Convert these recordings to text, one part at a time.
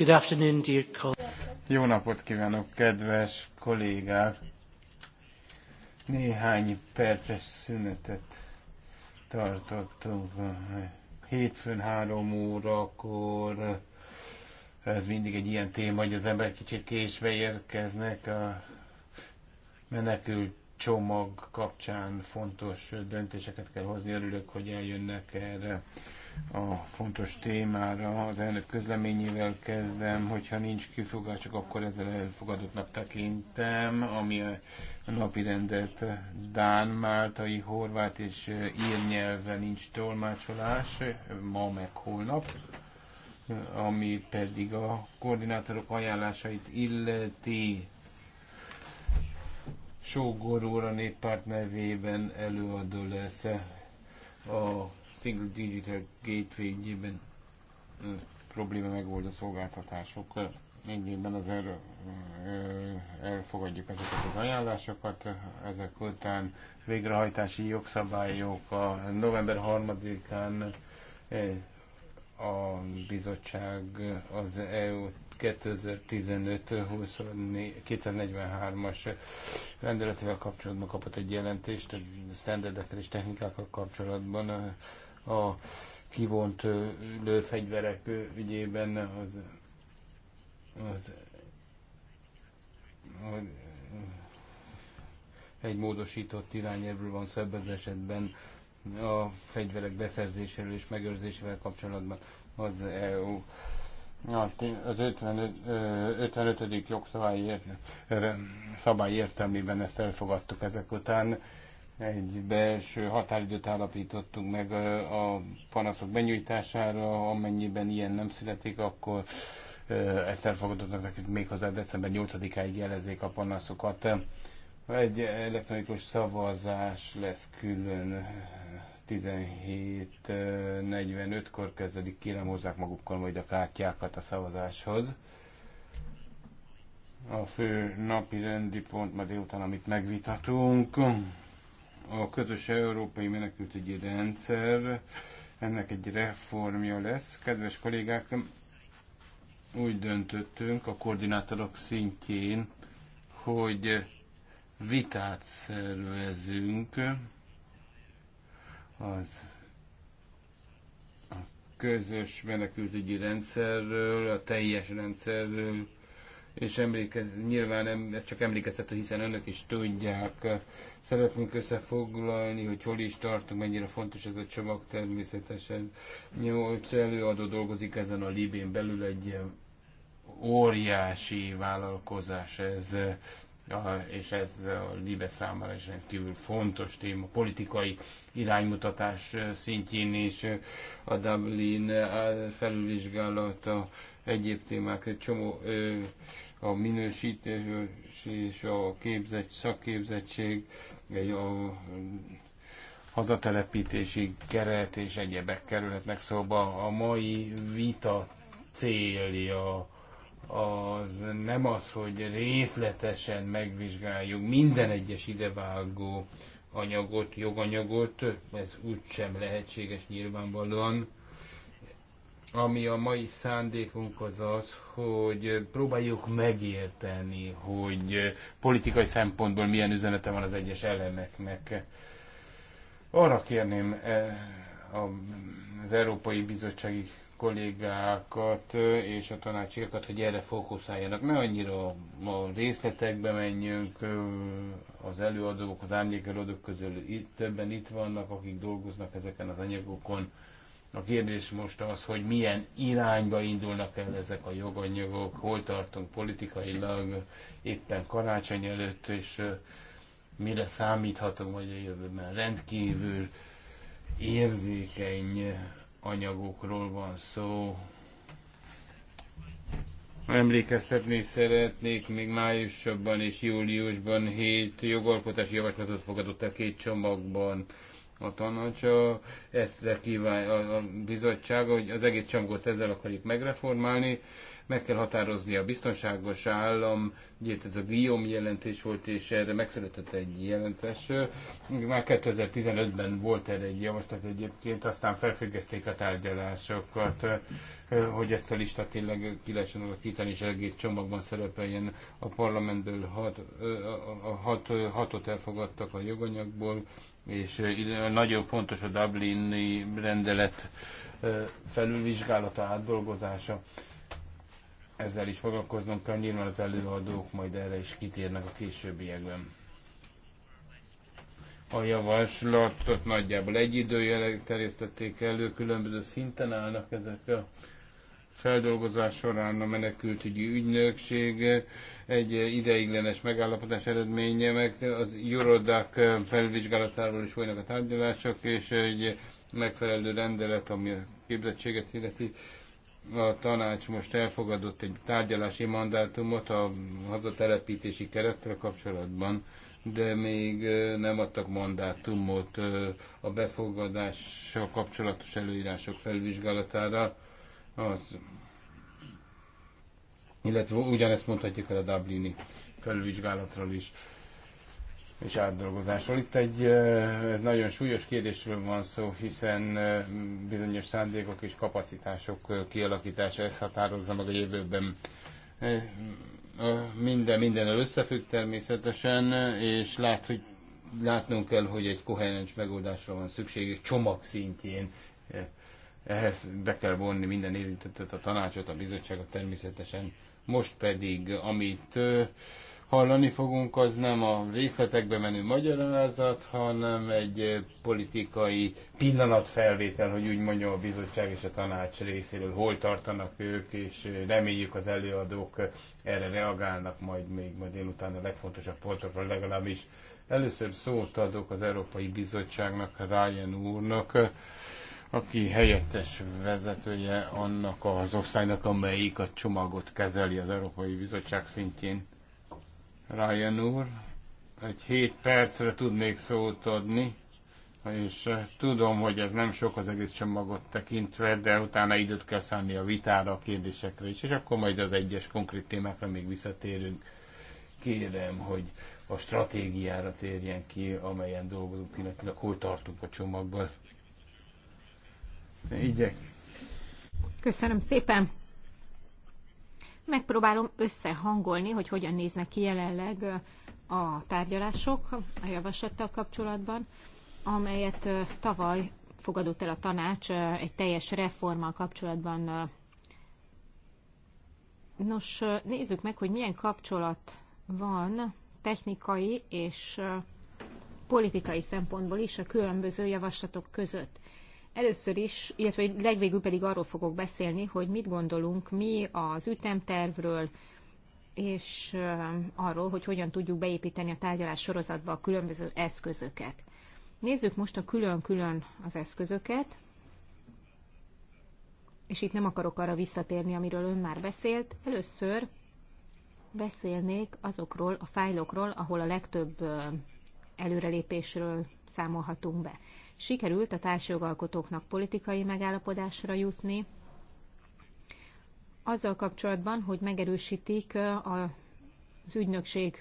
Good afternoon, dear Jó napot kívánok, kedves kollégák! Néhány perces szünetet tartottunk. Hétfőn három órakor ez mindig egy ilyen téma, hogy az ember kicsit késve érkeznek a menekült csomag kapcsán fontos döntéseket kell hozni. Örülök, hogy eljönnek erre a fontos témára. Az elnök közleményével kezdem, hogyha nincs csak akkor ezzel elfogadottnak tekintem, ami a napi rendet Dán, Máltai, Horvát és Ír nyelven nincs tolmácsolás, ma meg holnap ami pedig a koordinátorok ajánlásait illeti Sógor úr a néppárt nevében előadó lesz a Single Digital Gateway ügyében probléma megold a szolgáltatások egyébben az el, elfogadjuk ezeket az ajánlásokat, ezek után végrehajtási jogszabályok a november 3-án a bizottság az EU 2015-243-as rendeletével kapcsolatban kapott egy jelentést, standardekkel és technikákkal kapcsolatban a kivont lőfegyverek ügyében az, az, az egy módosított irányelvről van szó az esetben a fegyverek beszerzéséről és megőrzésével kapcsolatban az EU hát, az 55, 55. jogszabály értelmében ezt elfogadtuk ezek után egy belső határidőt állapítottunk meg a panaszok benyújtására, amennyiben ilyen nem születik, akkor ezt elfogadottak nekik méghozzá december 8-áig jelezzék a panaszokat. Egy elektronikus szavazás lesz külön 17.45-kor kezdődik, kérem hozzák magukkal majd a kártyákat a szavazáshoz. A fő napi rendi pont ma délután, amit megvitatunk a közös európai menekültügyi rendszer, ennek egy reformja lesz. Kedves kollégák, úgy döntöttünk a koordinátorok szintjén, hogy vitát szervezünk az a közös menekültügyi rendszerről, a teljes rendszerről, és emlékez, nyilván nem, ez csak emlékeztető, hiszen önök is tudják. Szeretnénk összefoglalni, hogy hol is tartunk, mennyire fontos ez a csomag természetesen. Nyolc előadó dolgozik ezen a Libén belül egy óriási vállalkozás ez, és ez a Libe számára is rendkívül fontos téma, politikai iránymutatás szintjén és a Dublin felülvizsgálata, egyéb témák, egy csomó ö, a minősítés és a képzett, szakképzettség, a hazatelepítési keret és egyebek kerülhetnek szóba. A mai vita célja az nem az, hogy részletesen megvizsgáljuk minden egyes idevágó anyagot, joganyagot, ez úgysem lehetséges nyilvánvalóan, ami a mai szándékunk az az, hogy próbáljuk megérteni, hogy politikai szempontból milyen üzenete van az egyes elemeknek. Arra kérném e, az Európai Bizottsági kollégákat e, és a tanácsiakat, hogy erre fókuszáljanak. Ne annyira a részletekbe menjünk, e, az előadók, az árnyékelőadók közül itt, többen itt vannak, akik dolgoznak ezeken az anyagokon, a kérdés most az, hogy milyen irányba indulnak el ezek a joganyagok, hol tartunk politikailag éppen karácsony előtt, és mire számíthatunk, vagy a jövőben rendkívül érzékeny anyagokról van szó. Emlékeztetni szeretnék, még májusban és júliusban hét jogalkotási javaslatot fogadott a két csomagban a tanács, ezzel kíván a, a bizottság, hogy az egész csomagot ezzel akarjuk megreformálni, meg kell határozni a biztonságos állam, ugye ez a Guillaume jelentés volt, és erre megszületett egy jelentés. Már 2015-ben volt erre egy javaslat egyébként, aztán felfüggeszték a tárgyalásokat, hogy ezt a listát tényleg ki lehessen alakítani, és egész csomagban szerepeljen a parlamentből hat, a hat, hatot elfogadtak a joganyagból, és nagyon fontos a Dublini rendelet felülvizsgálata, átdolgozása. Ezzel is foglalkoznunk kell, nyilván az előadók majd erre is kitérnek a későbbiekben. A javaslatot nagyjából egy időjel terjesztették elő, különböző szinten állnak ezek a feldolgozás során a menekültügyi ügynökség egy ideiglenes megállapodás eredménye, meg az Eurodac felvizsgálatáról is folynak a tárgyalások, és egy megfelelő rendelet, ami a képzettséget illeti, a tanács most elfogadott egy tárgyalási mandátumot a hazatelepítési kerettel kapcsolatban, de még nem adtak mandátumot a befogadással kapcsolatos előírások felvizsgálatára. Az, illetve ugyanezt mondhatjuk el a Dublini felülvizsgálatról is és átdolgozásról. Itt egy nagyon súlyos kérdésről van szó, hiszen bizonyos szándékok és kapacitások kialakítása ezt határozza meg a jövőben. Minden mindennel összefügg természetesen, és lát, hogy látnunk kell, hogy egy koherens megoldásra van szükség, csomag szintjén ehhez be kell vonni minden érintettet, a tanácsot, a bizottságot természetesen. Most pedig, amit hallani fogunk, az nem a részletekbe menő magyarázat, hanem egy politikai pillanatfelvétel, hogy úgy mondjam, a bizottság és a tanács részéről hol tartanak ők, és reméljük az előadók erre reagálnak majd még ma délután a legfontosabb pontokra legalábbis. Először szót adok az Európai Bizottságnak, Ryan úrnak aki helyettes vezetője annak az osztálynak, amelyik a csomagot kezeli az Európai Bizottság szintjén. Ryan úr, egy hét percre tudnék szót adni, és tudom, hogy ez nem sok az egész csomagot tekintve, de utána időt kell szállni a vitára, a kérdésekre is, és akkor majd az egyes konkrét témákra még visszatérünk. Kérem, hogy a stratégiára térjen ki, amelyen dolgozunk pillanatilag, hol tartunk a csomagban. Igyek. Köszönöm szépen. Megpróbálom összehangolni, hogy hogyan néznek ki jelenleg a tárgyalások a javaslattal kapcsolatban, amelyet tavaly fogadott el a tanács egy teljes reformmal kapcsolatban. Nos, nézzük meg, hogy milyen kapcsolat van technikai és politikai szempontból is a különböző javaslatok között. Először is, illetve legvégül pedig arról fogok beszélni, hogy mit gondolunk mi az ütemtervről, és arról, hogy hogyan tudjuk beépíteni a tárgyalás sorozatba a különböző eszközöket. Nézzük most a külön-külön az eszközöket, és itt nem akarok arra visszatérni, amiről ön már beszélt. Először beszélnék azokról a fájlokról, ahol a legtöbb előrelépésről számolhatunk be sikerült a társjogalkotóknak politikai megállapodásra jutni, azzal kapcsolatban, hogy megerősítik az ügynökség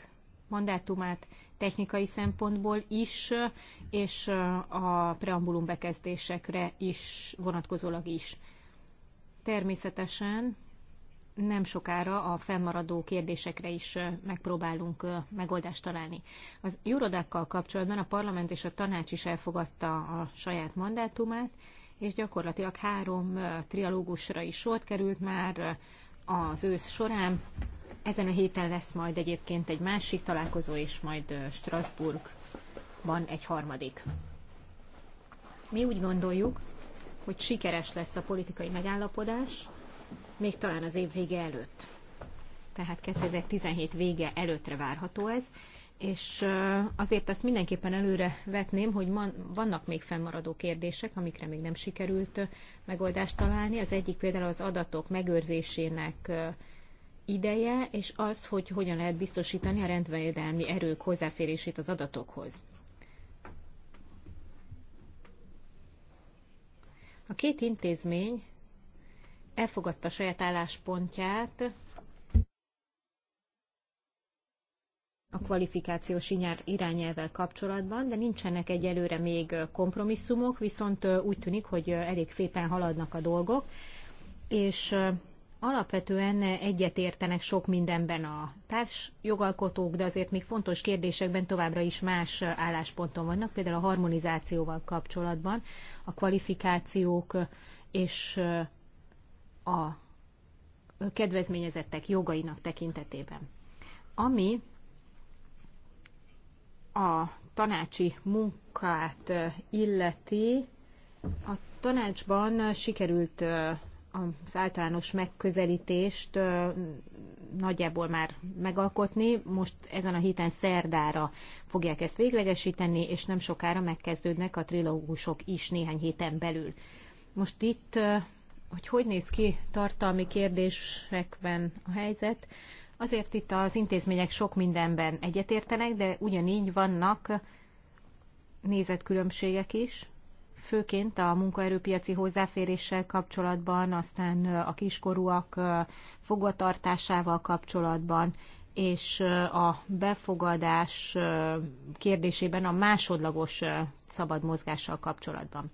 mandátumát technikai szempontból is, és a preambulum bekezdésekre is vonatkozólag is. Természetesen nem sokára a fennmaradó kérdésekre is megpróbálunk megoldást találni. Az jurodákkal kapcsolatban a parlament és a tanács is elfogadta a saját mandátumát, és gyakorlatilag három trialógusra is sort került már az ősz során. Ezen a héten lesz majd egyébként egy másik találkozó, és majd Strasbourgban egy harmadik. Mi úgy gondoljuk, hogy sikeres lesz a politikai megállapodás, még talán az év vége előtt. Tehát 2017 vége előttre várható ez, és azért azt mindenképpen előre vetném, hogy vannak még fennmaradó kérdések, amikre még nem sikerült megoldást találni. Az egyik például az adatok megőrzésének ideje, és az, hogy hogyan lehet biztosítani a rendvédelmi erők hozzáférését az adatokhoz. A két intézmény elfogadta a saját álláspontját a kvalifikációs irányelvel kapcsolatban, de nincsenek egyelőre még kompromisszumok, viszont úgy tűnik, hogy elég szépen haladnak a dolgok, és alapvetően egyetértenek sok mindenben a társ jogalkotók, de azért még fontos kérdésekben továbbra is más állásponton vannak, például a harmonizációval kapcsolatban, a kvalifikációk és a kedvezményezettek jogainak tekintetében. Ami a tanácsi munkát illeti, a tanácsban sikerült az általános megközelítést nagyjából már megalkotni. Most ezen a héten szerdára fogják ezt véglegesíteni, és nem sokára megkezdődnek a trilógusok is néhány héten belül. Most itt hogy hogy néz ki tartalmi kérdésekben a helyzet. Azért itt az intézmények sok mindenben egyetértenek, de ugyanígy vannak nézetkülönbségek is, főként a munkaerőpiaci hozzáféréssel kapcsolatban, aztán a kiskorúak fogvatartásával kapcsolatban, és a befogadás kérdésében a másodlagos szabad mozgással kapcsolatban.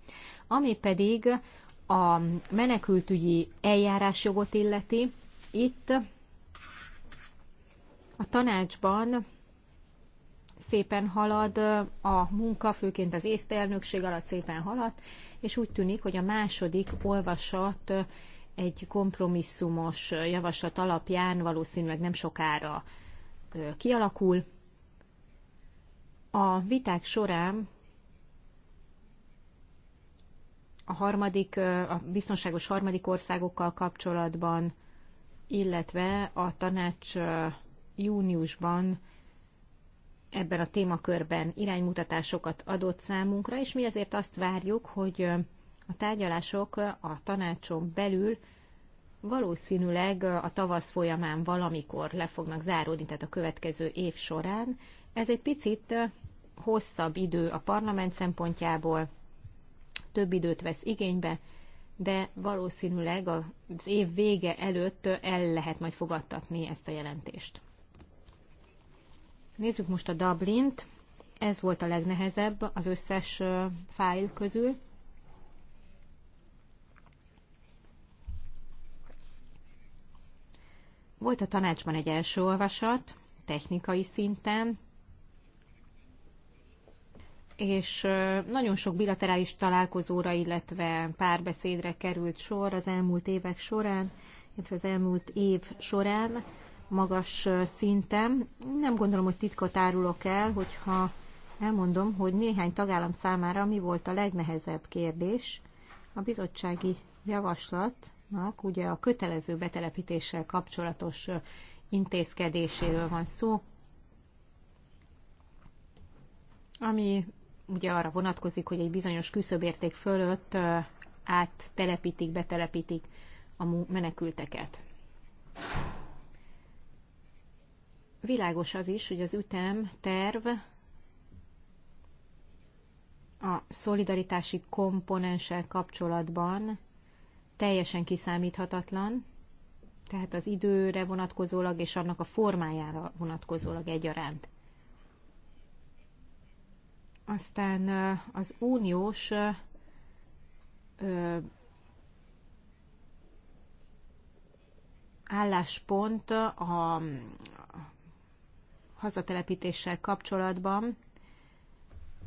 Ami pedig a menekültügyi eljárásjogot illeti, itt a tanácsban szépen halad a munka, főként az észtelnökség alatt szépen halad, és úgy tűnik, hogy a második olvasat egy kompromisszumos javaslat alapján valószínűleg nem sokára kialakul. A viták során a harmadik, a biztonságos harmadik országokkal kapcsolatban, illetve a tanács júniusban ebben a témakörben iránymutatásokat adott számunkra, és mi azért azt várjuk, hogy a tárgyalások a tanácson belül valószínűleg a tavasz folyamán valamikor le fognak záródni, tehát a következő év során. Ez egy picit hosszabb idő a parlament szempontjából, több időt vesz igénybe, de valószínűleg az év vége előtt el lehet majd fogadtatni ezt a jelentést. Nézzük most a Dublint. Ez volt a legnehezebb az összes fájl közül. Volt a tanácsban egy első olvasat, technikai szinten, és nagyon sok bilaterális találkozóra, illetve párbeszédre került sor az elmúlt évek során, illetve az elmúlt év során magas szinten. Nem gondolom, hogy titkot árulok el, hogyha elmondom, hogy néhány tagállam számára mi volt a legnehezebb kérdés. A bizottsági javaslatnak ugye a kötelező betelepítéssel kapcsolatos intézkedéséről van szó, ami ugye arra vonatkozik, hogy egy bizonyos küszöbérték fölött áttelepítik, betelepítik a menekülteket. Világos az is, hogy az ütem, terv a szolidaritási komponenssel kapcsolatban teljesen kiszámíthatatlan, tehát az időre vonatkozólag és annak a formájára vonatkozólag egyaránt. Aztán az uniós álláspont a hazatelepítéssel kapcsolatban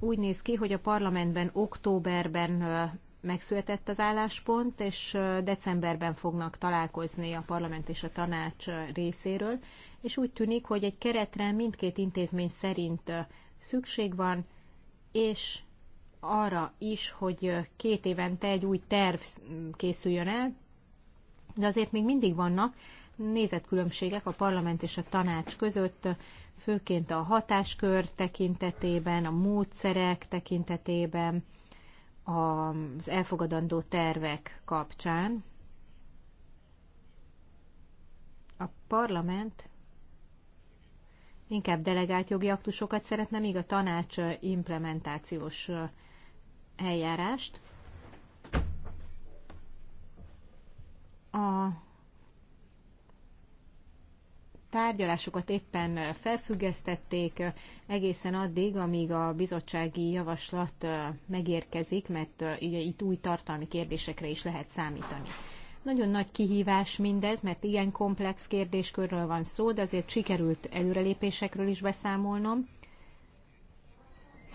úgy néz ki, hogy a parlamentben októberben megszületett az álláspont, és decemberben fognak találkozni a parlament és a tanács részéről, és úgy tűnik, hogy egy keretre mindkét intézmény szerint szükség van, és arra is, hogy két évente egy új terv készüljön el, de azért még mindig vannak nézetkülönbségek a parlament és a tanács között, főként a hatáskör tekintetében, a módszerek tekintetében, az elfogadandó tervek kapcsán. A parlament inkább delegált jogi aktusokat szeretne, míg a tanács implementációs eljárást. A tárgyalásokat éppen felfüggesztették egészen addig, amíg a bizottsági javaslat megérkezik, mert itt új tartalmi kérdésekre is lehet számítani. Nagyon nagy kihívás mindez, mert ilyen komplex kérdéskörről van szó, de azért sikerült előrelépésekről is beszámolnom.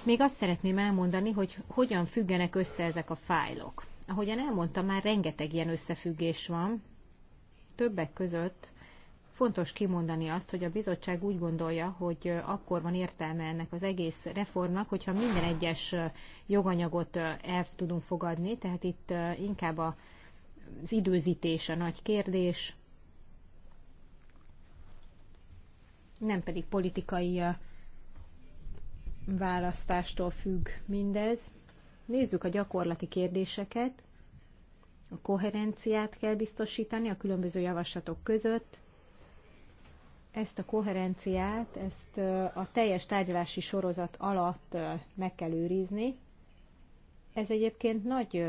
Még azt szeretném elmondani, hogy hogyan függenek össze ezek a fájlok. Ahogyan elmondtam, már rengeteg ilyen összefüggés van. Többek között fontos kimondani azt, hogy a bizottság úgy gondolja, hogy akkor van értelme ennek az egész reformnak, hogyha minden egyes joganyagot el tudunk fogadni, tehát itt inkább a az időzítés a nagy kérdés, nem pedig politikai választástól függ mindez. Nézzük a gyakorlati kérdéseket. A koherenciát kell biztosítani a különböző javaslatok között. Ezt a koherenciát, ezt a teljes tárgyalási sorozat alatt meg kell őrizni. Ez egyébként nagy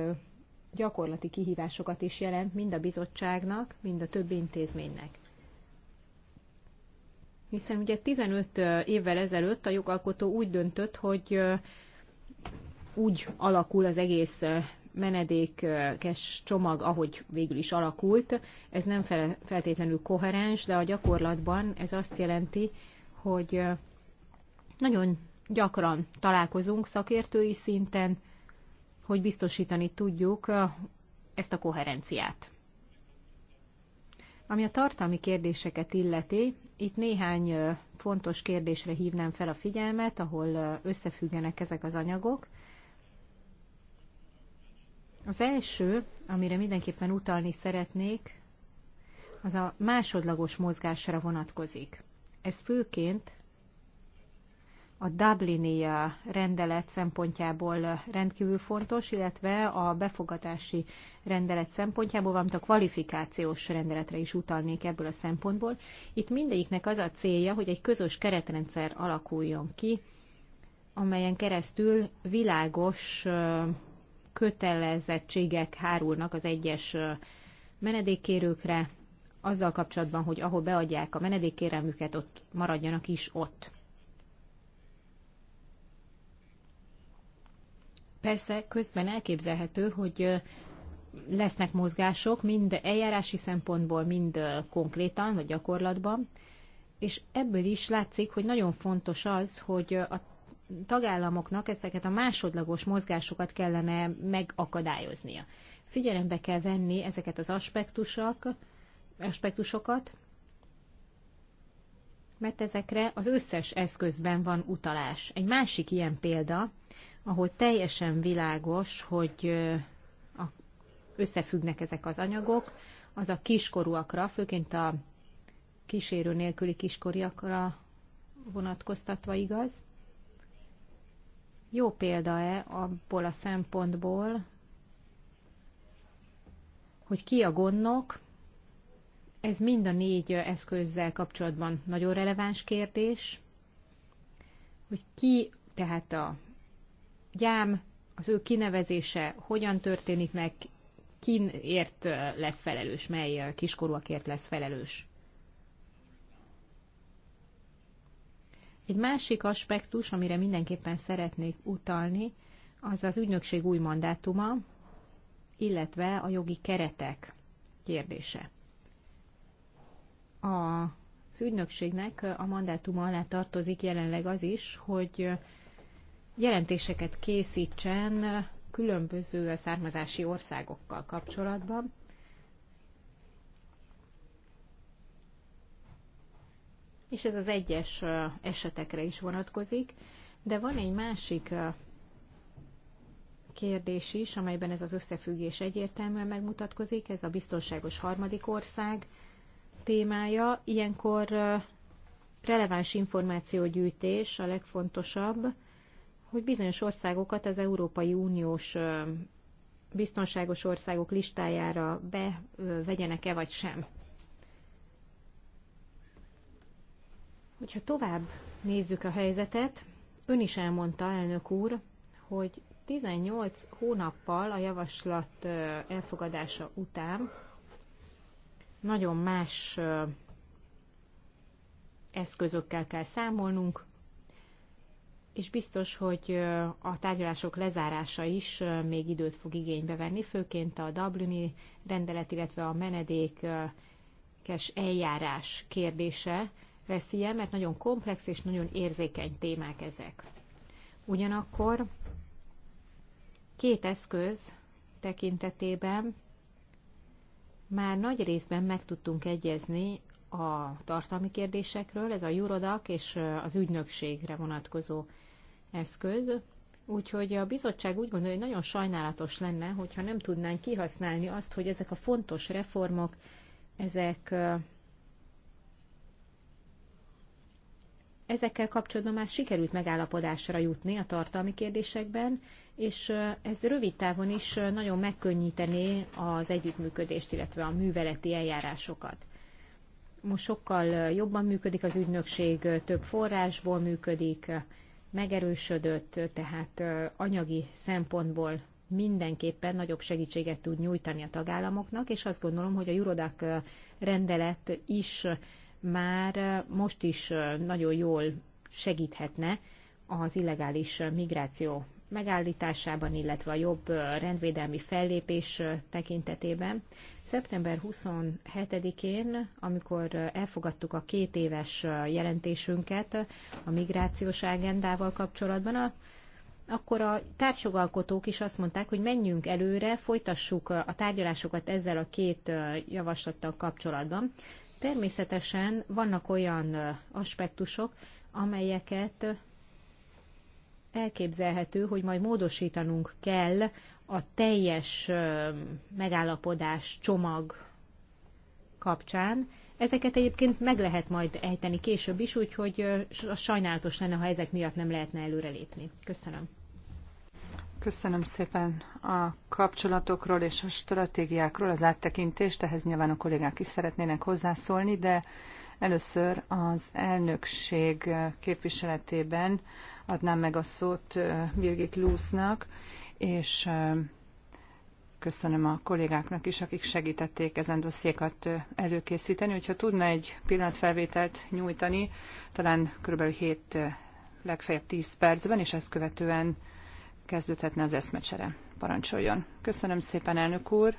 gyakorlati kihívásokat is jelent mind a bizottságnak, mind a több intézménynek. Hiszen ugye 15 évvel ezelőtt a jogalkotó úgy döntött, hogy úgy alakul az egész menedékes csomag, ahogy végül is alakult. Ez nem feltétlenül koherens, de a gyakorlatban ez azt jelenti, hogy nagyon gyakran találkozunk szakértői szinten, hogy biztosítani tudjuk eh, ezt a koherenciát. Ami a tartalmi kérdéseket illeti, itt néhány eh, fontos kérdésre hívnám fel a figyelmet, ahol eh, összefüggenek ezek az anyagok. Az első, amire mindenképpen utalni szeretnék, az a másodlagos mozgásra vonatkozik. Ez főként a Dublini eh, rendelet szempontjából eh, rendkívül fontos, illetve a befogadási rendelet szempontjából, valamint a kvalifikációs rendeletre is utalnék ebből a szempontból. Itt mindegyiknek az a célja, hogy egy közös keretrendszer alakuljon ki, amelyen keresztül világos eh, kötelezettségek hárulnak az egyes menedékkérőkre, azzal kapcsolatban, hogy ahol beadják a menedékkérelmüket, ott maradjanak is ott. Persze közben elképzelhető, hogy lesznek mozgások, mind eljárási szempontból, mind konkrétan, vagy gyakorlatban, és ebből is látszik, hogy nagyon fontos az, hogy a tagállamoknak ezeket a másodlagos mozgásokat kellene megakadályoznia. Figyelembe kell venni ezeket az aspektusok, aspektusokat, mert ezekre az összes eszközben van utalás. Egy másik ilyen példa, ahol teljesen világos, hogy összefüggnek ezek az anyagok, az a kiskorúakra, főként a kísérő nélküli kiskoriakra vonatkoztatva igaz. Jó példa-e abból a szempontból, hogy ki a gondnok, ez mind a négy eszközzel kapcsolatban nagyon releváns kérdés, hogy ki, tehát a gyám, az ő kinevezése hogyan történik meg, kinért lesz felelős, mely kiskorúakért lesz felelős. Egy másik aspektus, amire mindenképpen szeretnék utalni, az az ügynökség új mandátuma, illetve a jogi keretek kérdése. A, az ügynökségnek a mandátuma alá tartozik jelenleg az is, hogy jelentéseket készítsen különböző származási országokkal kapcsolatban. És ez az egyes esetekre is vonatkozik, de van egy másik kérdés is, amelyben ez az összefüggés egyértelműen megmutatkozik, ez a biztonságos harmadik ország témája. Ilyenkor releváns információgyűjtés a legfontosabb, hogy bizonyos országokat az Európai Uniós biztonságos országok listájára bevegyenek-e vagy sem. Hogyha tovább nézzük a helyzetet, ön is elmondta, elnök úr, hogy 18 hónappal a javaslat elfogadása után nagyon más eszközökkel kell számolnunk, és biztos, hogy a tárgyalások lezárása is még időt fog igénybe venni, főként a Dublini rendelet, illetve a menedékes eljárás kérdése lesz ilyen, mert nagyon komplex és nagyon érzékeny témák ezek. Ugyanakkor két eszköz tekintetében már nagy részben meg tudtunk egyezni a tartalmi kérdésekről, ez a Eurodac és az ügynökségre vonatkozó eszköz, úgyhogy a bizottság úgy gondolja, hogy nagyon sajnálatos lenne, hogyha nem tudnánk kihasználni azt, hogy ezek a fontos reformok, ezek ezekkel kapcsolatban már sikerült megállapodásra jutni a tartalmi kérdésekben, és ez rövid távon is nagyon megkönnyítené az együttműködést, illetve a műveleti eljárásokat. Most sokkal jobban működik az ügynökség, több forrásból működik, megerősödött, tehát anyagi szempontból mindenképpen nagyobb segítséget tud nyújtani a tagállamoknak, és azt gondolom, hogy a Jurodák rendelet is már most is nagyon jól segíthetne az illegális migráció megállításában, illetve a jobb rendvédelmi fellépés tekintetében. Szeptember 27-én, amikor elfogadtuk a két éves jelentésünket a migrációs agendával kapcsolatban, a akkor a társjogalkotók is azt mondták, hogy menjünk előre, folytassuk a tárgyalásokat ezzel a két javaslattal kapcsolatban. Természetesen vannak olyan aspektusok, amelyeket elképzelhető, hogy majd módosítanunk kell a teljes megállapodás csomag kapcsán. Ezeket egyébként meg lehet majd ejteni később is, úgyhogy sajnálatos lenne, ha ezek miatt nem lehetne előrelépni. Köszönöm. Köszönöm szépen a kapcsolatokról és a stratégiákról az áttekintést. Ehhez nyilván a kollégák is szeretnének hozzászólni, de Először az elnökség képviseletében adnám meg a szót Birgit Lúznak, és köszönöm a kollégáknak is, akik segítették ezen dossziékat előkészíteni. Hogyha tudna egy pillanatfelvételt nyújtani, talán kb. 7, legfeljebb 10 percben, és ezt követően kezdődhetne az eszmecsere. Parancsoljon. Köszönöm szépen, elnök úr!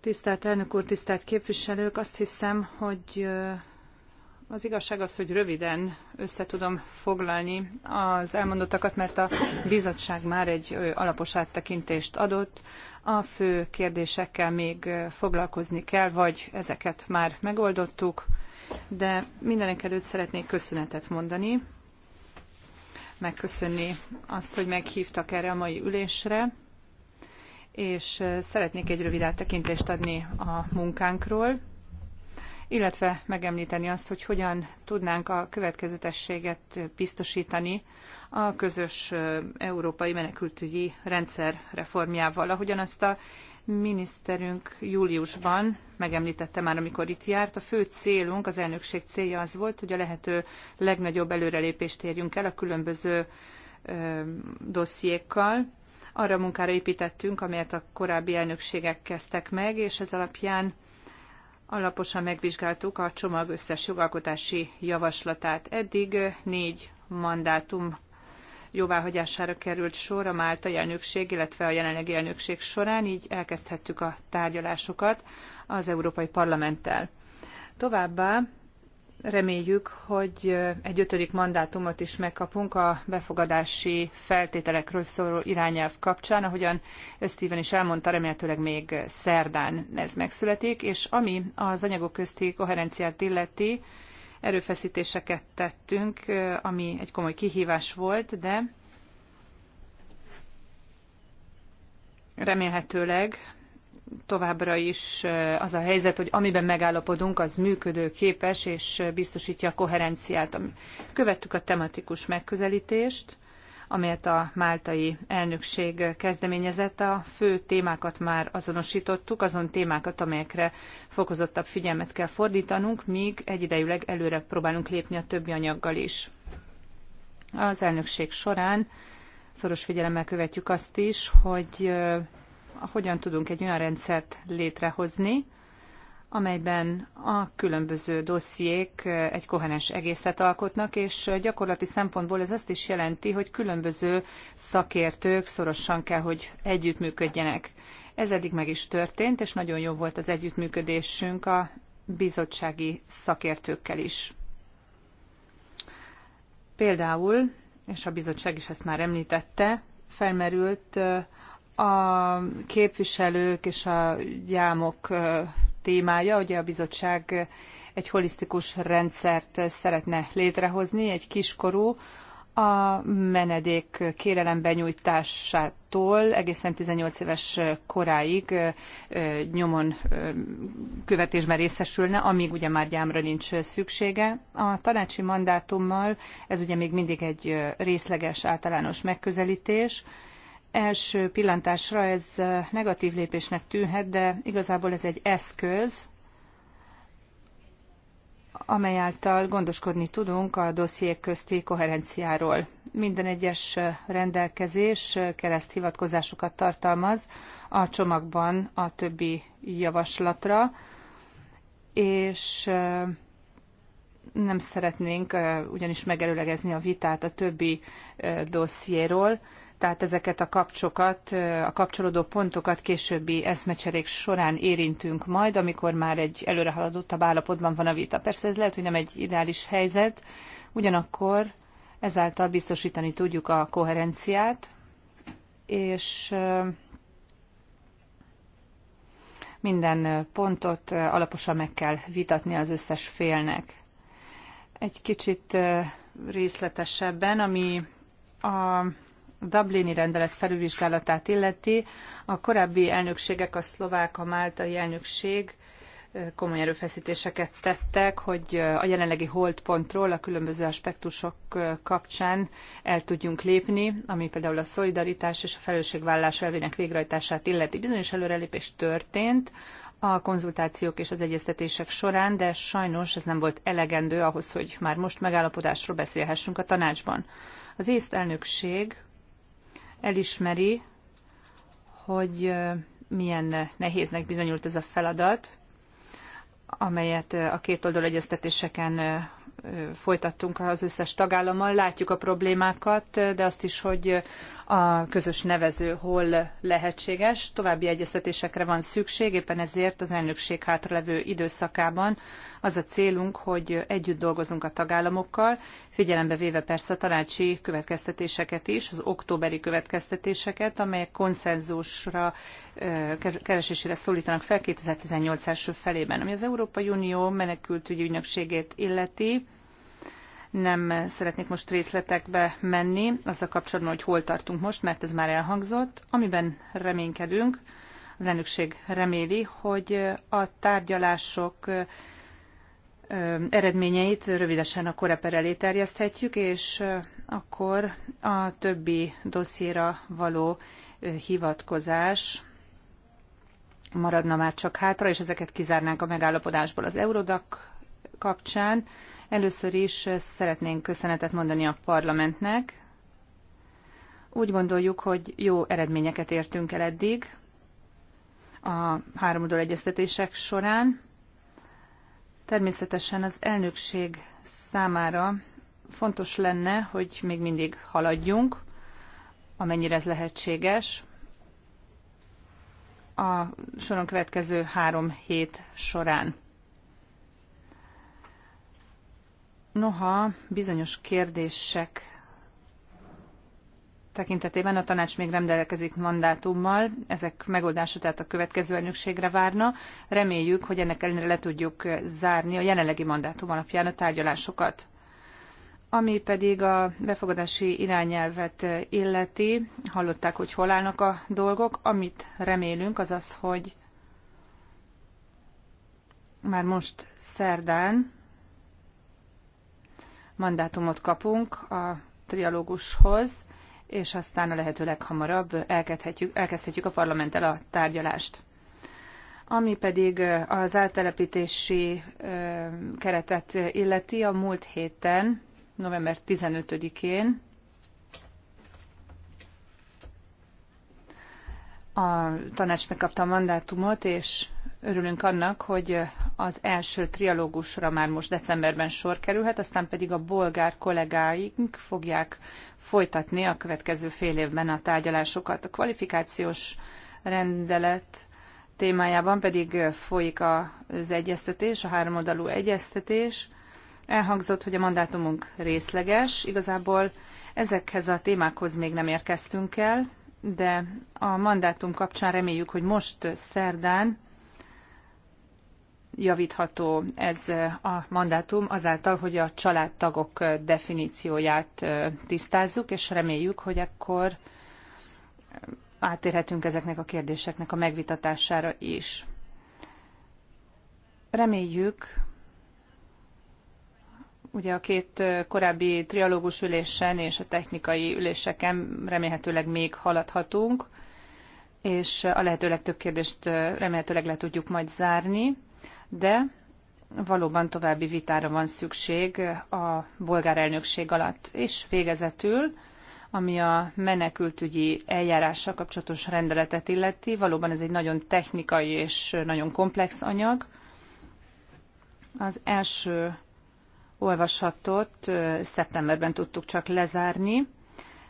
Tisztelt elnök úr, tisztelt képviselők! Azt hiszem, hogy az igazság az, hogy röviden össze tudom foglalni az elmondottakat, mert a bizottság már egy alapos áttekintést adott. A fő kérdésekkel még foglalkozni kell, vagy ezeket már megoldottuk, de mindenek előtt szeretnék köszönetet mondani, megköszönni azt, hogy meghívtak erre a mai ülésre és szeretnék egy rövid áttekintést adni a munkánkról, illetve megemlíteni azt, hogy hogyan tudnánk a következetességet biztosítani a közös európai menekültügyi rendszer reformjával, ahogyan azt a miniszterünk júliusban megemlítette már, amikor itt járt. A fő célunk, az elnökség célja az volt, hogy a lehető legnagyobb előrelépést érjünk el a különböző dossziékkal, arra a munkára építettünk, amelyet a korábbi elnökségek kezdtek meg, és ez alapján alaposan megvizsgáltuk a csomag összes jogalkotási javaslatát. Eddig négy mandátum jóváhagyására került sor a Málta elnökség, illetve a jelenlegi elnökség során, így elkezdhettük a tárgyalásokat az Európai Parlamenttel. Továbbá reméljük, hogy egy ötödik mandátumot is megkapunk a befogadási feltételekről szóló irányelv kapcsán, ahogyan Steven is elmondta, remélhetőleg még szerdán ez megszületik, és ami az anyagok közti koherenciát illeti, erőfeszítéseket tettünk, ami egy komoly kihívás volt, de remélhetőleg továbbra is az a helyzet, hogy amiben megállapodunk, az működőképes és biztosítja a koherenciát. Követtük a tematikus megközelítést, amelyet a máltai elnökség kezdeményezett. A fő témákat már azonosítottuk, azon témákat, amelyekre fokozottabb figyelmet kell fordítanunk, míg egyidejűleg előre próbálunk lépni a többi anyaggal is. Az elnökség során szoros figyelemmel követjük azt is, hogy hogyan tudunk egy olyan rendszert létrehozni, amelyben a különböző dossziék egy koherens egészet alkotnak, és gyakorlati szempontból ez azt is jelenti, hogy különböző szakértők szorosan kell, hogy együttműködjenek. Ez eddig meg is történt, és nagyon jó volt az együttműködésünk a bizottsági szakértőkkel is. Például, és a bizottság is ezt már említette, felmerült a képviselők és a gyámok témája, ugye a bizottság egy holisztikus rendszert szeretne létrehozni, egy kiskorú, a menedék kérelem benyújtásától egészen 18 éves koráig nyomon követésben részesülne, amíg ugye már gyámra nincs szüksége. A tanácsi mandátummal ez ugye még mindig egy részleges általános megközelítés, Első pillantásra ez negatív lépésnek tűnhet, de igazából ez egy eszköz, amely által gondoskodni tudunk a dossziék közti koherenciáról. Minden egyes rendelkezés kereszt hivatkozásokat tartalmaz a csomagban a többi javaslatra, és nem szeretnénk ugyanis megerőlegezni a vitát a többi dossziéról, tehát ezeket a kapcsokat, a kapcsolódó pontokat későbbi eszmecserék során érintünk majd, amikor már egy előre haladottabb állapotban van a vita. Persze ez lehet, hogy nem egy ideális helyzet, ugyanakkor ezáltal biztosítani tudjuk a koherenciát, és minden pontot alaposan meg kell vitatni az összes félnek. Egy kicsit részletesebben, ami a Dublini rendelet felülvizsgálatát illeti, a korábbi elnökségek, a szlovák, a máltai elnökség komoly erőfeszítéseket tettek, hogy a jelenlegi holdpontról a különböző aspektusok kapcsán el tudjunk lépni, ami például a szolidaritás és a felelősségvállás elvének végrehajtását illeti. Bizonyos előrelépés történt a konzultációk és az egyeztetések során, de sajnos ez nem volt elegendő ahhoz, hogy már most megállapodásról beszélhessünk a tanácsban. Az észt elnökség elismeri, hogy milyen nehéznek bizonyult ez a feladat, amelyet a két oldal egyeztetéseken folytattunk az összes tagállammal. Látjuk a problémákat, de azt is, hogy a közös nevező hol lehetséges. További egyeztetésekre van szükség, éppen ezért az elnökség hátralevő időszakában az a célunk, hogy együtt dolgozunk a tagállamokkal, figyelembe véve persze a tanácsi következtetéseket is, az októberi következtetéseket, amelyek konszenzusra, keresésére szólítanak fel 2018 első felében. Ami az Európai Unió menekültügyi ügynökségét illeti, nem szeretnék most részletekbe menni azzal kapcsolatban, hogy hol tartunk most, mert ez már elhangzott. Amiben reménykedünk, az elnökség reméli, hogy a tárgyalások eredményeit rövidesen a koreper elé terjeszthetjük, és akkor a többi dossziéra való hivatkozás maradna már csak hátra, és ezeket kizárnánk a megállapodásból az Eurodac kapcsán. Először is szeretnénk köszönetet mondani a parlamentnek. Úgy gondoljuk, hogy jó eredményeket értünk el eddig a három egyeztetések során. Természetesen az elnökség számára fontos lenne, hogy még mindig haladjunk, amennyire ez lehetséges. A soron következő három hét során. Noha bizonyos kérdések tekintetében a tanács még rendelkezik mandátummal, ezek megoldása tehát a következő elnökségre várna. Reméljük, hogy ennek ellenére le tudjuk zárni a jelenlegi mandátum alapján a tárgyalásokat. Ami pedig a befogadási irányelvet illeti, hallották, hogy hol állnak a dolgok. Amit remélünk, az az, hogy már most szerdán mandátumot kapunk a trialógushoz, és aztán a lehető leghamarabb elkezdhetjük, elkezdhetjük a parlamenttel a tárgyalást. Ami pedig az áttelepítési keretet illeti, a múlt héten, november 15-én a tanács megkapta a mandátumot, és Örülünk annak, hogy az első trialógusra már most decemberben sor kerülhet, aztán pedig a bolgár kollégáink fogják folytatni a következő fél évben a tárgyalásokat. A kvalifikációs rendelet témájában pedig folyik az egyeztetés, a háromoldalú egyeztetés. Elhangzott, hogy a mandátumunk részleges. Igazából ezekhez a témákhoz még nem érkeztünk el, de a mandátum kapcsán reméljük, hogy most szerdán javítható ez a mandátum azáltal, hogy a családtagok definícióját tisztázzuk, és reméljük, hogy akkor átérhetünk ezeknek a kérdéseknek a megvitatására is. Reméljük, ugye a két korábbi trialógus ülésen és a technikai üléseken remélhetőleg még haladhatunk, és a lehető legtöbb kérdést remélhetőleg le tudjuk majd zárni de valóban további vitára van szükség a bolgár elnökség alatt. És végezetül, ami a menekültügyi eljárással kapcsolatos rendeletet illeti, valóban ez egy nagyon technikai és nagyon komplex anyag. Az első olvasatot szeptemberben tudtuk csak lezárni.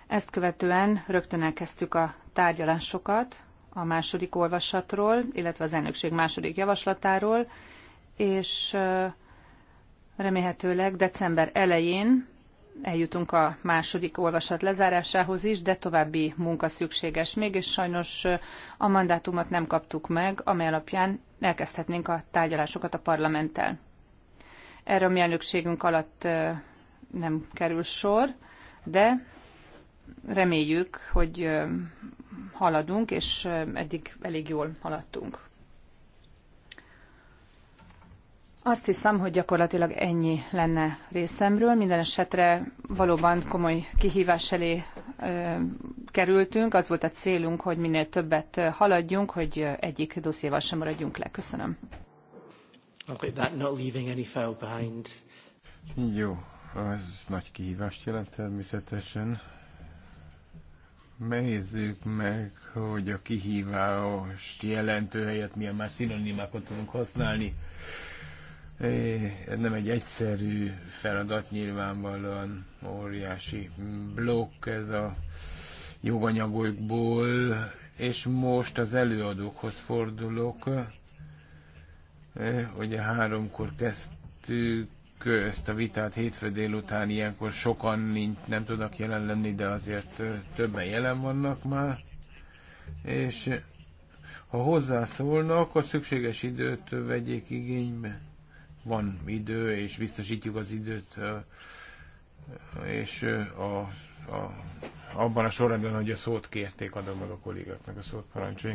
Ezt követően rögtön elkezdtük a tárgyalásokat a második olvasatról, illetve az elnökség második javaslatáról, és remélhetőleg december elején eljutunk a második olvasat lezárásához is, de további munka szükséges még, és sajnos a mandátumot nem kaptuk meg, amely alapján elkezdhetnénk a tárgyalásokat a parlamenttel. Erre a mi elnökségünk alatt nem kerül sor, de reméljük, hogy haladunk, és eddig elég jól haladtunk. Azt hiszem, hogy gyakorlatilag ennyi lenne részemről. Minden esetre valóban komoly kihívás elé ö, kerültünk. Az volt a célunk, hogy minél többet haladjunk, hogy egyik dossziéval sem maradjunk le. Köszönöm. Jó, ez nagy kihívást jelent természetesen. Nézzük meg, hogy a kihívás jelentő helyett milyen más szinonimákat tudunk használni. Ez nem egy egyszerű feladat, nyilvánvalóan óriási blokk ez a joganyagokból, és most az előadókhoz fordulok. Ugye háromkor kezdtük ezt a vitát hétfő délután, ilyenkor sokan nincs, nem tudnak jelen lenni, de azért többen jelen vannak már. És ha hozzászólnak, a szükséges időt vegyék igénybe. Van idő, és biztosítjuk az időt, és a, a, abban a sorrendben, hogy a szót kérték, adom meg a kollégáknak a szót, parancsolj.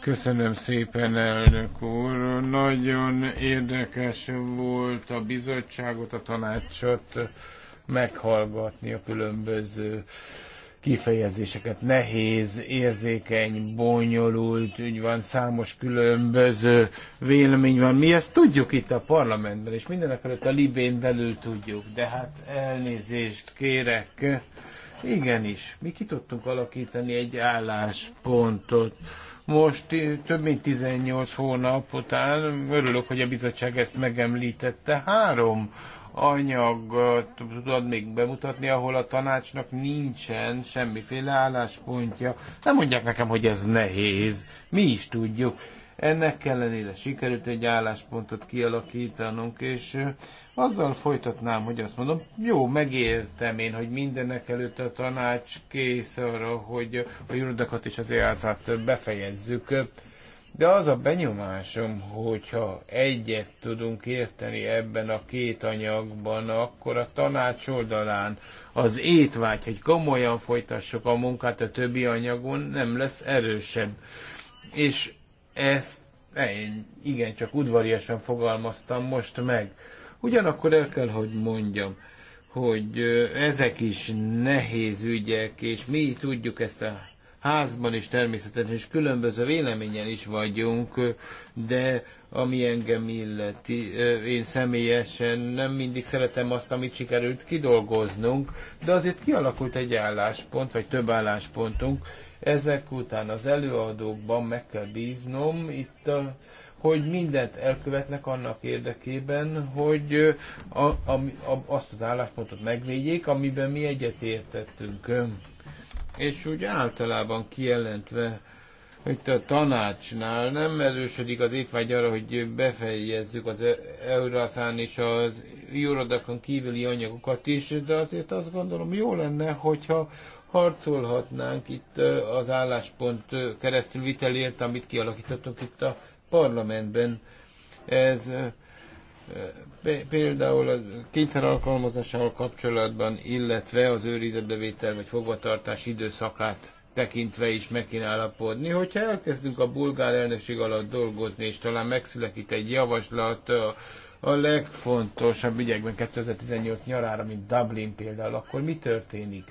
Köszönöm szépen, elnök úr. Nagyon érdekes volt a bizottságot, a tanácsot meghallgatni a különböző kifejezéseket. Nehéz, érzékeny, bonyolult ügy van, számos különböző vélemény van. Mi ezt tudjuk itt a parlamentben, és mindenek előtt a Libén belül tudjuk, de hát elnézést kérek. Igenis, mi ki tudtunk alakítani egy álláspontot most eh, több mint 18 hónap után örülök, hogy a bizottság ezt megemlítette. Három anyagot tudod még bemutatni, ahol a tanácsnak nincsen semmiféle álláspontja. Nem mondják nekem, hogy ez nehéz. Mi is tudjuk. Ennek ellenére sikerült egy álláspontot kialakítanunk, és azzal folytatnám, hogy azt mondom, jó, megértem én, hogy mindenek előtt a tanács kész arra, hogy a jurdakat és az easz befejezzük. De az a benyomásom, hogyha egyet tudunk érteni ebben a két anyagban, akkor a tanács oldalán az étvágy, hogy komolyan folytassuk a munkát a többi anyagon, nem lesz erősebb. És ezt én igen, csak udvariasan fogalmaztam most meg. Ugyanakkor el kell, hogy mondjam, hogy ezek is nehéz ügyek, és mi tudjuk ezt a házban is természetesen, és különböző véleményen is vagyunk, de ami engem illeti, én személyesen nem mindig szeretem azt, amit sikerült kidolgoznunk, de azért kialakult egy álláspont, vagy több álláspontunk, ezek után az előadókban meg kell bíznom, itt a, hogy mindent elkövetnek annak érdekében, hogy a, a, a, azt az álláspontot megvédjék, amiben mi egyetértettünk. És úgy általában kijelentve, hogy a tanácsnál nem erősödik az étvágy arra, hogy befejezzük az Euraszán és az jóradakon kívüli anyagokat is, de azért azt gondolom jó lenne, hogyha harcolhatnánk itt az álláspont keresztül vitelért, amit kialakítottunk itt a parlamentben. Ez például a kényszer alkalmazásával kapcsolatban, illetve az őrizetbevétel vagy fogvatartás időszakát tekintve is meg kéne állapodni. Hogyha elkezdünk a bulgár elnökség alatt dolgozni, és talán megszületik egy javaslat a, a legfontosabb ügyekben 2018 nyarára, mint Dublin például, akkor mi történik?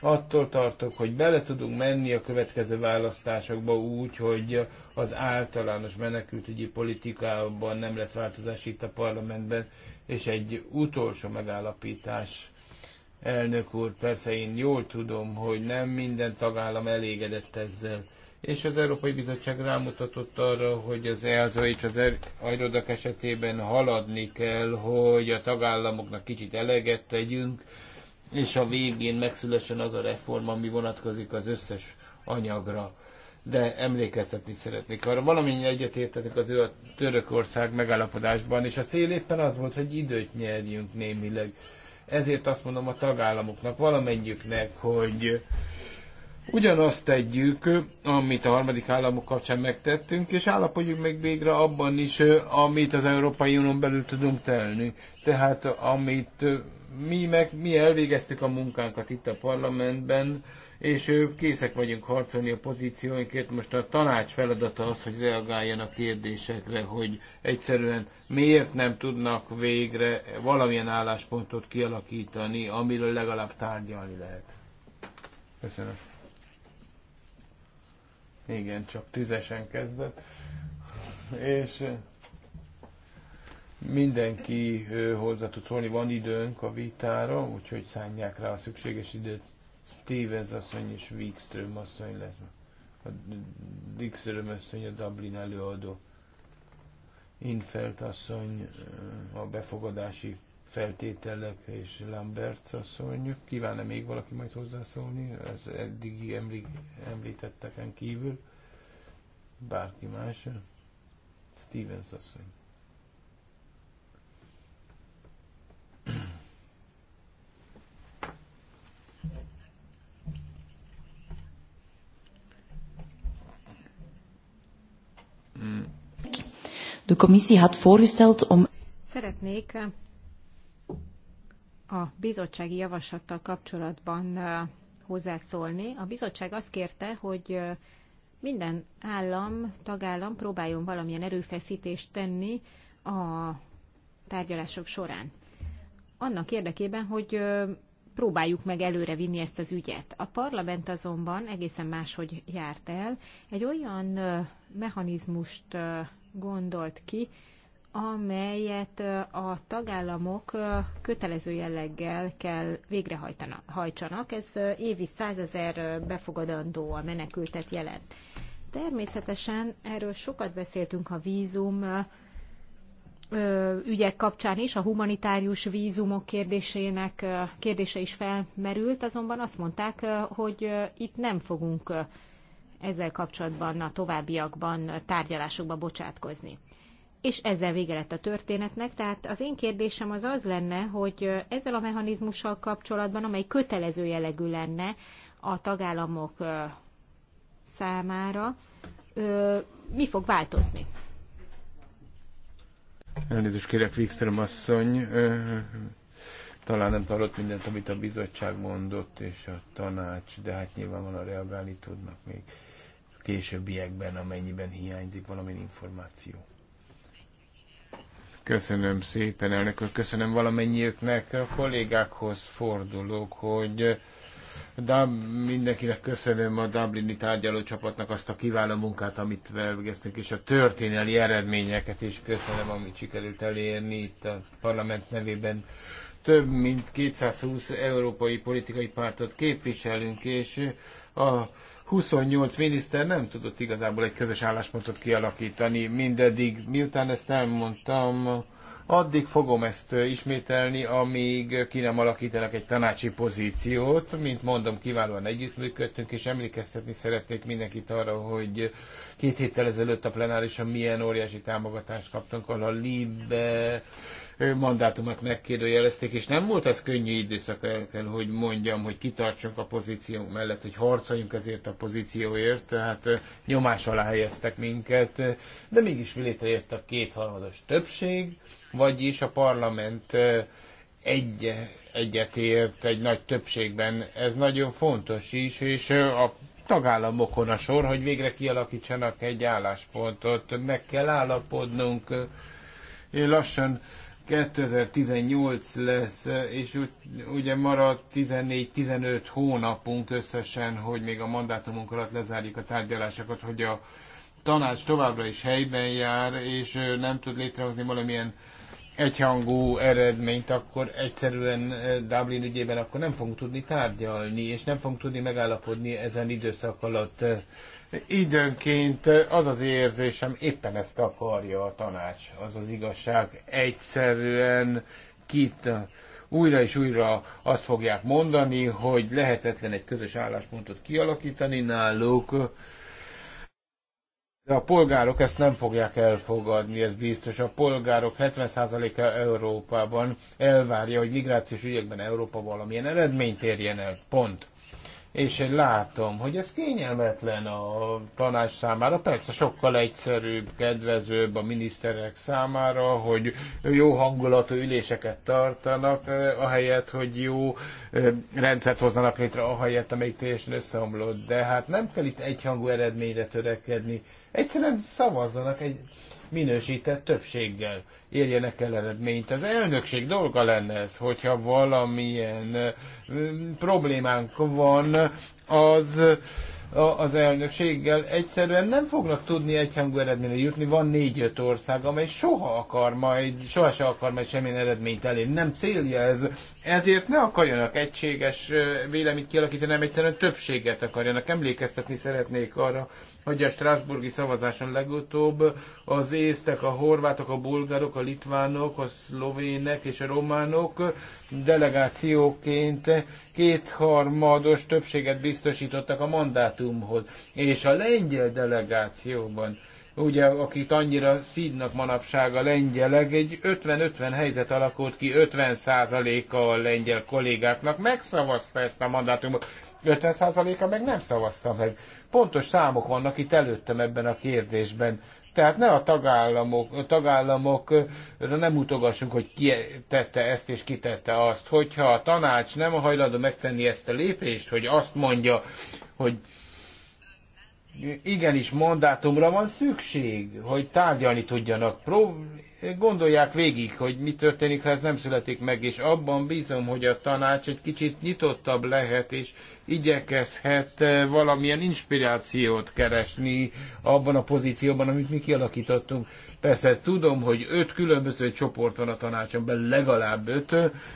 attól tartok, hogy bele tudunk menni a következő választásokba úgy, hogy az általános menekültügyi politikában nem lesz változás itt a parlamentben, és egy utolsó megállapítás, elnök úr, persze én jól tudom, hogy nem minden tagállam elégedett ezzel, és az Európai Bizottság rámutatott arra, hogy az EASO és az er- Ajrodak esetében haladni kell, hogy a tagállamoknak kicsit eleget tegyünk, és a végén megszülessen az a reform, ami vonatkozik az összes anyagra. De emlékeztetni szeretnék arra. Valamennyi egyetértetek az ő a Törökország megállapodásban, és a cél éppen az volt, hogy időt nyerjünk némileg. Ezért azt mondom a tagállamoknak, valamennyüknek, hogy ugyanazt tegyük, amit a harmadik államok kapcsán megtettünk, és állapodjunk meg végre abban is, amit az Európai Unión belül tudunk telni. Tehát amit mi meg mi elvégeztük a munkánkat itt a parlamentben, és készek vagyunk harcolni a pozícióinkért. Most a tanács feladata az, hogy reagáljon a kérdésekre, hogy egyszerűen miért nem tudnak végre valamilyen álláspontot kialakítani, amiről legalább tárgyalni lehet. Köszönöm. Igen, csak tüzesen kezdett. És mindenki hozzá tud szólni, van időnk a vitára, úgyhogy szánják rá a szükséges időt. Stevens asszony és Wikström asszony lesz. A Dixström asszony a Dublin előadó. Infelt asszony a befogadási feltételek és Lambert asszony. Kívánne még valaki majd hozzászólni? Ez eddigi emlí- említetteken kívül. Bárki más? Stevens asszony. De commissie had voorgesteld om... Szeretnék a bizottsági javaslattal kapcsolatban hozzászólni. A bizottság azt kérte, hogy minden állam, tagállam próbáljon valamilyen erőfeszítést tenni a tárgyalások során. Annak érdekében, hogy próbáljuk meg előre vinni ezt az ügyet. A parlament azonban egészen máshogy járt el. Egy olyan mechanizmust gondolt ki, amelyet a tagállamok kötelező jelleggel kell végrehajtsanak. Ez évi 100 befogadandó a menekültet jelent. Természetesen erről sokat beszéltünk a vízum ügyek kapcsán is, a humanitárius vízumok kérdésének kérdése is felmerült, azonban azt mondták, hogy itt nem fogunk ezzel kapcsolatban a továbbiakban tárgyalásokba bocsátkozni. És ezzel vége lett a történetnek, tehát az én kérdésem az az lenne, hogy ezzel a mechanizmussal kapcsolatban, amely kötelező jellegű lenne a tagállamok számára, mi fog változni? Elnézést kérek, Wikström asszony, talán nem hallott mindent, amit a bizottság mondott, és a tanács, de hát nyilvánvalóan reagálni tudnak még későbbiekben, amennyiben hiányzik valami információ. Köszönöm szépen, elnök úr. Köszönöm valamennyiöknek, a kollégákhoz fordulok, hogy Dub, mindenkinek köszönöm a Dublini tárgyalócsapatnak azt a kiváló munkát, amit végeztünk, és a történelmi eredményeket is köszönöm, amit sikerült elérni itt a parlament nevében. Több mint 220 európai politikai pártot képviselünk, és a 28 miniszter nem tudott igazából egy közös álláspontot kialakítani mindeddig. Miután ezt elmondtam, addig fogom ezt ismételni, amíg ki nem alakítanak egy tanácsi pozíciót. Mint mondom, kiválóan együttműködtünk, és emlékeztetni szeretnék mindenkit arra, hogy két héttel ezelőtt a plenárison milyen óriási támogatást kaptunk, ahol a LIBE mandátumát megkérdőjelezték, és nem volt ez könnyű időszak, el kell, hogy mondjam, hogy kitartsunk a pozíciónk mellett, hogy harcoljunk ezért a pozícióért, tehát nyomás alá helyeztek minket, de mégis létrejött a kétharmados többség, vagyis a parlament egy, egyetért egy nagy többségben. Ez nagyon fontos is, és a tagállamokon a sor, hogy végre kialakítsanak egy álláspontot. Meg kell állapodnunk lassan 2018 lesz, és úgy, ugye marad 14-15 hónapunk összesen, hogy még a mandátumunk alatt lezárjuk a tárgyalásokat, hogy a tanács továbbra is helyben jár, és nem tud létrehozni valamilyen egyhangú eredményt, akkor egyszerűen Dublin ügyében akkor nem fogunk tudni tárgyalni, és nem fogunk tudni megállapodni ezen időszak alatt. Időnként az az érzésem, éppen ezt akarja a tanács, az az igazság. Egyszerűen kit újra és újra azt fogják mondani, hogy lehetetlen egy közös álláspontot kialakítani náluk, de a polgárok ezt nem fogják elfogadni, ez biztos. A polgárok 70%-a Európában elvárja, hogy migrációs ügyekben Európa valamilyen eredményt érjen el. Pont és látom, hogy ez kényelmetlen a tanács számára. Persze sokkal egyszerűbb, kedvezőbb a miniszterek számára, hogy jó hangulatú üléseket tartanak, eh, ahelyett, hogy jó eh, rendszert hozzanak létre, ahelyett, amelyik teljesen összeomlott. De hát nem kell itt egyhangú eredményre törekedni. Egyszerűen szavazzanak egy minősített többséggel érjenek el eredményt. Az elnökség dolga lenne ez, hogyha valamilyen problémánk van, az az elnökséggel egyszerűen nem fognak tudni egyhangú eredményre jutni. Van négy-öt ország, amely soha akar majd, soha se akar majd semmilyen eredményt elérni. Nem célja ez. Ezért ne akarjanak egységes véleményt kialakítani, nem egyszerűen többséget akarjanak. Emlékeztetni szeretnék arra, hogy a Strasburgi szavazáson legutóbb az észtek, a horvátok, a bulgárok, a litvánok, a szlovének és a románok delegációként kétharmados többséget biztosítottak a mandátumhoz. És a lengyel delegációban ugye, akit annyira szídnak manapság a lengyelek, egy 50-50 helyzet alakult ki, 50%-a a lengyel kollégáknak megszavazta ezt a mandátumot. 50%-a meg nem szavazta meg. Pontos számok vannak itt előttem ebben a kérdésben. Tehát ne a tagállamok, a tagállamokra nem utogassunk, hogy ki tette ezt és ki tette azt. Hogyha a tanács nem hajlandó megtenni ezt a lépést, hogy azt mondja, hogy igenis mandátumra van szükség, hogy tárgyalni tudjanak gondolják végig, hogy mi történik, ha ez nem születik meg, és abban bízom, hogy a tanács egy kicsit nyitottabb lehet, és igyekezhet eh, valamilyen inspirációt keresni abban a pozícióban, amit mi kialakítottunk. Persze tudom, hogy öt különböző csoport van a tanácson belül, legalább öt,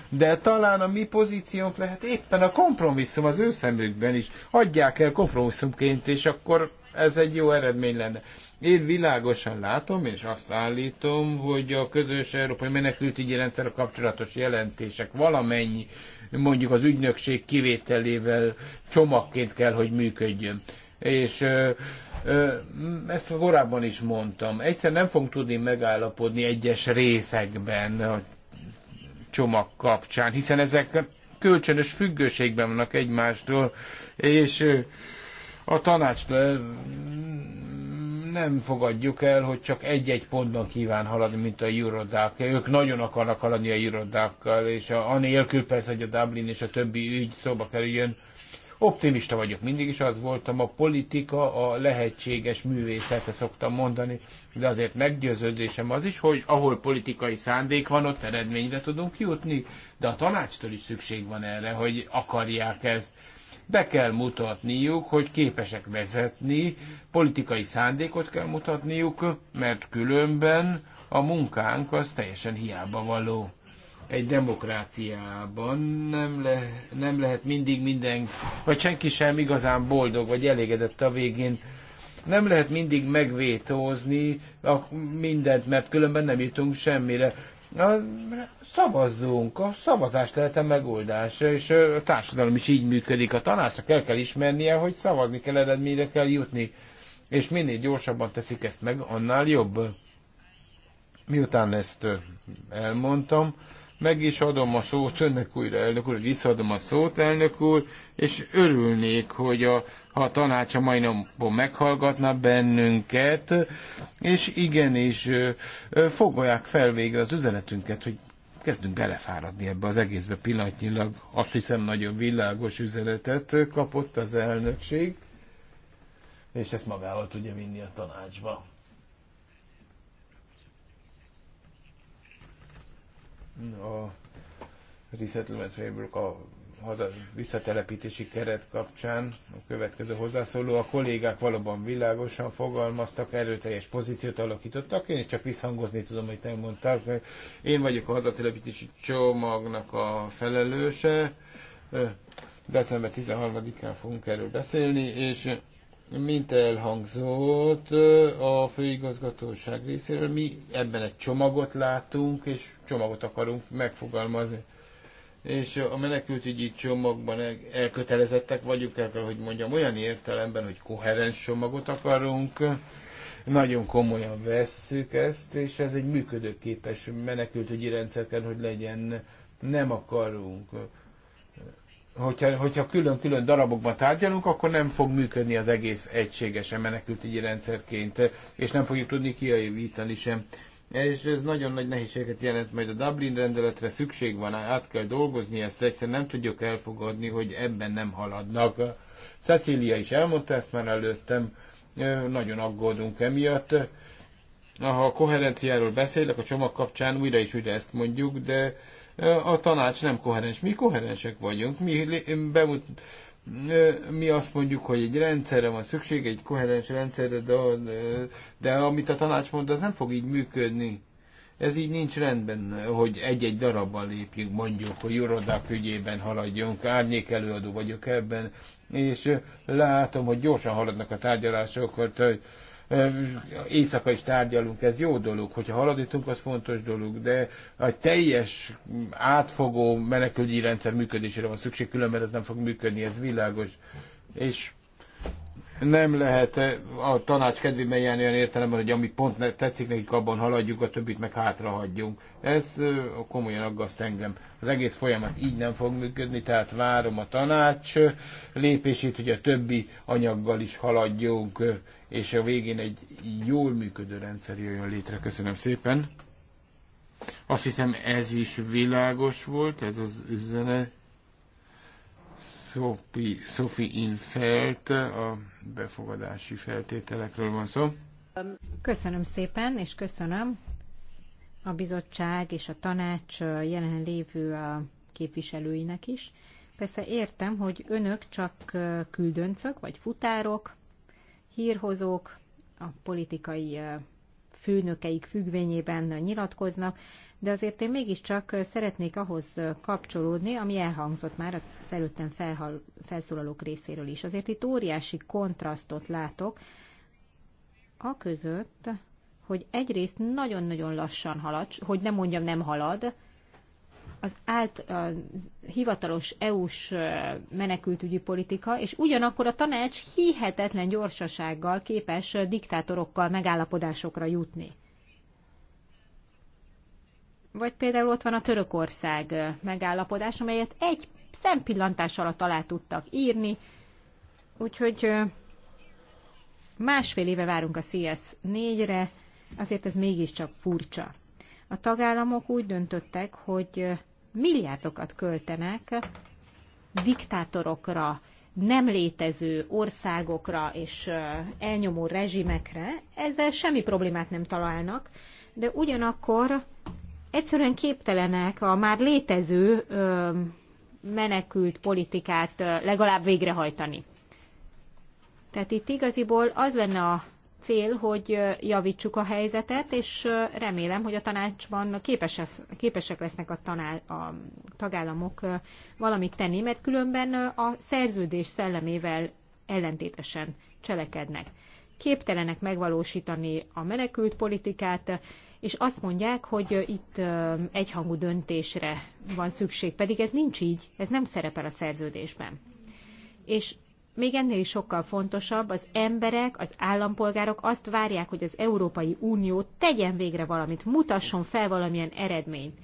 de talán a mi pozíciónk lehet éppen a kompromisszum az ő szemükben is. Adják el kompromisszumként, és akkor ez egy jó eredmény lenne. Én világosan látom, és azt állítom, hogy a közös európai menekültügyi rendszer kapcsolatos jelentések valamennyi, mondjuk az ügynökség kivételével csomagként kell, hogy működjön. És ö, ö, ezt korábban is mondtam, egyszer nem fogunk tudni megállapodni egyes részekben a csomag kapcsán, hiszen ezek kölcsönös függőségben vannak egymástól, és a tanács nem fogadjuk el, hogy csak egy-egy ponton kíván haladni, mint a Eurodac. Ők nagyon akarnak haladni a Eurodákkal, és a, anélkül persze, hogy a Dublin és a többi ügy szóba kerüljön. Optimista vagyok, mindig is az voltam, a politika a lehetséges művészete szoktam mondani, de azért meggyőződésem az is, hogy ahol politikai szándék van, ott eredményre tudunk jutni, de a tanácstól is szükség van erre, hogy akarják ezt be kell mutatniuk, hogy képesek vezetni, politikai szándékot kell mutatniuk, mert különben a munkánk az teljesen hiába való. Egy demokráciában nem, le, nem lehet mindig minden, vagy senki sem igazán boldog, vagy elégedett a végén nem lehet mindig megvétózni a mindent, mert különben nem jutunk semmire. Na, szavazzunk, a szavazás lehet a megoldás, és a társadalom is így működik. A tanácsnak el kell ismernie, hogy szavazni kell, eredményre kell jutni, és minél gyorsabban teszik ezt meg, annál jobb. Miután ezt elmondtam, meg is adom a szót önnek újra, elnök úr, visszaadom a szót, elnök úr, és örülnék, hogy a, ha a tanács a mai napon meghallgatna bennünket, és igenis fogolják fel végre az üzenetünket, hogy kezdünk belefáradni ebbe az egészbe pillanatnyilag. Azt hiszem, nagyon világos üzenetet kapott az elnökség, és ezt magával tudja vinni a tanácsba. a resettlement framework a haza, visszatelepítési keret kapcsán a következő hozzászóló. A kollégák valóban világosan fogalmaztak, erőteljes pozíciót alakítottak. Én csak visszhangozni tudom, hogy te mondták. Én vagyok a hazatelepítési csomagnak a felelőse. December 13-án fogunk erről beszélni, és mint elhangzott a főigazgatóság részéről, mi ebben egy csomagot látunk, és csomagot akarunk megfogalmazni. És a menekültügyi csomagban elkötelezettek vagyunk, el kell, hogy mondjam, olyan értelemben, hogy koherens csomagot akarunk, nagyon komolyan vesszük ezt, és ez egy működőképes menekültügyi rendszer kell, hogy legyen. Nem akarunk hogyha, hogyha külön-külön darabokban tárgyalunk, akkor nem fog működni az egész egységesen menekültügyi rendszerként, és nem fogjuk tudni kijavítani sem. És ez nagyon nagy nehézséget jelent, majd a Dublin rendeletre szükség van, át kell dolgozni, ezt egyszerűen nem tudjuk elfogadni, hogy ebben nem haladnak. Cecília is elmondta ezt már előttem, nagyon aggódunk emiatt. Ha a koherenciáról beszélek, a csomag kapcsán újra és újra ezt mondjuk, de a tanács nem koherens. Mi koherensek vagyunk, mi, bemut, mi azt mondjuk, hogy egy rendszerre van szükség, egy koherens rendszerre, de, de amit a tanács mond, az nem fog így működni. Ez így nincs rendben, hogy egy-egy darabban lépjünk, mondjuk, hogy Jurodák ügyében haladjunk, árnyék előadó vagyok ebben, és látom, hogy gyorsan haladnak a tárgyalásokat, hogy éjszaka is tárgyalunk, ez jó dolog, hogyha haladítunk, az fontos dolog, de a teljes átfogó menekülgyi rendszer működésére van szükség, különben ez nem fog működni, ez világos. És nem lehet eh, a tanács kedvében járni olyan értelemben, hogy ami pont tetszik nekik, abban haladjuk, a többit meg hagyjunk. Ez eh, komolyan aggaszt engem. Az egész folyamat így nem fog működni, tehát várom a tanács eh, lépését, hogy a többi anyaggal is haladjunk, és a végén egy jól működő rendszer jöjjön létre. Köszönöm szépen. Azt hiszem ez is világos volt, ez az üzenet Sophie, Sophie Infelt, a befogadási feltételekről van szó. Köszönöm szépen, és köszönöm a bizottság és a tanács jelenlévő a képviselőinek is. Persze értem, hogy önök csak küldöncök, vagy futárok, hírhozók, a politikai főnökeik függvényében nyilatkoznak, de azért én mégiscsak szeretnék ahhoz kapcsolódni, ami elhangzott már az előttem felhal, felszólalók részéről is. Azért itt óriási kontrasztot látok, a között, hogy egyrészt nagyon-nagyon lassan halad, hogy nem mondjam nem halad, az ált a hivatalos EU-s menekültügyi politika, és ugyanakkor a tanács hihetetlen gyorsasággal képes diktátorokkal megállapodásokra jutni. Vagy például ott van a Törökország megállapodás, amelyet egy szempillantás alatt alá tudtak írni, úgyhogy másfél éve várunk a CS4-re, azért ez mégiscsak furcsa. A tagállamok úgy döntöttek, hogy milliárdokat költenek diktátorokra, nem létező országokra és elnyomó rezsimekre, ezzel semmi problémát nem találnak, de ugyanakkor egyszerűen képtelenek a már létező menekült politikát legalább végrehajtani. Tehát itt igaziból az lenne a cél, hogy javítsuk a helyzetet, és remélem, hogy a tanácsban képesek, képesek lesznek a, tanál, a tagállamok valamit tenni, mert különben a szerződés szellemével ellentétesen cselekednek. Képtelenek megvalósítani a menekült politikát, és azt mondják, hogy itt egyhangú döntésre van szükség, pedig ez nincs így, ez nem szerepel a szerződésben. És még ennél is sokkal fontosabb, az emberek, az állampolgárok azt várják, hogy az Európai Unió tegyen végre valamit, mutasson fel valamilyen eredményt.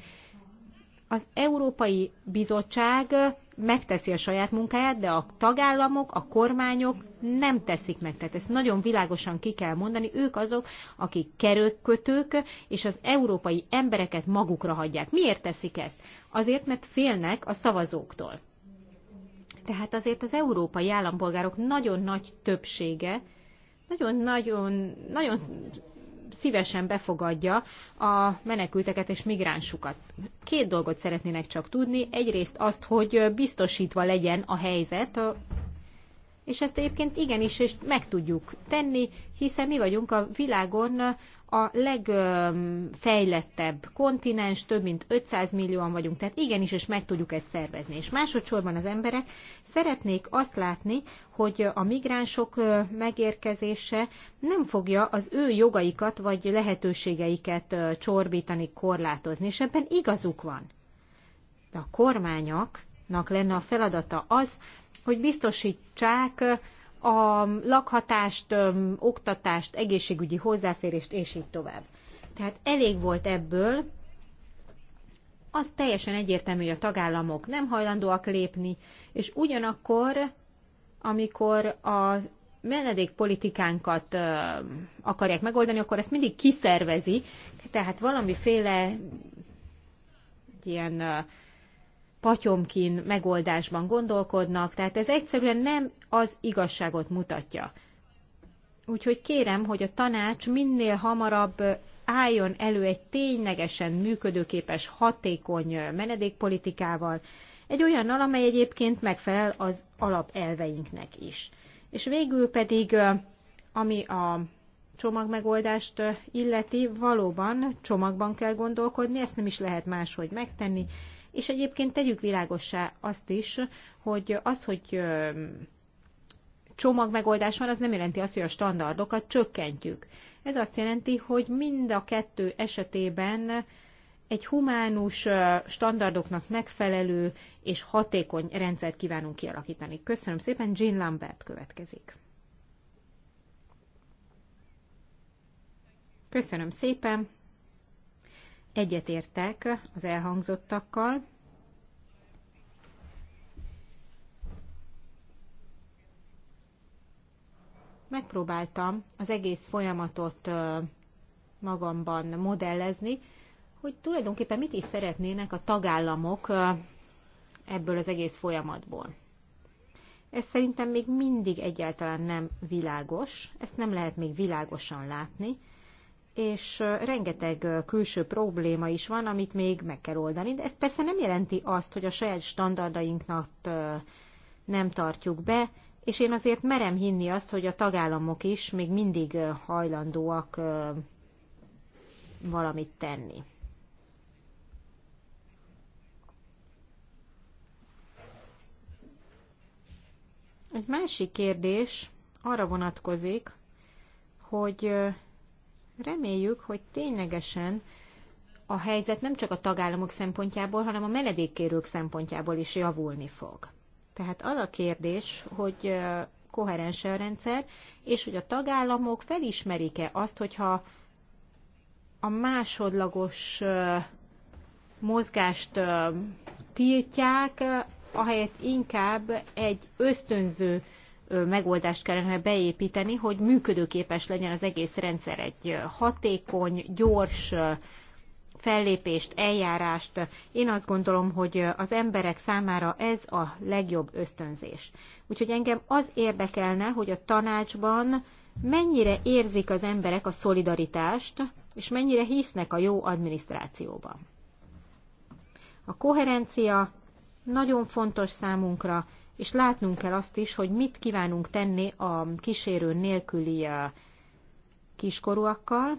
Az Európai Bizottság megteszi a saját munkáját, de a tagállamok, a kormányok nem teszik meg. Tehát ezt nagyon világosan ki kell mondani. Ők azok, akik kerőkötők, és az európai embereket magukra hagyják. Miért teszik ezt? Azért, mert félnek a szavazóktól. Tehát azért az európai állampolgárok nagyon nagy többsége, nagyon-nagyon, nagyon szívesen befogadja a menekülteket és migránsukat. Két dolgot szeretnének csak tudni. Egyrészt azt, hogy biztosítva legyen a helyzet és ezt egyébként igenis és meg tudjuk tenni, hiszen mi vagyunk a világon a legfejlettebb kontinens, több mint 500 millióan vagyunk, tehát igenis, és meg tudjuk ezt szervezni. És másodszorban az emberek szeretnék azt látni, hogy a migránsok megérkezése nem fogja az ő jogaikat vagy lehetőségeiket csorbítani, korlátozni, és ebben igazuk van. De a kormányoknak lenne a feladata az, hogy biztosítsák a lakhatást, oktatást, egészségügyi hozzáférést, és így tovább. Tehát elég volt ebből, az teljesen egyértelmű, hogy a tagállamok nem hajlandóak lépni, és ugyanakkor, amikor a menedékpolitikánkat akarják megoldani, akkor ezt mindig kiszervezi, tehát valamiféle ilyen patyomkin megoldásban gondolkodnak, tehát ez egyszerűen nem az igazságot mutatja. Úgyhogy kérem, hogy a tanács minél hamarabb álljon elő egy ténylegesen működőképes, hatékony menedékpolitikával, egy olyannal, amely egyébként megfelel az alapelveinknek is. És végül pedig, ami a csomagmegoldást illeti, valóban csomagban kell gondolkodni, ezt nem is lehet máshogy megtenni, és egyébként tegyük világossá azt is, hogy az, hogy csomagmegoldás van, az nem jelenti azt, hogy a standardokat csökkentjük. Ez azt jelenti, hogy mind a kettő esetében egy humánus, standardoknak megfelelő és hatékony rendszert kívánunk kialakítani. Köszönöm szépen, Jean Lambert következik. Köszönöm szépen egyetértek az elhangzottakkal. Megpróbáltam az egész folyamatot magamban modellezni, hogy tulajdonképpen mit is szeretnének a tagállamok ebből az egész folyamatból. Ez szerintem még mindig egyáltalán nem világos, ezt nem lehet még világosan látni, és rengeteg külső probléma is van, amit még meg kell oldani, de ez persze nem jelenti azt, hogy a saját standardainknak nem tartjuk be, és én azért merem hinni azt, hogy a tagállamok is még mindig hajlandóak valamit tenni. Egy másik kérdés arra vonatkozik, hogy Reméljük, hogy ténylegesen a helyzet nem csak a tagállamok szempontjából, hanem a menedékkérők szempontjából is javulni fog. Tehát az a kérdés, hogy koherens -e a rendszer, és hogy a tagállamok felismerik-e azt, hogyha a másodlagos mozgást tiltják, ahelyett inkább egy ösztönző megoldást kellene beépíteni, hogy működőképes legyen az egész rendszer. Egy hatékony, gyors fellépést, eljárást. Én azt gondolom, hogy az emberek számára ez a legjobb ösztönzés. Úgyhogy engem az érdekelne, hogy a tanácsban mennyire érzik az emberek a szolidaritást, és mennyire hisznek a jó adminisztrációban. A koherencia nagyon fontos számunkra, és látnunk kell azt is, hogy mit kívánunk tenni a kísérő nélküli kiskorúakkal,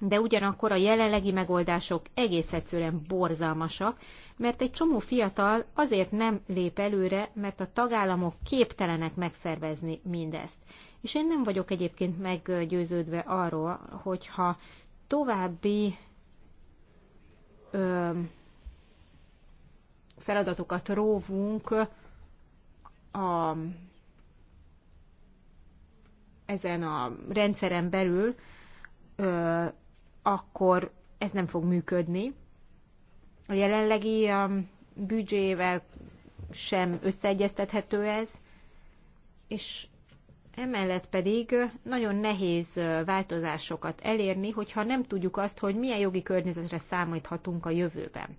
de ugyanakkor a jelenlegi megoldások egész egyszerűen borzalmasak, mert egy csomó fiatal azért nem lép előre, mert a tagállamok képtelenek megszervezni mindezt. És én nem vagyok egyébként meggyőződve arról, hogyha további ö, feladatokat róvunk a, ezen a rendszeren belül, ö, akkor ez nem fog működni. A jelenlegi büdzsével sem összeegyeztethető ez, és emellett pedig nagyon nehéz változásokat elérni, hogyha nem tudjuk azt, hogy milyen jogi környezetre számíthatunk a jövőben.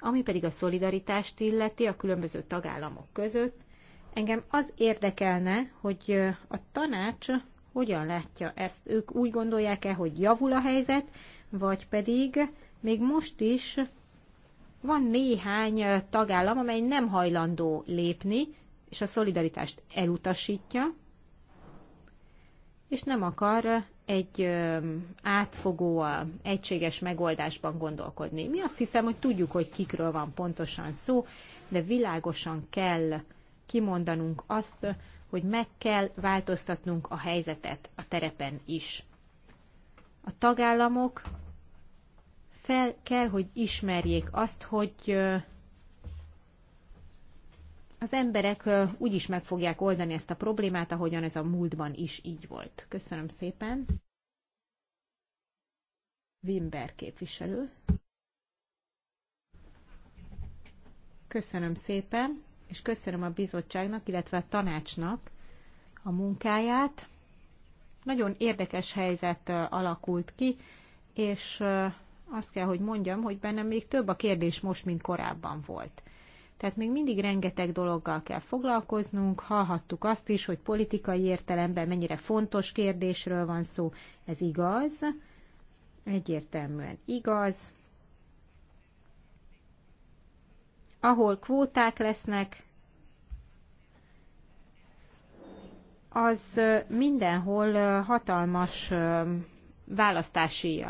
Ami pedig a szolidaritást illeti a különböző tagállamok között, engem az érdekelne, hogy a tanács hogyan látja ezt. Ők úgy gondolják-e, hogy javul a helyzet, vagy pedig még most is van néhány tagállam, amely nem hajlandó lépni, és a szolidaritást elutasítja, és nem akar egy átfogó, egységes megoldásban gondolkodni. Mi azt hiszem, hogy tudjuk, hogy kikről van pontosan szó, de világosan kell kimondanunk azt, hogy meg kell változtatnunk a helyzetet a terepen is. A tagállamok fel kell, hogy ismerjék azt, hogy az emberek úgyis meg fogják oldani ezt a problémát, ahogyan ez a múltban is így volt. Köszönöm szépen. Wimber képviselő. Köszönöm szépen, és köszönöm a bizottságnak, illetve a tanácsnak a munkáját. Nagyon érdekes helyzet alakult ki, és azt kell, hogy mondjam, hogy bennem még több a kérdés most, mint korábban volt. Tehát még mindig rengeteg dologgal kell foglalkoznunk. Hallhattuk azt is, hogy politikai értelemben mennyire fontos kérdésről van szó. Ez igaz. Egyértelműen igaz. Ahol kvóták lesznek, az mindenhol hatalmas választási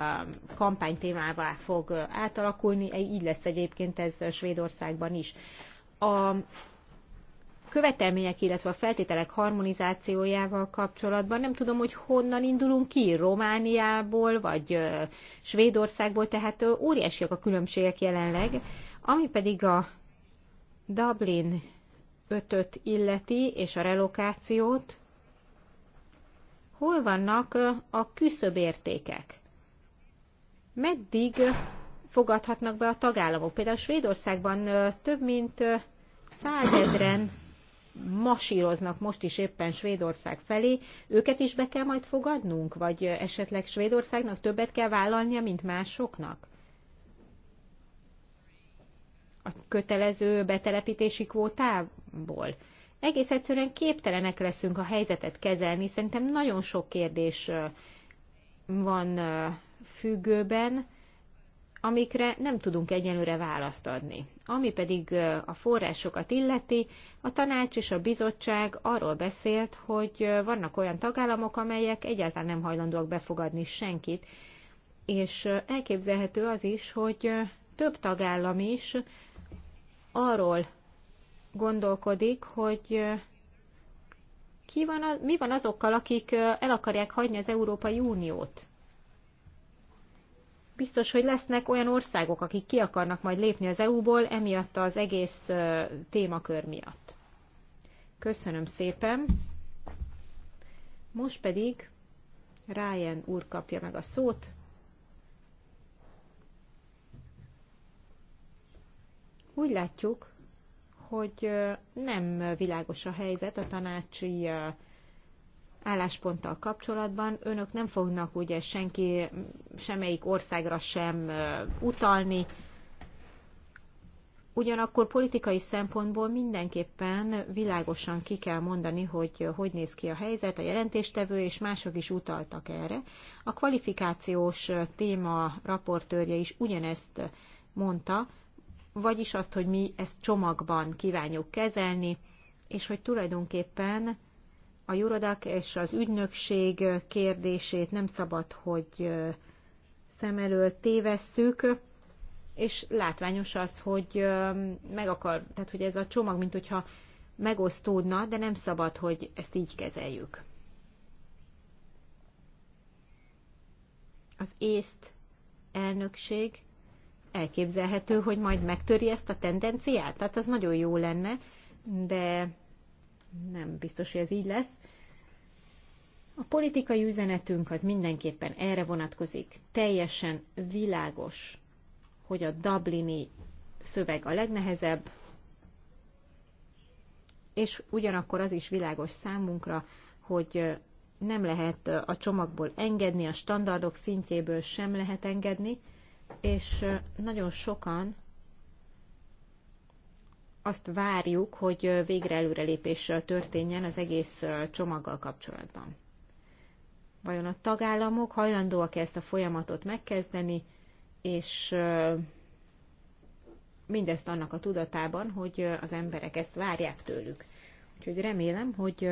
kampánytémává fog átalakulni, így lesz egyébként ez Svédországban is. A követelmények, illetve a feltételek harmonizációjával kapcsolatban nem tudom, hogy honnan indulunk ki, Romániából vagy Svédországból, tehát óriásiak a különbségek jelenleg. Ami pedig a Dublin 5 illeti és a relokációt, hol vannak a küszöbértékek? Meddig fogadhatnak be a tagállamok? Például Svédországban több mint százezren masíroznak most is éppen Svédország felé. Őket is be kell majd fogadnunk? Vagy esetleg Svédországnak többet kell vállalnia, mint másoknak? A kötelező betelepítési kvótából? egész egyszerűen képtelenek leszünk a helyzetet kezelni. Szerintem nagyon sok kérdés van függőben, amikre nem tudunk egyenlőre választ adni. Ami pedig a forrásokat illeti, a tanács és a bizottság arról beszélt, hogy vannak olyan tagállamok, amelyek egyáltalán nem hajlandóak befogadni senkit, és elképzelhető az is, hogy több tagállam is arról gondolkodik, hogy ki van a, mi van azokkal, akik el akarják hagyni az Európai Uniót? Biztos, hogy lesznek olyan országok, akik ki akarnak majd lépni az EU-ból, emiatt az egész témakör miatt. Köszönöm szépen. Most pedig Ryan úr kapja meg a szót. Úgy látjuk, hogy nem világos a helyzet a tanácsi állásponttal kapcsolatban. Önök nem fognak ugye senki, semmelyik országra sem utalni. Ugyanakkor politikai szempontból mindenképpen világosan ki kell mondani, hogy hogy néz ki a helyzet, a jelentéstevő és mások is utaltak erre. A kvalifikációs téma raportőrje is ugyanezt mondta, vagyis azt, hogy mi ezt csomagban kívánjuk kezelni, és hogy tulajdonképpen a jurodak és az ügynökség kérdését nem szabad, hogy szem elől tévesszük, és látványos az, hogy meg akar, tehát hogy ez a csomag, mint hogyha megosztódna, de nem szabad, hogy ezt így kezeljük. Az észt elnökség elképzelhető, hogy majd megtöri ezt a tendenciát. Tehát az nagyon jó lenne, de nem biztos, hogy ez így lesz. A politikai üzenetünk az mindenképpen erre vonatkozik. Teljesen világos, hogy a Dublini szöveg a legnehezebb, és ugyanakkor az is világos számunkra, hogy nem lehet a csomagból engedni, a standardok szintjéből sem lehet engedni, és nagyon sokan azt várjuk, hogy végre előrelépés történjen az egész csomaggal kapcsolatban. Vajon a tagállamok hajlandóak ezt a folyamatot megkezdeni, és mindezt annak a tudatában, hogy az emberek ezt várják tőlük. Úgyhogy remélem, hogy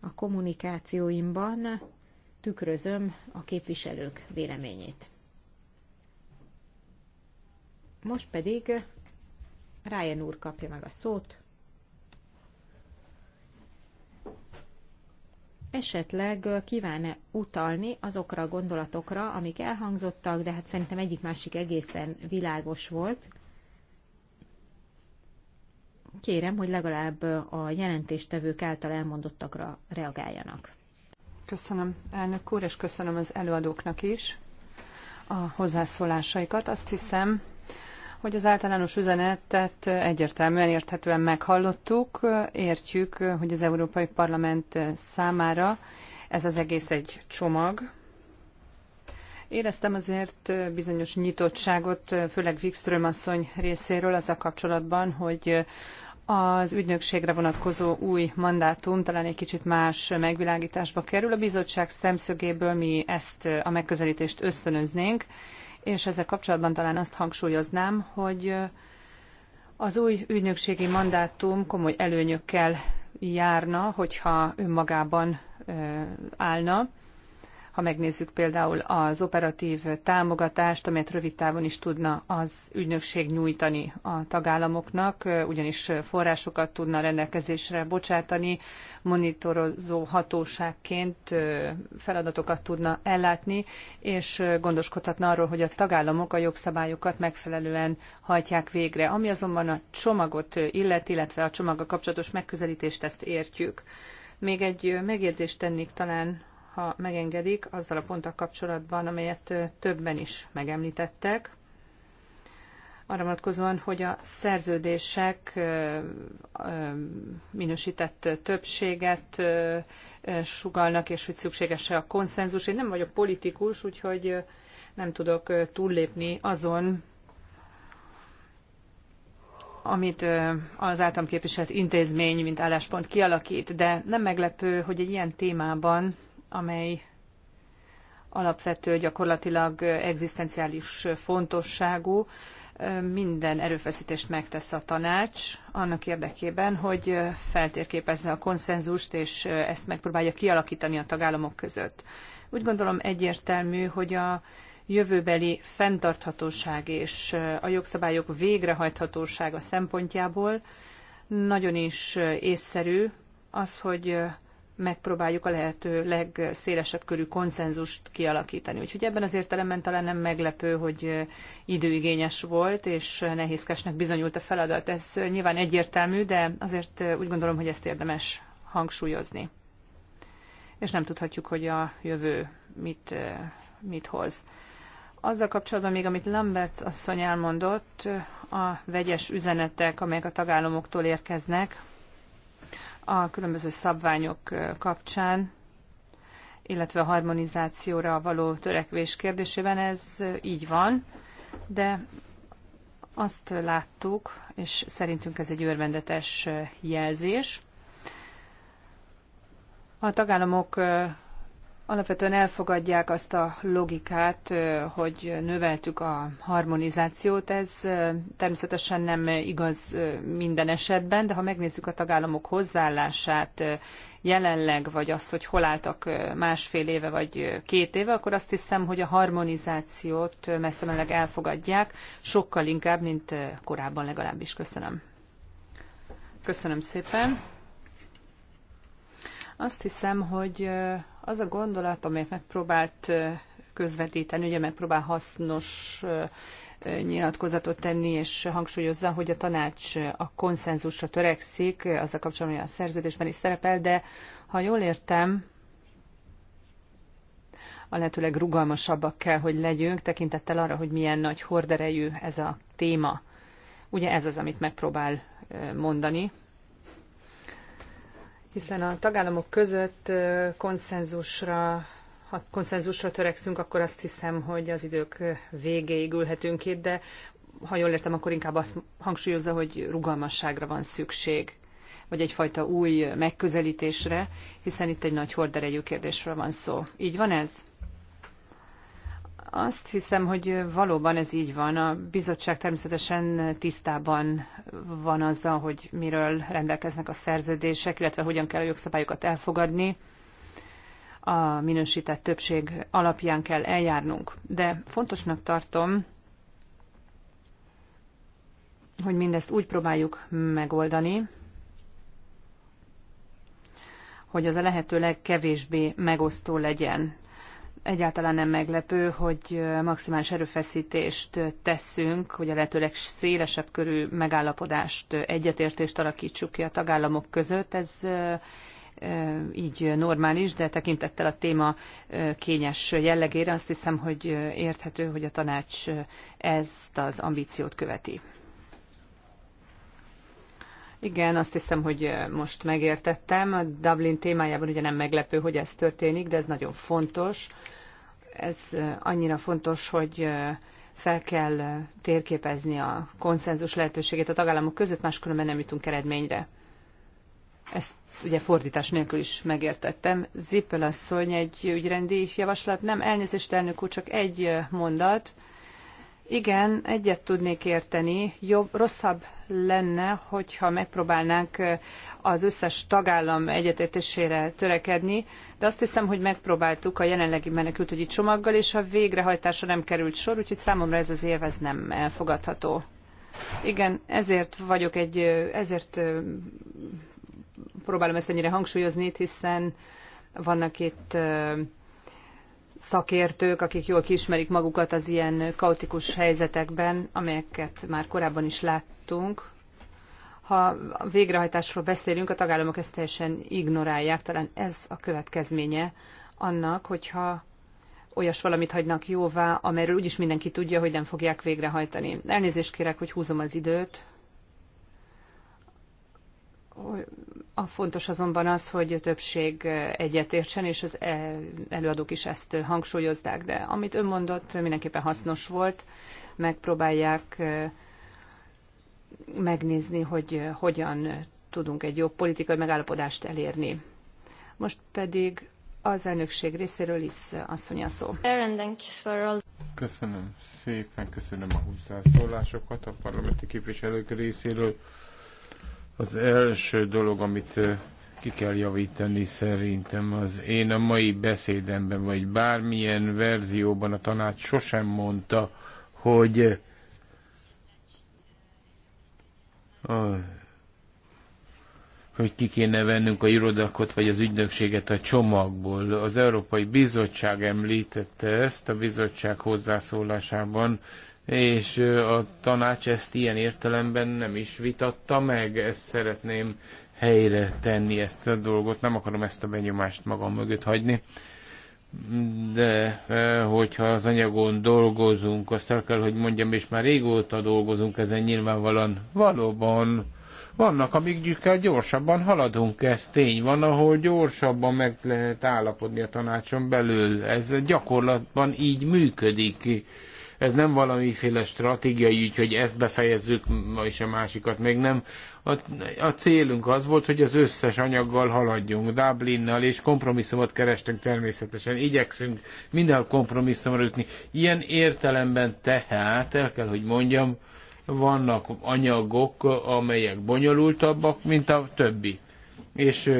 a kommunikációimban tükrözöm a képviselők véleményét. Most pedig Ryan úr kapja meg a szót. Esetleg kíván-e utalni azokra a gondolatokra, amik elhangzottak, de hát szerintem egyik másik egészen világos volt. Kérem, hogy legalább a jelentéstevők által elmondottakra reagáljanak. Köszönöm, elnök úr, és köszönöm az előadóknak is a hozzászólásaikat. Azt hiszem, hogy az általános üzenetet egyértelműen érthetően meghallottuk, értjük, hogy az Európai Parlament számára ez az egész egy csomag. Éreztem azért bizonyos nyitottságot, főleg Wikström asszony részéről az a kapcsolatban, hogy az ügynökségre vonatkozó új mandátum talán egy kicsit más megvilágításba kerül. A bizottság szemszögéből mi ezt a megközelítést ösztönöznénk, és ezzel kapcsolatban talán azt hangsúlyoznám, hogy az új ügynökségi mandátum komoly előnyökkel járna, hogyha önmagában állna, ha megnézzük például az operatív támogatást, amelyet rövid távon is tudna az ügynökség nyújtani a tagállamoknak, ugyanis forrásokat tudna rendelkezésre bocsátani, monitorozó hatóságként feladatokat tudna ellátni, és gondoskodhatna arról, hogy a tagállamok a jogszabályokat megfelelően hajtják végre. Ami azonban a csomagot illet, illetve a csomaggal kapcsolatos megközelítést, ezt értjük. Még egy megjegyzést tennék talán ha megengedik, azzal a ponttal kapcsolatban, amelyet többen is megemlítettek, arra vonatkozóan, hogy a szerződések minősített többséget sugalnak, és hogy szükséges-e a konszenzus. Én nem vagyok politikus, úgyhogy nem tudok túllépni azon, amit az általam képviselt intézmény, mint álláspont kialakít, de nem meglepő, hogy egy ilyen témában amely alapvető, gyakorlatilag egzisztenciális fontosságú. Minden erőfeszítést megtesz a tanács annak érdekében, hogy feltérképezze a konszenzust, és ezt megpróbálja kialakítani a tagállamok között. Úgy gondolom egyértelmű, hogy a jövőbeli fenntarthatóság és a jogszabályok végrehajthatósága szempontjából nagyon is észszerű az, hogy megpróbáljuk a lehető legszélesebb körű konszenzust kialakítani. Úgyhogy ebben az értelemben talán nem meglepő, hogy időigényes volt, és nehézkesnek bizonyult a feladat. Ez nyilván egyértelmű, de azért úgy gondolom, hogy ezt érdemes hangsúlyozni. És nem tudhatjuk, hogy a jövő mit, mit hoz. Azzal kapcsolatban még, amit Lamberts asszony elmondott, a vegyes üzenetek, amelyek a tagállamoktól érkeznek, a különböző szabványok kapcsán, illetve a harmonizációra való törekvés kérdésében ez így van, de azt láttuk, és szerintünk ez egy örvendetes jelzés. A tagállamok alapvetően elfogadják azt a logikát, hogy növeltük a harmonizációt. Ez természetesen nem igaz minden esetben, de ha megnézzük a tagállamok hozzáállását jelenleg, vagy azt, hogy hol álltak másfél éve vagy két éve, akkor azt hiszem, hogy a harmonizációt messze meleg elfogadják, sokkal inkább, mint korábban legalábbis. Köszönöm. Köszönöm szépen. Azt hiszem, hogy az a gondolat, amelyet megpróbált közvetíteni, ugye megpróbál hasznos nyilatkozatot tenni, és hangsúlyozza, hogy a tanács a konszenzusra törekszik, a kapcsolatban, a szerződésben is szerepel, de ha jól értem, a lehetőleg rugalmasabbak kell, hogy legyünk, tekintettel arra, hogy milyen nagy horderejű ez a téma. Ugye ez az, amit megpróbál mondani, hiszen a tagállamok között konszenzusra, ha konszenzusra törekszünk, akkor azt hiszem, hogy az idők végéig ülhetünk itt, de ha jól értem, akkor inkább azt hangsúlyozza, hogy rugalmasságra van szükség, vagy egyfajta új megközelítésre, hiszen itt egy nagy horderejű kérdésről van szó. Így van ez? Azt hiszem, hogy valóban ez így van. A bizottság természetesen tisztában van azzal, hogy miről rendelkeznek a szerződések, illetve hogyan kell a jogszabályokat elfogadni. A minősített többség alapján kell eljárnunk. De fontosnak tartom, hogy mindezt úgy próbáljuk megoldani, hogy az a lehető legkevésbé megosztó legyen egyáltalán nem meglepő, hogy maximális erőfeszítést teszünk, hogy a lehető legszélesebb körű megállapodást, egyetértést alakítsuk ki a tagállamok között. Ez így normális, de tekintettel a téma kényes jellegére azt hiszem, hogy érthető, hogy a tanács ezt az ambíciót követi. Igen, azt hiszem, hogy most megértettem. A Dublin témájában ugye nem meglepő, hogy ez történik, de ez nagyon fontos ez annyira fontos, hogy fel kell térképezni a konszenzus lehetőségét a tagállamok között, máskülönben nem jutunk eredményre. Ezt ugye fordítás nélkül is megértettem. Zippel asszony egy ügyrendi javaslat, nem elnézést elnök úr, csak egy mondat igen, egyet tudnék érteni. Jobb, rosszabb lenne, hogyha megpróbálnánk az összes tagállam egyetértésére törekedni, de azt hiszem, hogy megpróbáltuk a jelenlegi menekültügyi csomaggal, és a végrehajtásra nem került sor, úgyhogy számomra ez az év ez nem elfogadható. Igen, ezért vagyok egy, ezért próbálom ezt ennyire hangsúlyozni, hiszen vannak itt szakértők, akik jól kiismerik magukat az ilyen kaotikus helyzetekben, amelyeket már korábban is láttunk. Ha a végrehajtásról beszélünk, a tagállamok ezt teljesen ignorálják. Talán ez a következménye annak, hogyha olyas valamit hagynak jóvá, amelyről úgyis mindenki tudja, hogy nem fogják végrehajtani. Elnézést kérek, hogy húzom az időt. A fontos azonban az, hogy többség egyetértsen, és az e- előadók is ezt hangsúlyozták, de amit ön mondott, mindenképpen hasznos volt. Megpróbálják e, megnézni, hogy hogyan tudunk egy jobb politikai megállapodást elérni. Most pedig az elnökség részéről is asszony a szó. Köszönöm szépen, köszönöm a hozzászólásokat a parlamenti képviselők részéről. Az első dolog, amit ki kell javítani szerintem, az én a mai beszédemben, vagy bármilyen verzióban a tanács sosem mondta, hogy hogy ki kéne vennünk a irodakot vagy az ügynökséget a csomagból. Az Európai Bizottság említette ezt a bizottság hozzászólásában, és a tanács ezt ilyen értelemben nem is vitatta meg, ezt szeretném helyre tenni ezt a dolgot, nem akarom ezt a benyomást magam mögött hagyni, de hogyha az anyagon dolgozunk, azt el kell, hogy mondjam, és már régóta dolgozunk ezen nyilvánvalóan, valóban vannak, amikkel gyorsabban haladunk, ez tény van, ahol gyorsabban meg lehet állapodni a tanácson belül. Ez gyakorlatban így működik ez nem valamiféle stratégiai ügy, hogy ezt befejezzük, és a másikat még nem. A, a célunk az volt, hogy az összes anyaggal haladjunk, Dublinnal, és kompromisszumot kerestünk természetesen. Igyekszünk minden kompromisszumra jutni. Ilyen értelemben tehát, el kell, hogy mondjam, vannak anyagok, amelyek bonyolultabbak, mint a többi. És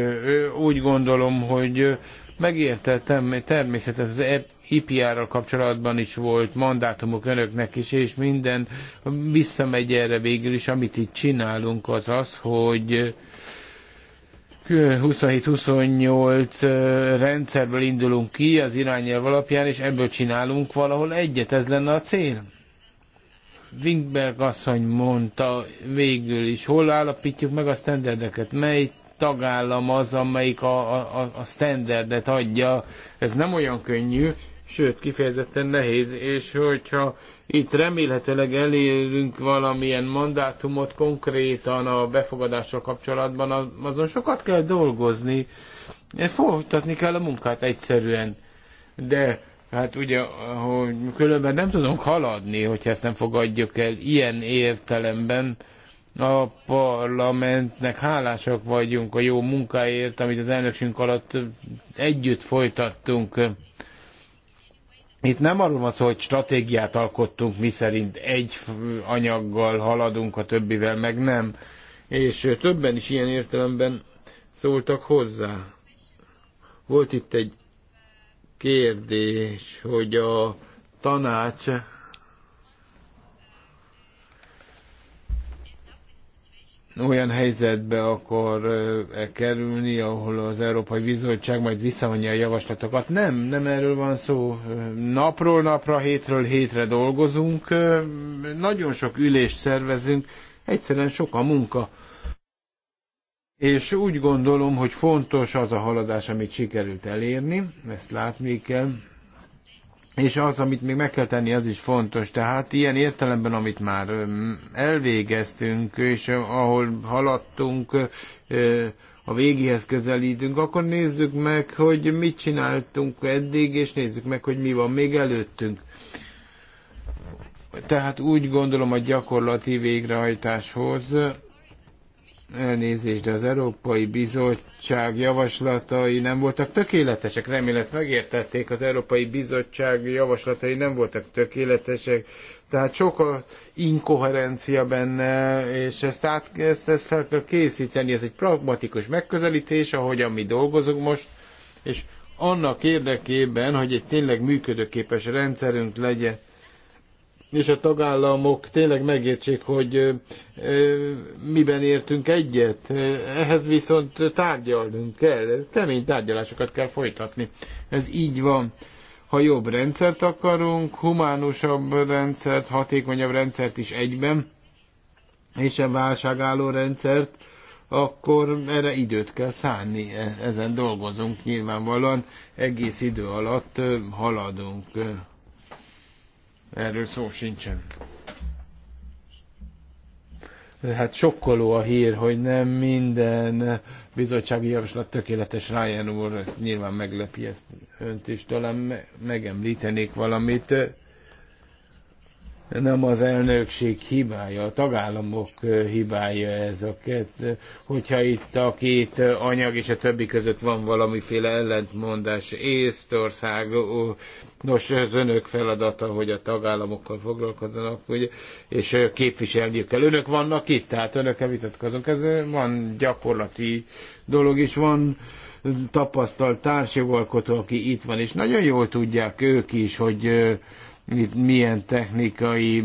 úgy gondolom, hogy megértettem, természetesen az IPR-ral kapcsolatban is volt mandátumok önöknek is, és minden visszamegy erre végül is, amit itt csinálunk, az az, hogy 27-28 rendszerből indulunk ki az irányelv alapján, és ebből csinálunk valahol egyet, ez lenne a cél. Wingberg asszony mondta végül is, hol állapítjuk meg a standardeket, mely tagállam az, amelyik a, a, a standardet adja. Ez nem olyan könnyű, sőt kifejezetten nehéz, és hogyha itt remélhetőleg elérünk valamilyen mandátumot konkrétan a befogadással kapcsolatban, azon sokat kell dolgozni, e, folytatni kell a munkát egyszerűen. De hát ugye, hogy különben nem tudunk haladni, hogyha ezt nem fogadjuk el ilyen értelemben, a parlamentnek hálásak vagyunk a jó munkáért, amit az elnökségünk alatt együtt folytattunk. Itt nem arról van szó, hogy stratégiát alkottunk, mi szerint egy anyaggal haladunk, a többivel meg nem. És többen is ilyen értelemben szóltak hozzá. Volt itt egy kérdés, hogy a tanács olyan helyzetbe akar -e kerülni, ahol az Európai Bizottság majd visszavonja a javaslatokat. Nem, nem erről van szó. Napról napra, hétről hétre dolgozunk, nagyon sok ülést szervezünk, egyszerűen sok a munka. És úgy gondolom, hogy fontos az a haladás, amit sikerült elérni, ezt látni kell és az, amit még meg kell tenni, az is fontos. Tehát ilyen értelemben, amit már elvégeztünk, és ahol haladtunk, a végéhez közelítünk, akkor nézzük meg, hogy mit csináltunk eddig, és nézzük meg, hogy mi van még előttünk. Tehát úgy gondolom a gyakorlati végrehajtáshoz Elnézést, de az Európai Bizottság javaslatai nem voltak tökéletesek. Remélem ezt megértették, az Európai Bizottság javaslatai nem voltak tökéletesek. Tehát sok a inkoherencia benne, és ezt, át, ezt, ezt fel kell készíteni. Ez egy pragmatikus megközelítés, ahogyan mi dolgozunk most, és annak érdekében, hogy egy tényleg működőképes rendszerünk legyen, és a tagállamok tényleg megértsék, hogy miben értünk egyet. Ehhez viszont tárgyalnunk kell, kemény tárgyalásokat kell folytatni. Ez így van. Ha jobb rendszert akarunk, humánusabb rendszert, hatékonyabb rendszert is egyben, és a válságálló rendszert, akkor erre időt kell szánni, e-, ezen dolgozunk nyilvánvalóan, egész idő alatt haladunk Erről szó sincsen. Hát sokkoló a hír, hogy nem minden bizottsági javaslat tökéletes Ryan úr, nyilván meglepi ezt önt is, talán megemlítenék valamit nem az elnökség hibája, a tagállamok hibája ez a két, hogyha itt a két anyag és a többi között van valamiféle ellentmondás. Észtország, nos, az önök feladata, hogy a tagállamokkal foglalkozzanak, hogy és képviselniük kell. Önök vannak itt, tehát önökkel vitatkozunk. Ez van gyakorlati dolog is, van tapasztalt társjogalkotó, aki itt van, és nagyon jól tudják ők is, hogy itt milyen technikai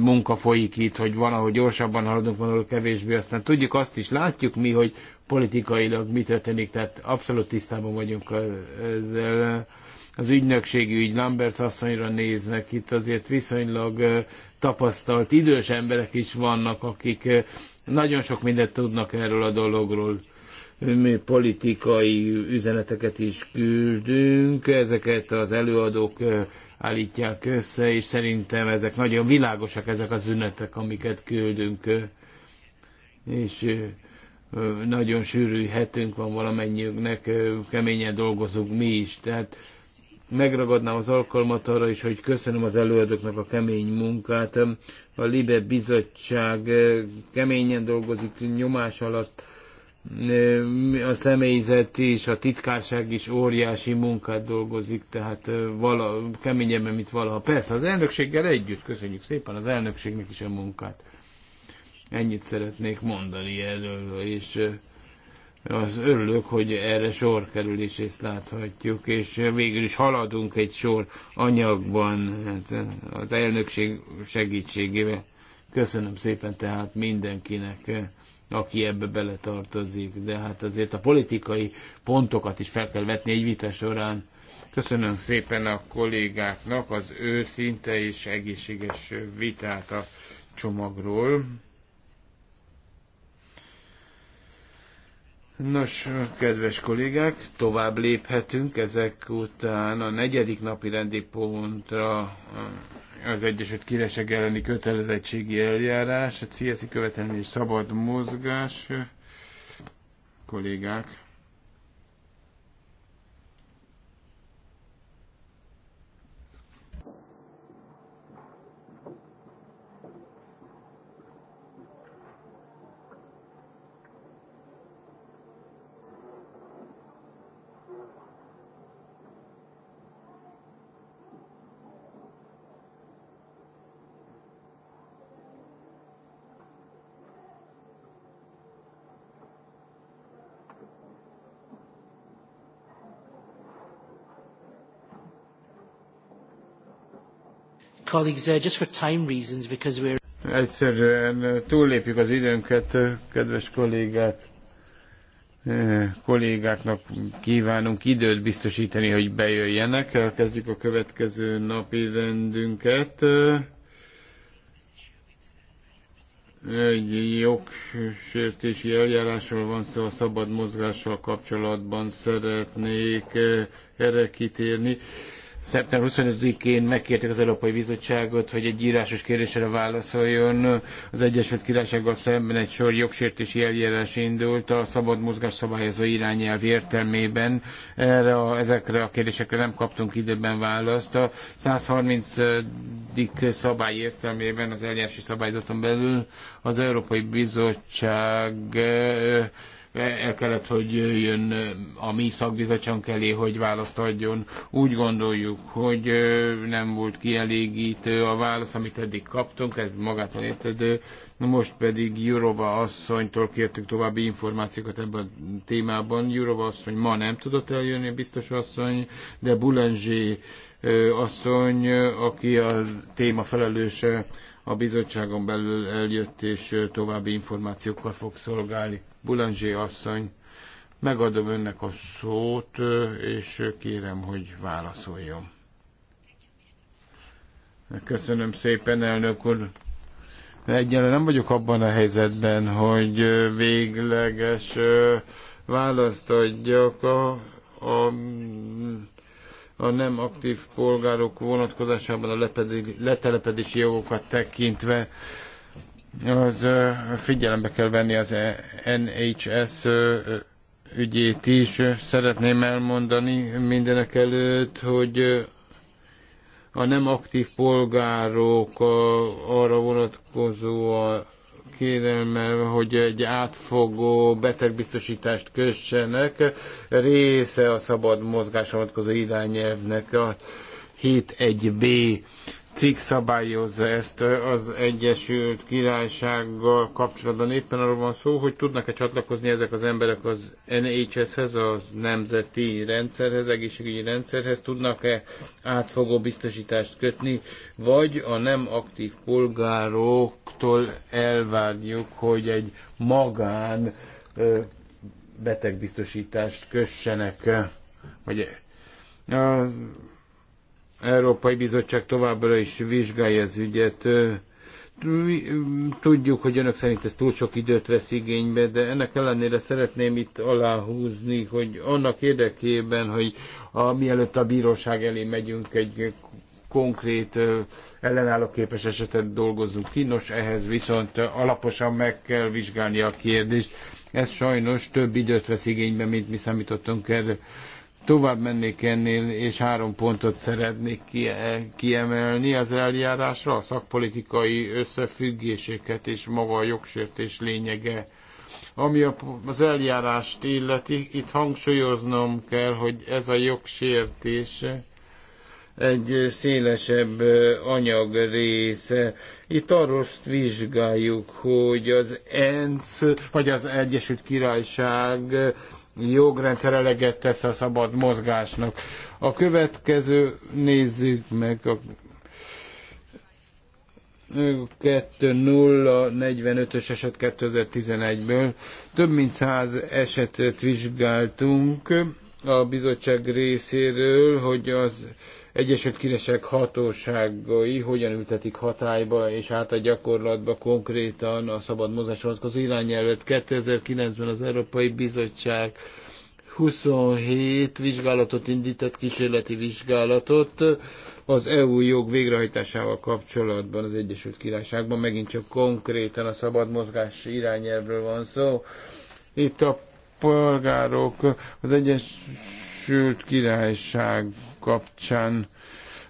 munka folyik itt, hogy van, ahogy gyorsabban haladunk, van, ahol kevésbé. Aztán tudjuk azt is, látjuk mi, hogy politikailag mi történik, tehát abszolút tisztában vagyunk ezzel. Az ügynökségi ügy Lambert asszonyra néznek, itt azért viszonylag tapasztalt idős emberek is vannak, akik nagyon sok mindent tudnak erről a dologról mi politikai üzeneteket is küldünk, ezeket az előadók állítják össze, és szerintem ezek nagyon világosak, ezek az ünnepek, amiket küldünk, és nagyon sűrű hetünk van valamennyiünknek, keményen dolgozunk mi is, tehát megragadnám az alkalmat arra is, hogy köszönöm az előadóknak a kemény munkát. A Libe Bizottság keményen dolgozik nyomás alatt, a személyzet is, a titkárság is óriási munkát dolgozik, tehát vala, keményebben, mint valaha. Persze, az elnökséggel együtt köszönjük szépen az elnökségnek is a munkát. Ennyit szeretnék mondani erről, és az örülök, hogy erre sor kerül, és ezt láthatjuk, és végül is haladunk egy sor anyagban hát az elnökség segítségével. Köszönöm szépen tehát mindenkinek aki ebbe beletartozik, de hát azért a politikai pontokat is fel kell vetni egy vita során. Köszönöm szépen a kollégáknak az őszinte és egészséges vitát a csomagról. Nos, kedves kollégák, tovább léphetünk ezek után a negyedik napi rendi pontra az Egyesült Királyság elleni kötelezettségi eljárás, a CSZ követelmény és szabad mozgás, kollégák. Colleagues, uh, just for time reasons, because we're... Egyszerűen eh, túllépjük az időnket, eh, kedves kollégák. Eh, kollégáknak kívánunk időt biztosítani, hogy bejöjjenek. Elkezdjük a következő napi rendünket. Egy jogsértési eljárásról van szó, a szabad mozgással kapcsolatban szeretnék erre kitérni szeptember 25-én megkérték az Európai Bizottságot, hogy egy írásos kérdésre válaszoljon. Az Egyesült Királysággal szemben egy sor jogsértési eljárás indult a szabad mozgás szabályozó irányelv értelmében. Erre a, ezekre a kérdésekre nem kaptunk időben választ. A 130. szabály értelmében az eljárási szabályzaton belül az Európai Bizottság el kellett, hogy jöjjön a mi szakbizottság elé, hogy választ adjon. Úgy gondoljuk, hogy nem volt kielégítő a válasz, amit eddig kaptunk, ez magától értedő. Most pedig Jurova asszonytól kértük további információkat ebben a témában. Jurova asszony ma nem tudott eljönni, biztos asszony, de Bulenzsi asszony, aki a téma felelőse a bizottságon belül eljött, és további információkkal fog szolgálni. Boulanger asszony, megadom önnek a szót, és kérem, hogy válaszoljon. Köszönöm szépen, elnök úr. Egyelőre nem vagyok abban a helyzetben, hogy végleges választ adjak a, a, a nem aktív polgárok vonatkozásában a lepedi, letelepedési jogokat tekintve az figyelembe kell venni az e- NHS ügyét is. Szeretném elmondani mindenek előtt, hogy a nem aktív polgárok arra vonatkozó a kérelme, hogy egy átfogó betegbiztosítást kössenek. Része a szabad mozgásra vonatkozó irányelvnek a 7.1b cikk szabályozza ezt az Egyesült Királysággal kapcsolatban. Éppen arról van szó, hogy tudnak-e csatlakozni ezek az emberek az NHS-hez, a nemzeti rendszerhez, egészségügyi rendszerhez, tudnak-e átfogó biztosítást kötni, vagy a nem aktív polgároktól elvárjuk, hogy egy magán betegbiztosítást kössenek, vagy Európai Bizottság továbbra is vizsgálja az ügyet. Tudjuk, hogy önök szerint ez túl sok időt vesz igénybe, de ennek ellenére szeretném itt aláhúzni, hogy annak érdekében, hogy a, mielőtt a bíróság elé megyünk, egy konkrét ellenálló képes esetet dolgozunk ki, nos ehhez viszont alaposan meg kell vizsgálni a kérdést. Ez sajnos több időt vesz igénybe, mint mi számítottunk erre. Tovább mennék ennél, és három pontot szeretnék kiemelni az eljárásra, a szakpolitikai összefüggéseket és maga a jogsértés lényege. Ami az eljárást illeti, itt hangsúlyoznom kell, hogy ez a jogsértés egy szélesebb anyag része. Itt arról vizsgáljuk, hogy az ENSZ, vagy az Egyesült Királyság jogrendszer eleget tesz a szabad mozgásnak. A következő nézzük meg a 2045-ös eset 2011-ből. Több mint száz esetet vizsgáltunk a bizottság részéről, hogy az Egyesült Királyság hatóságai hogyan ültetik hatályba és át a gyakorlatba konkrétan a szabad mozgás vonatkozó irányelvet. 2009-ben az Európai Bizottság 27 vizsgálatot indított, kísérleti vizsgálatot az EU jog végrehajtásával kapcsolatban az Egyesült Királyságban. Megint csak konkrétan a szabad mozgás irányelvről van szó. Itt a polgárok az Egyesült Királyság kapcsán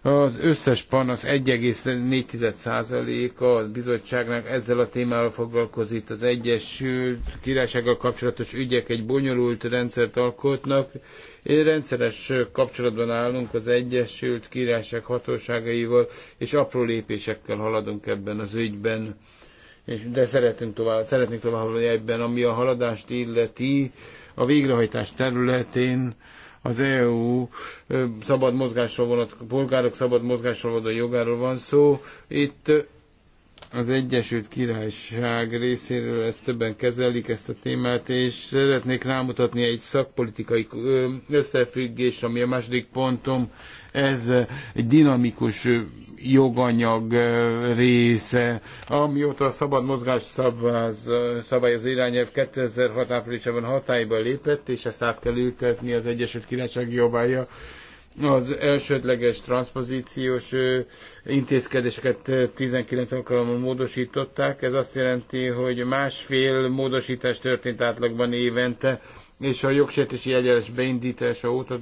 az összes panasz 1,4%-a a bizottságnak ezzel a témával foglalkozik. Az Egyesült Királysággal kapcsolatos ügyek egy bonyolult rendszert alkotnak. Én rendszeres kapcsolatban állunk az Egyesült Királyság hatóságaival, és apró lépésekkel haladunk ebben az ügyben. De szeretünk tovább, szeretnénk tovább haladni ebben, ami a haladást illeti a végrehajtás területén az EU szabad mozgásról vonat, polgárok szabad mozgásról vonat jogáról van szó. Itt az Egyesült Királyság részéről ezt többen kezelik, ezt a témát, és szeretnék rámutatni egy szakpolitikai összefüggés, ami a második pontom, ez egy dinamikus joganyag része. Amióta a szabad mozgás szabályz, szabályozó az irányelv 2006 áprilisában hatályba lépett, és ezt át kell ültetni az Egyesült Királyság jobbája az elsődleges transzpozíciós intézkedéseket 19 alkalommal módosították. Ez azt jelenti, hogy másfél módosítás történt átlagban évente és a jogsértési eljárás beindítása óta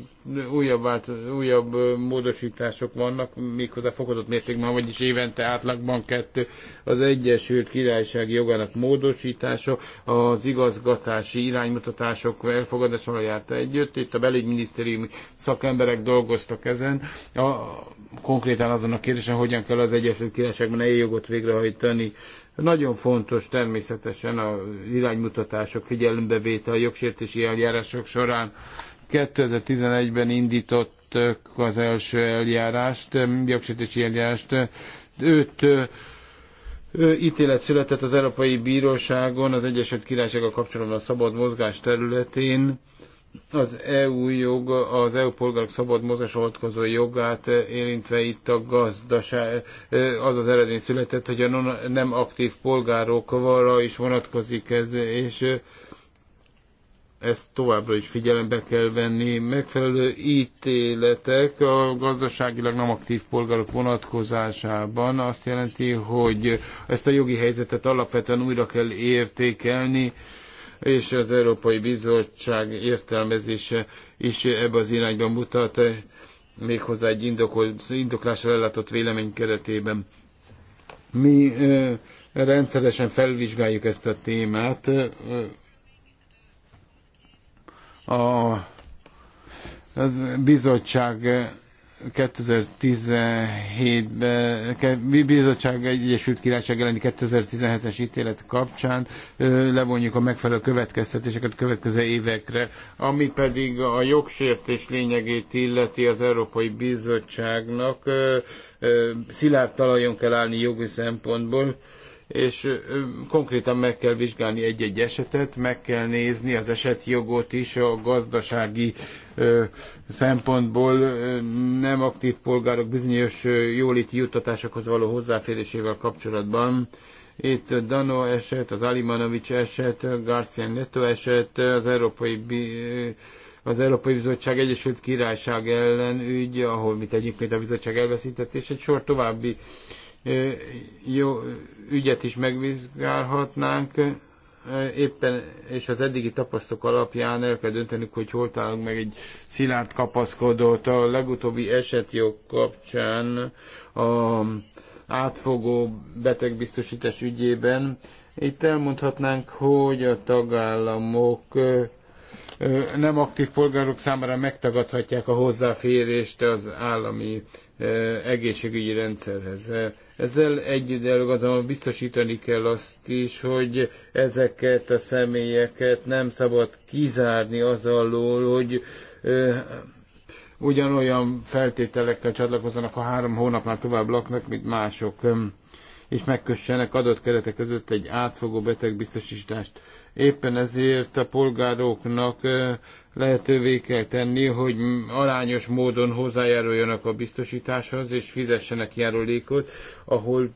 újabb, vált, újabb módosítások vannak, méghozzá fokozott mértékben, vagyis évente átlagban kettő az Egyesült Királyság jogának módosítása, az igazgatási iránymutatások elfogadásával járta együtt, itt a belügyminisztériumi szakemberek dolgoztak ezen, a, konkrétan azon a kérdésen, hogyan kell az Egyesült Királyságban eljogot végrehajtani, nagyon fontos természetesen a iránymutatások figyelembevétel a jogsértési eljárások során. 2011-ben indítottak eh, az első eljárást, eh, jogsértési eljárást. Őt eh, ítélet született az Európai Bíróságon, az Egyesült Királyság a kapcsolatban a szabad mozgás területén az EU jog, az EU polgárok szabad mozgásra vonatkozó jogát érintve itt a gazdaság, az az eredmény született, hogy a nem aktív polgárok polgárokra is vonatkozik ez, és ezt továbbra is figyelembe kell venni. Megfelelő ítéletek a gazdaságilag nem aktív polgárok vonatkozásában azt jelenti, hogy ezt a jogi helyzetet alapvetően újra kell értékelni, és az Európai Bizottság értelmezése is ebbe az irányba mutat, méghozzá egy indokol, indoklásra ellátott vélemény keretében. Mi rendszeresen felvizsgáljuk ezt a témát. A az bizottság 2017-ben bizottság Egyesült Királyság elleni 2017-es ítélet kapcsán levonjuk a megfelelő következtetéseket a következő évekre, ami pedig a jogsértés lényegét illeti az Európai Bizottságnak szilárd talajon kell állni jogi szempontból és konkrétan meg kell vizsgálni egy-egy esetet, meg kell nézni az esetjogot is a gazdasági szempontból nem aktív polgárok bizonyos jóléti juttatásokhoz való hozzáférésével kapcsolatban. Itt Dano eset, az Alimanovics eset, Garcia Neto eset, az Európai az Európai Bizottság Egyesült Királyság ellen ügy, ahol mit egyébként a bizottság elveszített, és egy sor további jó ügyet is megvizsgálhatnánk, éppen és az eddigi tapasztok alapján el kell döntenünk, hogy hol találunk meg egy szilárd kapaszkodót. A legutóbbi esetjog kapcsán a átfogó betegbiztosítás ügyében itt elmondhatnánk, hogy a tagállamok nem aktív polgárok számára megtagadhatják a hozzáférést az állami egészségügyi rendszerhez. Ezzel együtt előgatom, biztosítani kell azt is, hogy ezeket a személyeket nem szabad kizárni az alól, hogy ugyanolyan feltételekkel csatlakozzanak, a három hónapnál tovább laknak, mint mások, és megkössenek adott keretek között egy átfogó betegbiztosítást. Éppen ezért a polgároknak lehetővé kell tenni, hogy arányos módon hozzájáruljanak a biztosításhoz, és fizessenek járulékot, ahol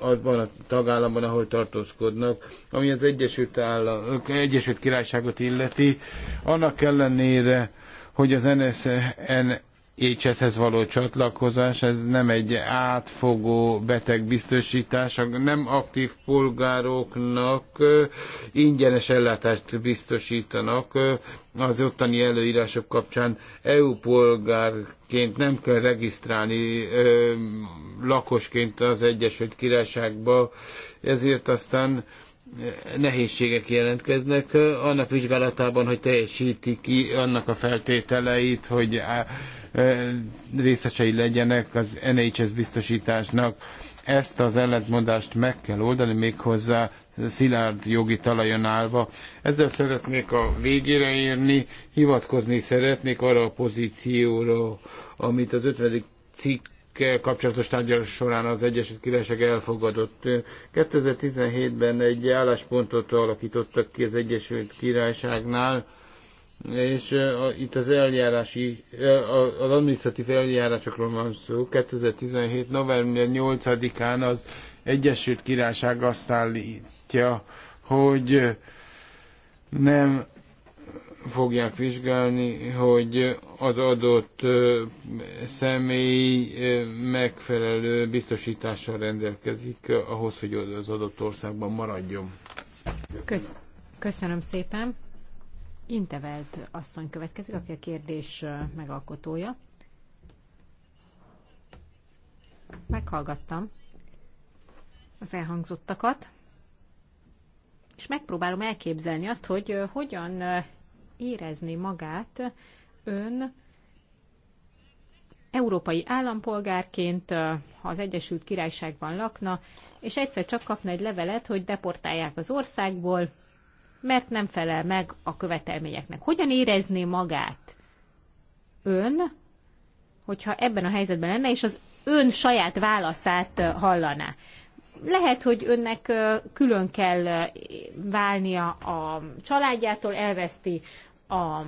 van a tagállamban, ahol tartózkodnak. Ami az Egyesült, Állam, Egyesült Királyságot illeti, annak ellenére, hogy az NSN HS-hez való csatlakozás, ez nem egy átfogó betegbiztosítás, nem aktív polgároknak ingyenes ellátást biztosítanak az ottani előírások kapcsán. EU polgárként nem kell regisztrálni lakosként az Egyesült Királyságba, ezért aztán nehézségek jelentkeznek annak vizsgálatában, hogy teljesíti ki annak a feltételeit, hogy részesei legyenek az NHS biztosításnak. Ezt az ellentmondást meg kell oldani, méghozzá szilárd jogi talajon állva. Ezzel szeretnék a végére érni, hivatkozni szeretnék arra a pozícióra, amit az 50. cikk kapcsolatos tárgyalás során az Egyesült Királyság elfogadott. 2017-ben egy álláspontot alakítottak ki az Egyesült Királyságnál, és uh, itt az eljárási, uh, az administratív eljárásokról van szó. 2017. november 8-án az Egyesült Királyság azt állítja, hogy nem fogják vizsgálni, hogy az adott személy megfelelő biztosítással rendelkezik ahhoz, hogy az adott országban maradjon. Köszönöm, Köszönöm szépen. Intevelt asszony következik, aki a kérdés megalkotója. Meghallgattam az elhangzottakat, és megpróbálom elképzelni azt, hogy hogyan érezni magát ön európai állampolgárként, ha az Egyesült Királyságban lakna, és egyszer csak kapna egy levelet, hogy deportálják az országból, mert nem felel meg a követelményeknek. Hogyan érezné magát ön, hogyha ebben a helyzetben lenne, és az ön saját válaszát hallaná? Lehet, hogy önnek külön kell válnia a családjától, elveszti a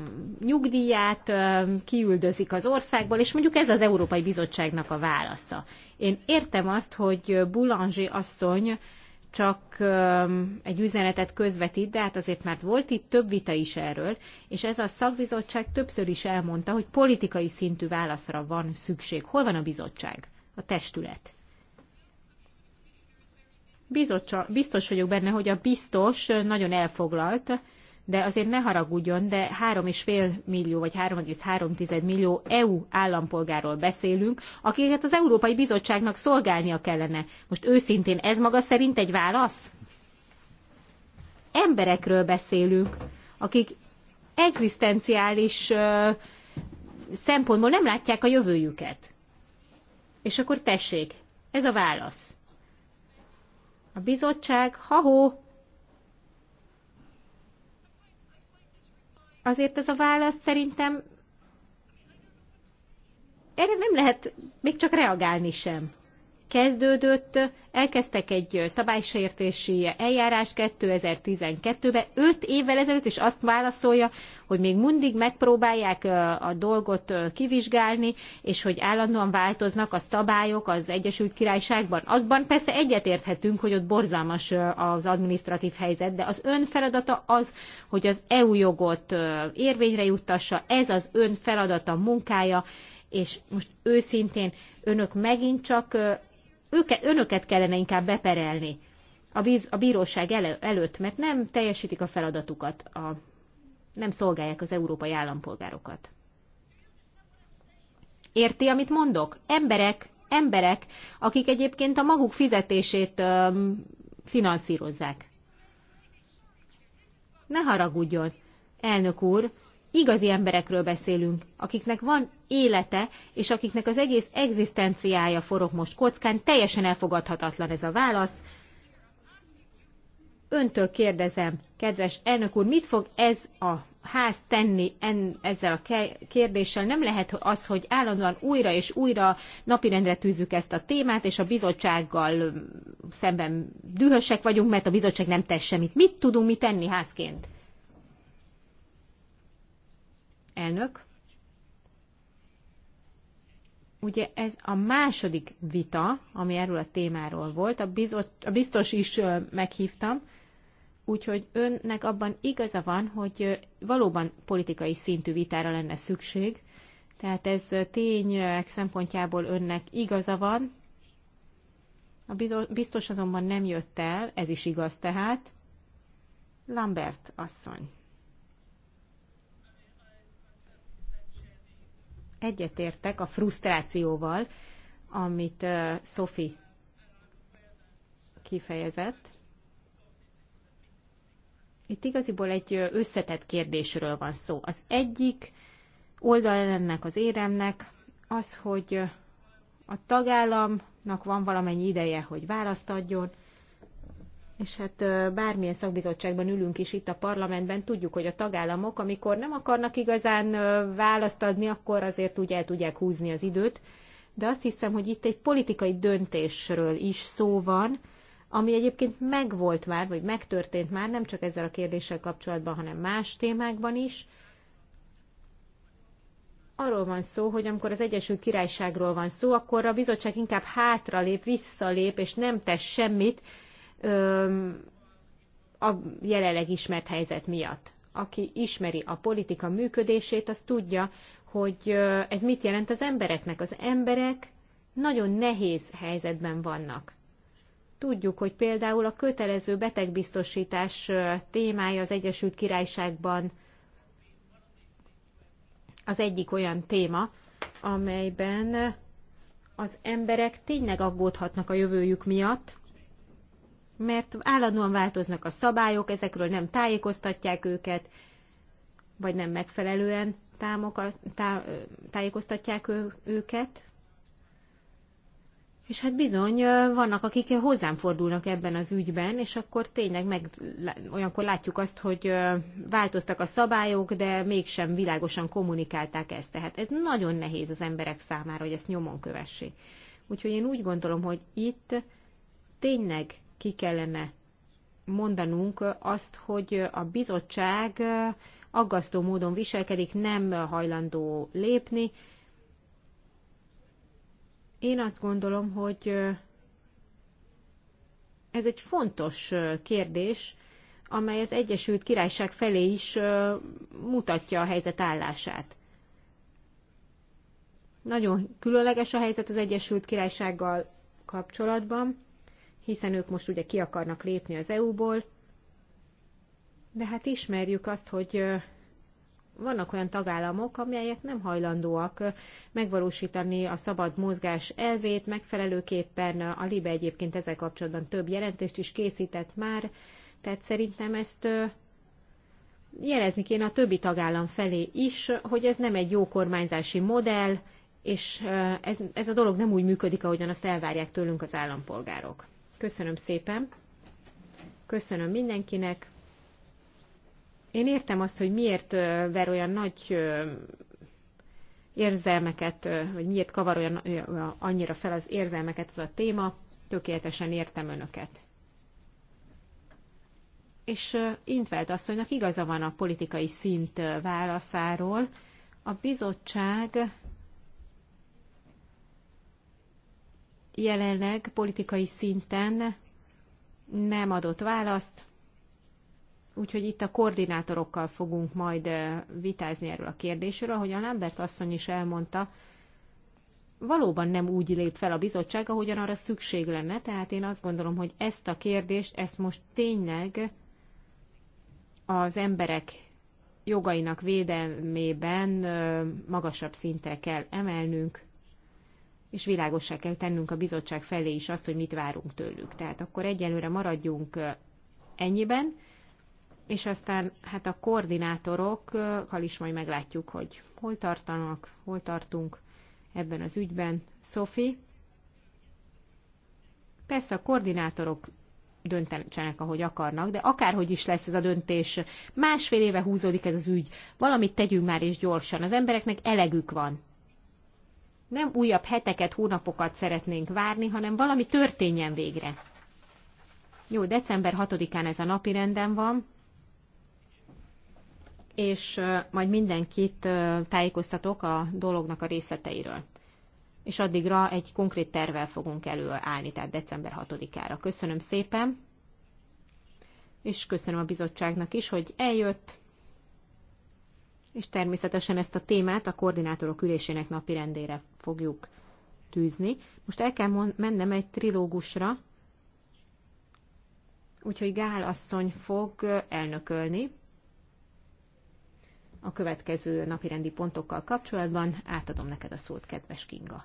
nyugdíját, kiüldözik az országból, és mondjuk ez az Európai Bizottságnak a válasza. Én értem azt, hogy Boulanger asszony csak egy üzenetet közvetít, de hát azért már volt itt több vita is erről, és ez a szakbizottság többször is elmondta, hogy politikai szintű válaszra van szükség. Hol van a bizottság? A testület. Bizottsa, biztos vagyok benne, hogy a biztos nagyon elfoglalt, de azért ne haragudjon, de 3,5 millió vagy 3,3 millió EU állampolgáról beszélünk, akiket az Európai Bizottságnak szolgálnia kellene. Most őszintén ez maga szerint egy válasz? Emberekről beszélünk, akik egzisztenciális ö, szempontból nem látják a jövőjüket. És akkor tessék, ez a válasz. A bizottság, ha-hó, azért ez a válasz szerintem erre nem lehet még csak reagálni sem kezdődött, elkezdtek egy szabálysértési eljárás 2012-ben, 5 évvel ezelőtt, és azt válaszolja, hogy még mindig megpróbálják a dolgot kivizsgálni, és hogy állandóan változnak a szabályok az Egyesült Királyságban. Azban persze egyetérthetünk, hogy ott borzalmas az administratív helyzet, de az ön feladata az, hogy az EU jogot érvényre juttassa, ez az ön feladata, munkája, és most őszintén önök megint csak őke, önöket kellene inkább beperelni a, bíz, a bíróság elő, előtt, mert nem teljesítik a feladatukat, a, nem szolgálják az európai állampolgárokat. Érti, amit mondok? Emberek, emberek, akik egyébként a maguk fizetését öm, finanszírozzák. Ne haragudjon, elnök úr, igazi emberekről beszélünk, akiknek van élete, és akiknek az egész egzisztenciája forog most kockán, teljesen elfogadhatatlan ez a válasz. Öntől kérdezem, kedves elnök úr, mit fog ez a ház tenni en, ezzel a kérdéssel? Nem lehet az, hogy állandóan újra és újra napirendre tűzzük ezt a témát, és a bizottsággal szemben dühösek vagyunk, mert a bizottság nem tesz semmit. Mit tudunk mi tenni házként? Elnök, ugye ez a második vita, ami erről a témáról volt, a, bizot, a biztos is meghívtam, úgyhogy önnek abban igaza van, hogy valóban politikai szintű vitára lenne szükség, tehát ez tények szempontjából önnek igaza van. A biztos azonban nem jött el, ez is igaz tehát. Lambert asszony. egyetértek a frusztrációval, amit uh, Sophie kifejezett. Itt igaziból egy összetett kérdésről van szó. Az egyik oldal ennek az éremnek az, hogy a tagállamnak van valamennyi ideje, hogy választ adjon, és hát bármilyen szakbizottságban ülünk is itt a parlamentben, tudjuk, hogy a tagállamok, amikor nem akarnak igazán választ adni, akkor azért úgy el tudják húzni az időt. De azt hiszem, hogy itt egy politikai döntésről is szó van, ami egyébként megvolt már, vagy megtörtént már, nem csak ezzel a kérdéssel kapcsolatban, hanem más témákban is. Arról van szó, hogy amikor az Egyesült Királyságról van szó, akkor a bizottság inkább hátralép, visszalép, és nem tesz semmit, a jelenleg ismert helyzet miatt. Aki ismeri a politika működését, az tudja, hogy ez mit jelent az embereknek. Az emberek nagyon nehéz helyzetben vannak. Tudjuk, hogy például a kötelező betegbiztosítás témája az Egyesült Királyságban az egyik olyan téma, amelyben az emberek tényleg aggódhatnak a jövőjük miatt, mert állandóan változnak a szabályok, ezekről nem tájékoztatják őket, vagy nem megfelelően támogat, tá, tájékoztatják ő, őket. És hát bizony, vannak, akik hozzám fordulnak ebben az ügyben, és akkor tényleg meg, olyankor látjuk azt, hogy változtak a szabályok, de mégsem világosan kommunikálták ezt. Tehát ez nagyon nehéz az emberek számára, hogy ezt nyomon kövessék. Úgyhogy én úgy gondolom, hogy itt tényleg ki kellene mondanunk azt, hogy a bizottság aggasztó módon viselkedik, nem hajlandó lépni. Én azt gondolom, hogy ez egy fontos kérdés, amely az Egyesült Királyság felé is mutatja a helyzet állását. Nagyon különleges a helyzet az Egyesült Királysággal kapcsolatban hiszen ők most ugye ki akarnak lépni az EU-ból, de hát ismerjük azt, hogy vannak olyan tagállamok, amelyek nem hajlandóak megvalósítani a szabad mozgás elvét, megfelelőképpen a LIBE egyébként ezzel kapcsolatban több jelentést is készített már, tehát szerintem ezt jelezni kéne a többi tagállam felé is, hogy ez nem egy jó kormányzási modell, és ez, ez a dolog nem úgy működik, ahogyan azt elvárják tőlünk az állampolgárok. Köszönöm szépen. Köszönöm mindenkinek. Én értem azt, hogy miért ver olyan nagy érzelmeket, vagy miért kavar olyan annyira fel az érzelmeket ez a téma. Tökéletesen értem önöket. És Intveld asszonynak igaza van a politikai szint válaszáról. A bizottság jelenleg politikai szinten nem adott választ, úgyhogy itt a koordinátorokkal fogunk majd vitázni erről a kérdésről, ahogy a Lambert asszony is elmondta, valóban nem úgy lép fel a bizottság, ahogyan arra szükség lenne, tehát én azt gondolom, hogy ezt a kérdést, ezt most tényleg az emberek jogainak védelmében magasabb szintre kell emelnünk, és világosá kell tennünk a bizottság felé is azt, hogy mit várunk tőlük. Tehát akkor egyelőre maradjunk ennyiben, és aztán hát a koordinátorokkal is majd meglátjuk, hogy hol tartanak, hol tartunk ebben az ügyben. Szofi, persze a koordinátorok döntsenek, ahogy akarnak, de akárhogy is lesz ez a döntés, másfél éve húzódik ez az ügy, valamit tegyünk már és gyorsan, az embereknek elegük van nem újabb heteket, hónapokat szeretnénk várni, hanem valami történjen végre. Jó, december 6-án ez a napi renden van, és majd mindenkit tájékoztatok a dolognak a részleteiről. És addigra egy konkrét tervel fogunk előállni, tehát december 6-ára. Köszönöm szépen, és köszönöm a bizottságnak is, hogy eljött, és természetesen ezt a témát a koordinátorok ülésének napirendére fogjuk tűzni. Most el kell mennem egy trilógusra, úgyhogy Gál asszony fog elnökölni a következő napirendi pontokkal kapcsolatban. Átadom neked a szót, kedves Kinga.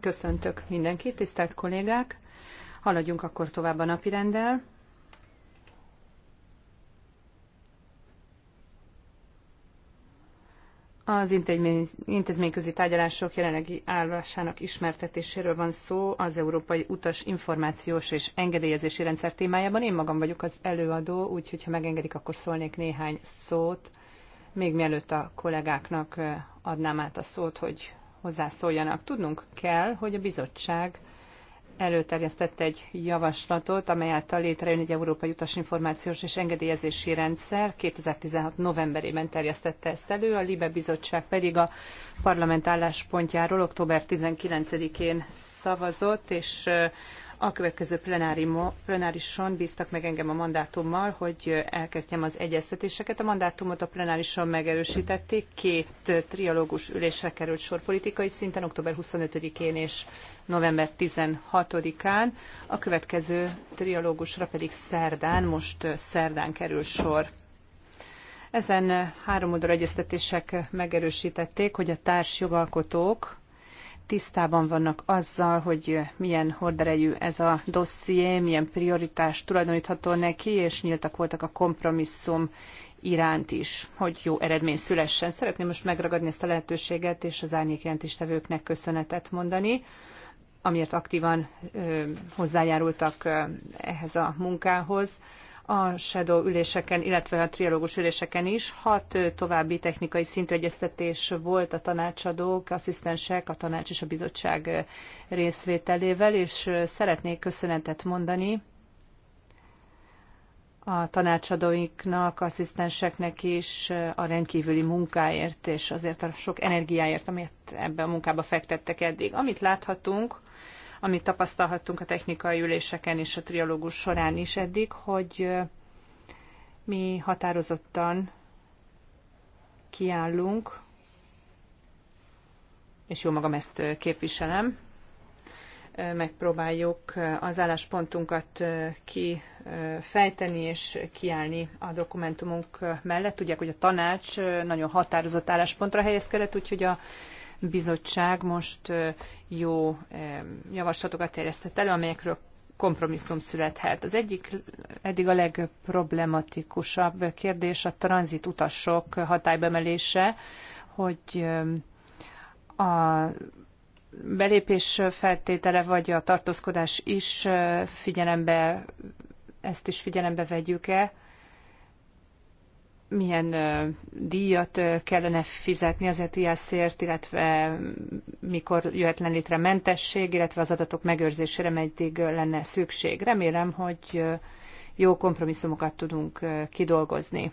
Köszöntök mindenkit, tisztelt kollégák! Haladjunk akkor tovább a napirenddel. Az intézményközi tárgyalások jelenlegi állásának ismertetéséről van szó az Európai Utas Információs és Engedélyezési Rendszer témájában. Én magam vagyok az előadó, úgyhogy ha megengedik, akkor szólnék néhány szót, még mielőtt a kollégáknak eh, adnám át a szót, hogy hozzászóljanak. Tudnunk kell, hogy a bizottság előterjesztett egy javaslatot, amely által létrejön egy Európai Utas Információs és Engedélyezési Rendszer. 2016. novemberében terjesztette ezt elő, a Libe Bizottság pedig a parlament álláspontjáról október 19-én szavazott, és a következő plenárison bíztak meg engem a mandátummal, hogy elkezdjem az egyeztetéseket. A mandátumot a plenárison megerősítették, két trialógus ülésre került sor politikai szinten, október 25-én és november 16-án. A következő trialógusra pedig szerdán, most szerdán kerül sor. Ezen három oldal egyeztetések megerősítették, hogy a társjogalkotók tisztában vannak azzal, hogy milyen horderejű ez a dosszié, milyen prioritás tulajdonítható neki, és nyíltak voltak a kompromisszum iránt is, hogy jó eredmény szülessen. Szeretném most megragadni ezt a lehetőséget, és az jelentéstevőknek köszönetet mondani, amiért aktívan ö, hozzájárultak ö, ehhez a munkához a shadow üléseken, illetve a trialógus üléseken is. Hat további technikai szintű egyeztetés volt a tanácsadók, asszisztensek, a tanács és a bizottság részvételével, és szeretnék köszönetet mondani a tanácsadóinknak, asszisztenseknek is a rendkívüli munkáért, és azért a sok energiáért, amit ebbe a munkába fektettek eddig. Amit láthatunk, amit tapasztalhattunk a technikai üléseken és a trialógus során is eddig, hogy mi határozottan kiállunk, és jó magam ezt képviselem, megpróbáljuk az álláspontunkat kifejteni és kiállni a dokumentumunk mellett. Tudják, hogy a tanács nagyon határozott álláspontra helyezkedett, úgyhogy a bizottság most jó javaslatokat terjesztett elő, amelyekről kompromisszum születhet. Az egyik eddig a legproblematikusabb kérdés a tranzit utasok hatálybemelése, hogy a belépés feltétele vagy a tartózkodás is figyelembe, ezt is figyelembe vegyük-e, milyen díjat kellene fizetni az ETS-ért, illetve mm, mikor jöhetlen létre mentesség, illetve az adatok megőrzésére meddig lenne szükség. Remélem, hogy jó kompromisszumokat tudunk kidolgozni.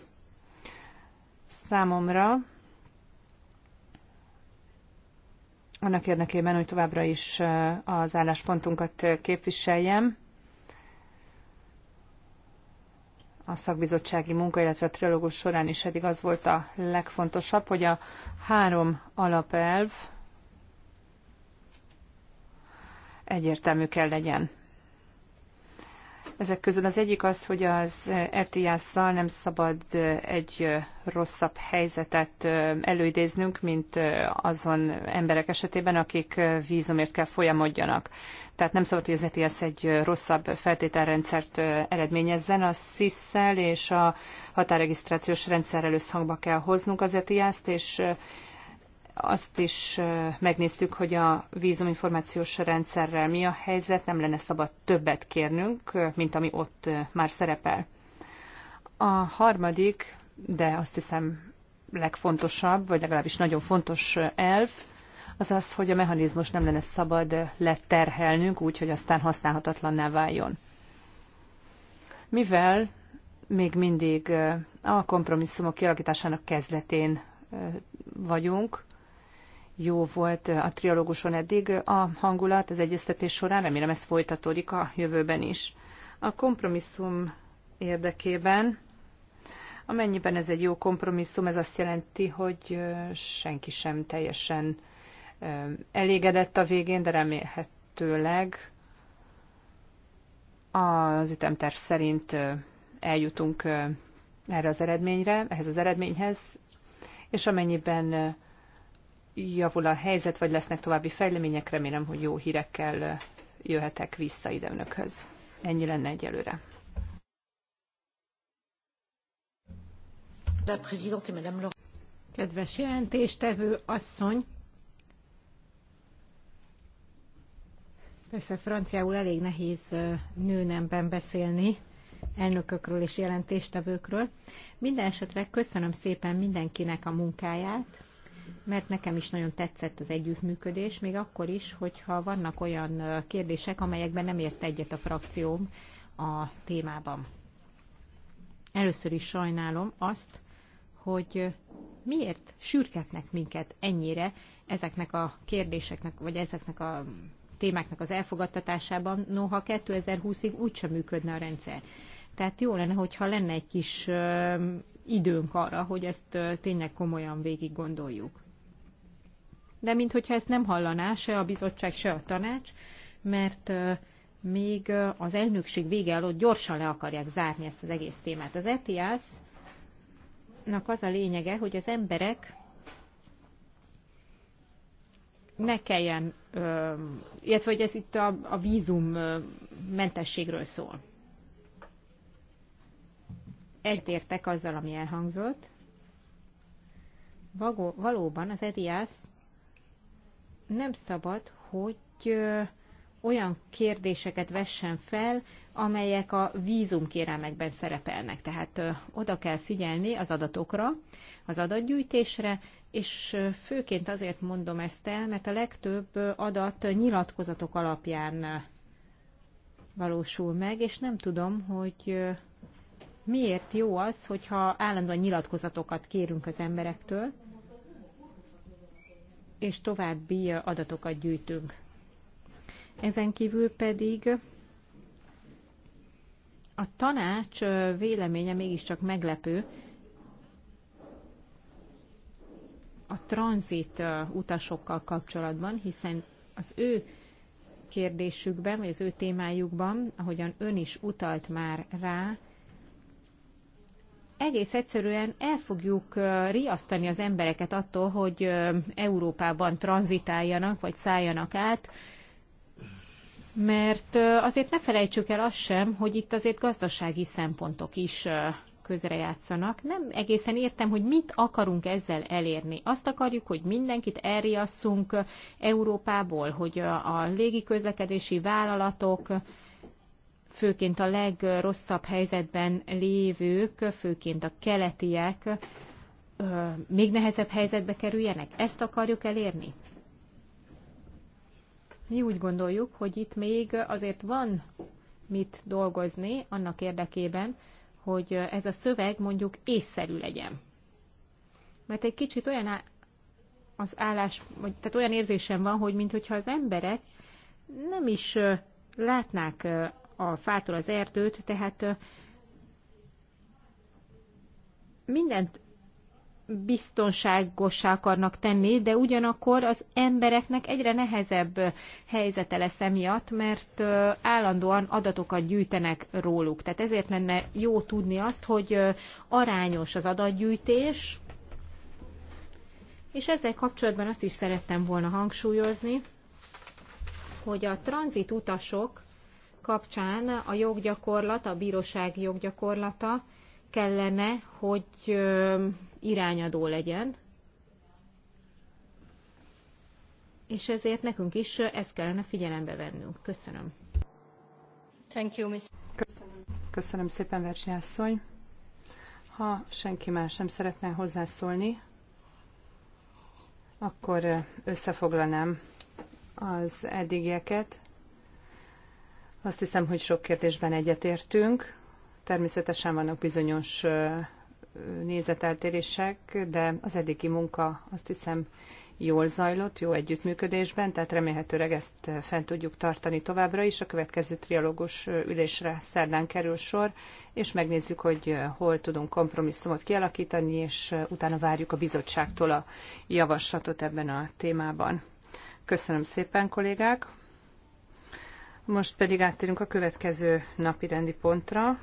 Számomra annak érdekében, hogy továbbra is az álláspontunkat képviseljem, a szakbizottsági munka, illetve a trilógus során is eddig az volt a legfontosabb, hogy a három alapelv egyértelmű kell legyen. Ezek közül az egyik az, hogy az ETIAS-szal nem szabad egy rosszabb helyzetet előidéznünk, mint azon emberek esetében, akik vízumért kell folyamodjanak. Tehát nem szabad, hogy az ETIAS egy rosszabb feltételrendszert eredményezzen. A sis szel és a határregisztrációs rendszerrel összhangba kell hoznunk az ETIAS-t, és azt is megnéztük, hogy a vízuminformációs rendszerrel mi a helyzet, nem lenne szabad többet kérnünk, mint ami ott már szerepel. A harmadik, de azt hiszem legfontosabb, vagy legalábbis nagyon fontos elv, az az, hogy a mechanizmus nem lenne szabad leterhelnünk, úgy, hogy aztán használhatatlanná váljon. Mivel még mindig a kompromisszumok kialakításának kezdetén vagyunk, jó volt a trialóguson eddig a hangulat az egyeztetés során, remélem ez folytatódik a jövőben is. A kompromisszum érdekében, amennyiben ez egy jó kompromisszum, ez azt jelenti, hogy senki sem teljesen elégedett a végén, de remélhetőleg az ütemterv szerint eljutunk erre az eredményre, ehhez az eredményhez, és amennyiben javul a helyzet, vagy lesznek további fejlemények. Remélem, hogy jó hírekkel jöhetek vissza ide önökhöz. Ennyi lenne egyelőre. Kedves jelentéstevő asszony, persze franciául elég nehéz nőnemben beszélni, elnökökről és jelentéstevőkről. Minden esetre köszönöm szépen mindenkinek a munkáját, mert nekem is nagyon tetszett az együttműködés, még akkor is, hogyha vannak olyan kérdések, amelyekben nem ért egyet a frakcióm a témában. Először is sajnálom azt, hogy miért sürgetnek minket ennyire ezeknek a kérdéseknek, vagy ezeknek a témáknak az elfogadtatásában, noha 2020-ig úgysem működne a rendszer. Tehát jó lenne, hogyha lenne egy kis időnk arra, hogy ezt tényleg komolyan végig gondoljuk. De minthogyha ezt nem hallaná se a bizottság, se a tanács, mert még az elnökség vége alatt gyorsan le akarják zárni ezt az egész témát. Az ETIAS-nak az a lényege, hogy az emberek ne kelljen, illetve hogy ez itt a, a vízum mentességről szól egyetértek azzal, ami elhangzott. Vagó, valóban az Ediász nem szabad, hogy olyan kérdéseket vessen fel, amelyek a vízumkérelmekben szerepelnek. Tehát ö, oda kell figyelni az adatokra, az adatgyűjtésre, és főként azért mondom ezt el, mert a legtöbb adat nyilatkozatok alapján valósul meg, és nem tudom, hogy miért jó az, hogyha állandóan nyilatkozatokat kérünk az emberektől, és további adatokat gyűjtünk. Ezen kívül pedig a tanács véleménye mégiscsak meglepő. A tranzit utasokkal kapcsolatban, hiszen az ő kérdésükben, vagy az ő témájukban, ahogyan ön is utalt már rá, egész egyszerűen el fogjuk riasztani az embereket attól, hogy Európában tranzitáljanak, vagy szálljanak át, mert azért ne felejtsük el azt sem, hogy itt azért gazdasági szempontok is közrejátszanak. Nem egészen értem, hogy mit akarunk ezzel elérni. Azt akarjuk, hogy mindenkit elriasszunk Európából, hogy a légiközlekedési vállalatok főként a legrosszabb helyzetben lévők, főként a keletiek még nehezebb helyzetbe kerüljenek? Ezt akarjuk elérni? Mi úgy gondoljuk, hogy itt még azért van mit dolgozni annak érdekében, hogy ez a szöveg mondjuk észszerű legyen. Mert egy kicsit olyan az állás, vagy, tehát olyan érzésem van, hogy mintha az emberek nem is látnák a fától az erdőt, tehát mindent biztonságossá akarnak tenni, de ugyanakkor az embereknek egyre nehezebb helyzete lesz emiatt, mert állandóan adatokat gyűjtenek róluk. Tehát ezért lenne jó tudni azt, hogy arányos az adatgyűjtés, és ezzel kapcsolatban azt is szerettem volna hangsúlyozni, hogy a tranzitutasok kapcsán a joggyakorlat, a bíróság joggyakorlata kellene, hogy irányadó legyen, és ezért nekünk is ezt kellene figyelembe vennünk. Köszönöm. Thank you, Miss. Köszönöm. Köszönöm szépen, versenyasszony. Ha senki más nem szeretne hozzászólni, akkor összefoglalnám az eddigieket. Azt hiszem, hogy sok kérdésben egyetértünk. Természetesen vannak bizonyos nézeteltérések, de az eddigi munka azt hiszem jól zajlott, jó együttműködésben, tehát remélhetőleg ezt fent tudjuk tartani továbbra is. A következő trialógus ülésre szerdán kerül sor, és megnézzük, hogy hol tudunk kompromisszumot kialakítani, és utána várjuk a bizottságtól a javaslatot ebben a témában. Köszönöm szépen, kollégák! Most pedig áttérünk a következő napi rendi pontra.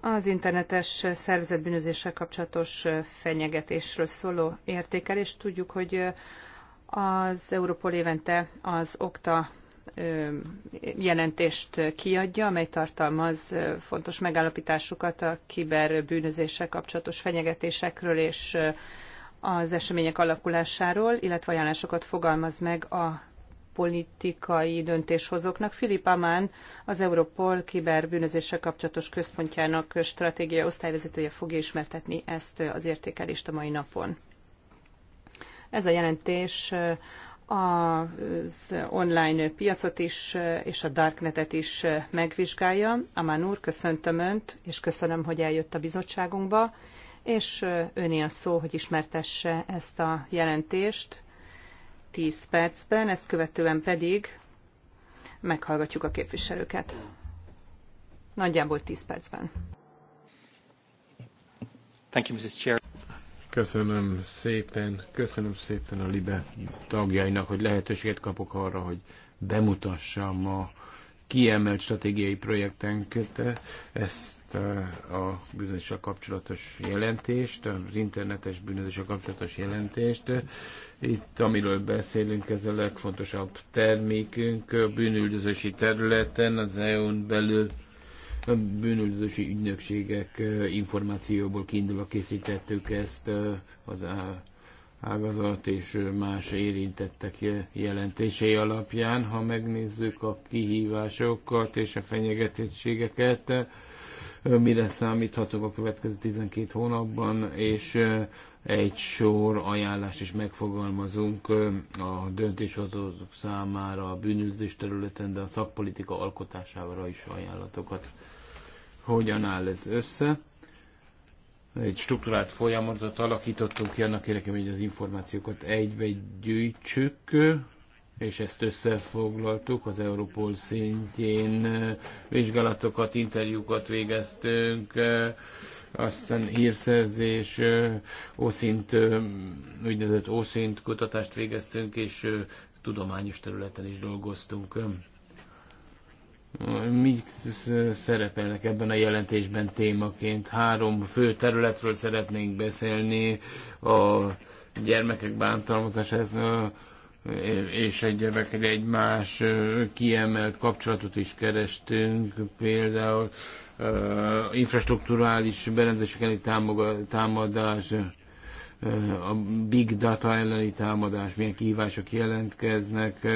Az internetes szervezetbűnözéssel kapcsolatos fenyegetésről szóló értékelés. Tudjuk, hogy az Európol évente az OKTA jelentést kiadja, amely tartalmaz fontos megállapításokat a kiberbűnözéssel kapcsolatos fenyegetésekről és az események alakulásáról, illetve ajánlásokat fogalmaz meg a politikai döntéshozóknak. Filip Amán, az Europol kiberbűnözéssel kapcsolatos központjának stratégia osztályvezetője fogja ismertetni ezt az értékelést a mai napon. Ez a jelentés az online piacot is és a darknetet is megvizsgálja. Amán úr, köszöntöm Önt, és köszönöm, hogy eljött a bizottságunkba és öné a szó, hogy ismertesse ezt a jelentést 10 percben, ezt követően pedig meghallgatjuk a képviselőket. Nagyjából 10 percben. Thank you, Mrs. Chair. Köszönöm szépen, köszönöm szépen a LIBE tagjainak, hogy lehetőséget kapok arra, hogy bemutassam a kiemelt stratégiai projektenket. Ezt a bűnözéssel kapcsolatos jelentést, az internetes bűnözéssel kapcsolatos jelentést. Itt, amiről beszélünk, ez a legfontosabb termékünk a bűnüldözési területen, az EU-n belül a bűnüldözési ügynökségek információból kiindulva készítettük ezt az ágazat és más érintettek jelentései alapján. Ha megnézzük a kihívásokat és a fenyegetettségeket, mire számíthatok a következő 12 hónapban, és egy sor ajánlást is megfogalmazunk a döntéshozók számára a bűnözés területen, de a szakpolitika alkotására is ajánlatokat. Hogyan áll ez össze? Egy struktúrált folyamatot alakítottunk ki annak érdekében, hogy az információkat egybe gyűjtsük, és ezt összefoglaltuk az Európol szintjén, vizsgálatokat, interjúkat végeztünk, aztán hírszerzés, ószint, úgynevezett ószint kutatást végeztünk, és tudományos területen is dolgoztunk. Mi szerepelnek ebben a jelentésben témaként? Három fő területről szeretnénk beszélni, a gyermekek bántalmazásáról. ez és egyebek egymás kiemelt kapcsolatot is kerestünk, például infrastruktúrális berendezések elleni támadás, a big data elleni támadás, milyen kihívások jelentkeznek,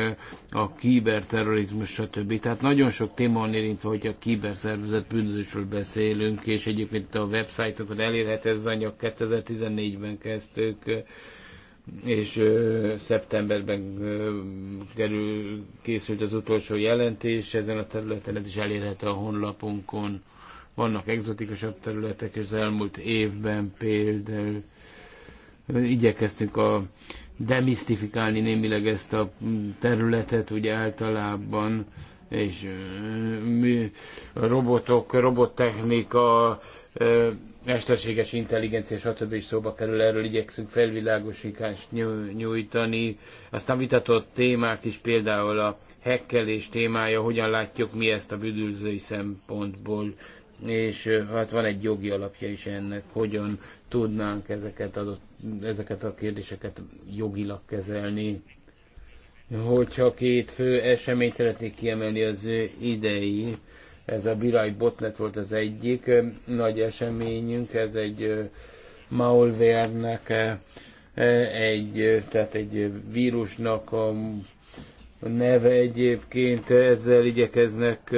a kiberterrorizmus, stb. Tehát nagyon sok téma van érintve, hogy a kiberszervezet bűnözésről beszélünk, és egyébként a websájtokat elérhető ez az anyag 2014-ben kezdtük, és ö, szeptemberben ö, kerül, készült az utolsó jelentés ezen a területen, ez is elérhető a honlapunkon. Vannak egzotikusabb területek, és az elmúlt évben például igyekeztünk a demisztifikálni némileg ezt a területet úgy általában, és mi, a robotok, robottechnika, mesterséges intelligencia, stb. is szóba kerül, erről igyekszünk felvilágosítást nyújtani. Aztán vitatott témák is, például a hekkelés témája, hogyan látjuk mi ezt a büdülzői szempontból, és hát van egy jogi alapja is ennek, hogyan tudnánk ezeket, adott, ezeket a kérdéseket jogilag kezelni. Hogyha két fő eseményt szeretnék kiemelni az idei ez a Birai Botnet volt az egyik nagy eseményünk, ez egy malware-nek, egy, tehát egy vírusnak a neve egyébként, ezzel igyekeznek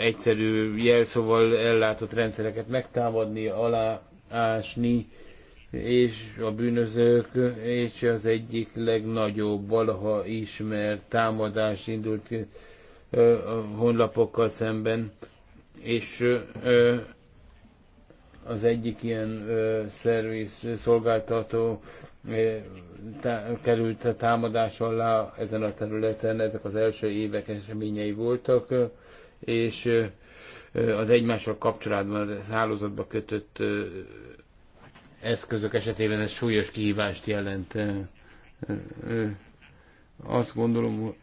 egyszerű jelszóval ellátott rendszereket megtámadni, aláásni, és a bűnözők, és az egyik legnagyobb valaha ismert támadás indult a honlapokkal szemben, és az egyik ilyen szerviz szolgáltató került a támadás alá ezen a területen, ezek az első évek eseményei voltak, és az egymással kapcsolatban, az hálózatba kötött eszközök esetében ez súlyos kihívást jelent. Azt gondolom,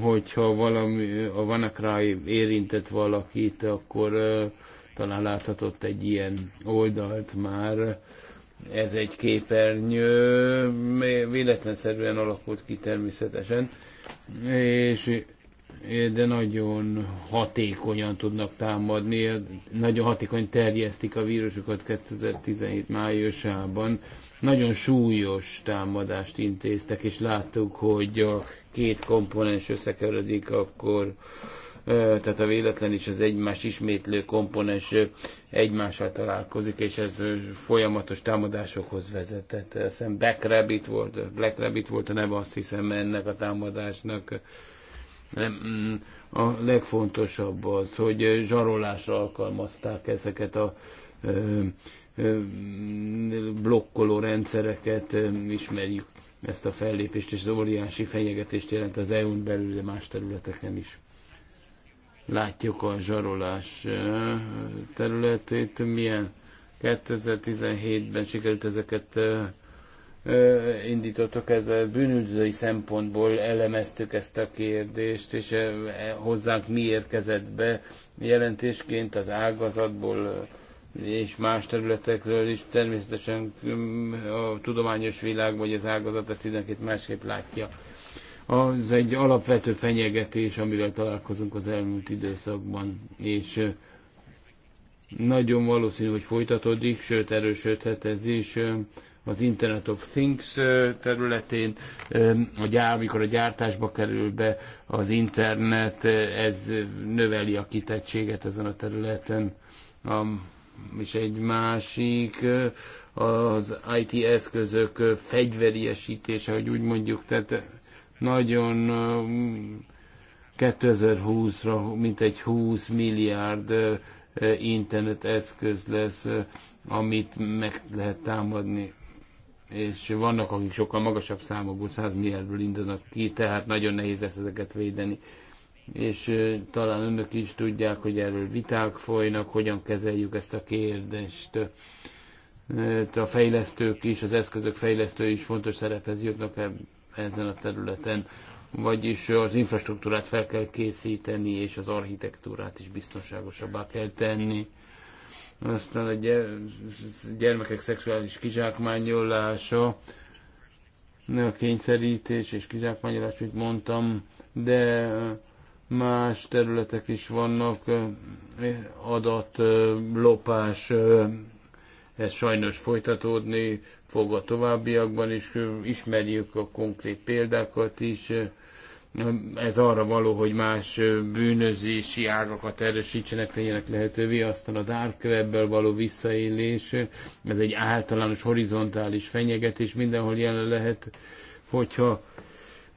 hogyha valami, a vanakrai érintett valakit, akkor uh, talán láthatott egy ilyen oldalt már. Ez egy képernyő, véletlenszerűen alakult ki természetesen, és de nagyon hatékonyan tudnak támadni, nagyon hatékony terjesztik a vírusokat 2017 májusában. Nagyon súlyos támadást intéztek, és láttuk, hogy a két komponens összekeveredik, akkor tehát a véletlen és az egymás ismétlő komponens egymással találkozik, és ez folyamatos támadásokhoz vezetett. Hiszem Black Rabbit volt, Black Rabbit volt a neve, azt hiszem ennek a támadásnak. Mm, a legfontosabb az, hogy zsarolásra alkalmazták ezeket a blokkoló rendszereket, ismerjük ezt a fellépést, és az óriási fenyegetést jelent az EU-n belül, de más területeken is. Látjuk a zsarolás területét, milyen 2017-ben sikerült ezeket indítottak, ez a bűnüldözői szempontból elemeztük ezt a kérdést, és hozzánk mi érkezett be jelentésként az ágazatból, és más területekről is. Természetesen mm, a tudományos világ vagy az ágazat ezt mindenkit másképp látja. Az egy alapvető fenyegetés, amivel találkozunk az elmúlt időszakban, és nagyon valószínű, hogy folytatódik, sőt erősödhet ez is az Internet of Things területén, a gyár, amikor a gyártásba kerül be az internet, ez növeli a kitettséget ezen a területen. A és egy másik az IT eszközök fegyveriesítése, hogy úgy mondjuk, tehát nagyon 2020-ra mintegy 20 milliárd internet eszköz lesz, amit meg lehet támadni. És vannak, akik sokkal magasabb számokból, 100 milliárdból indulnak ki, tehát nagyon nehéz lesz ezeket védeni és talán önök is tudják, hogy erről viták folynak, hogyan kezeljük ezt a kérdést. A fejlesztők is, az eszközök fejlesztői is fontos szerephez jutnak ezen a területen, vagyis az infrastruktúrát fel kell készíteni, és az architektúrát is biztonságosabbá kell tenni. Aztán a gyermekek szexuális kizsákmányolása, a kényszerítés és kizsákmányolás, mint mondtam, de Más területek is vannak, adatlopás, ez sajnos folytatódni fog a továbbiakban is, ismerjük a konkrét példákat is. Ez arra való, hogy más bűnözési ágakat erősítsenek, tegyenek lehetővé, aztán a dark webből való visszaélés, ez egy általános horizontális fenyegetés, mindenhol jelen lehet, hogyha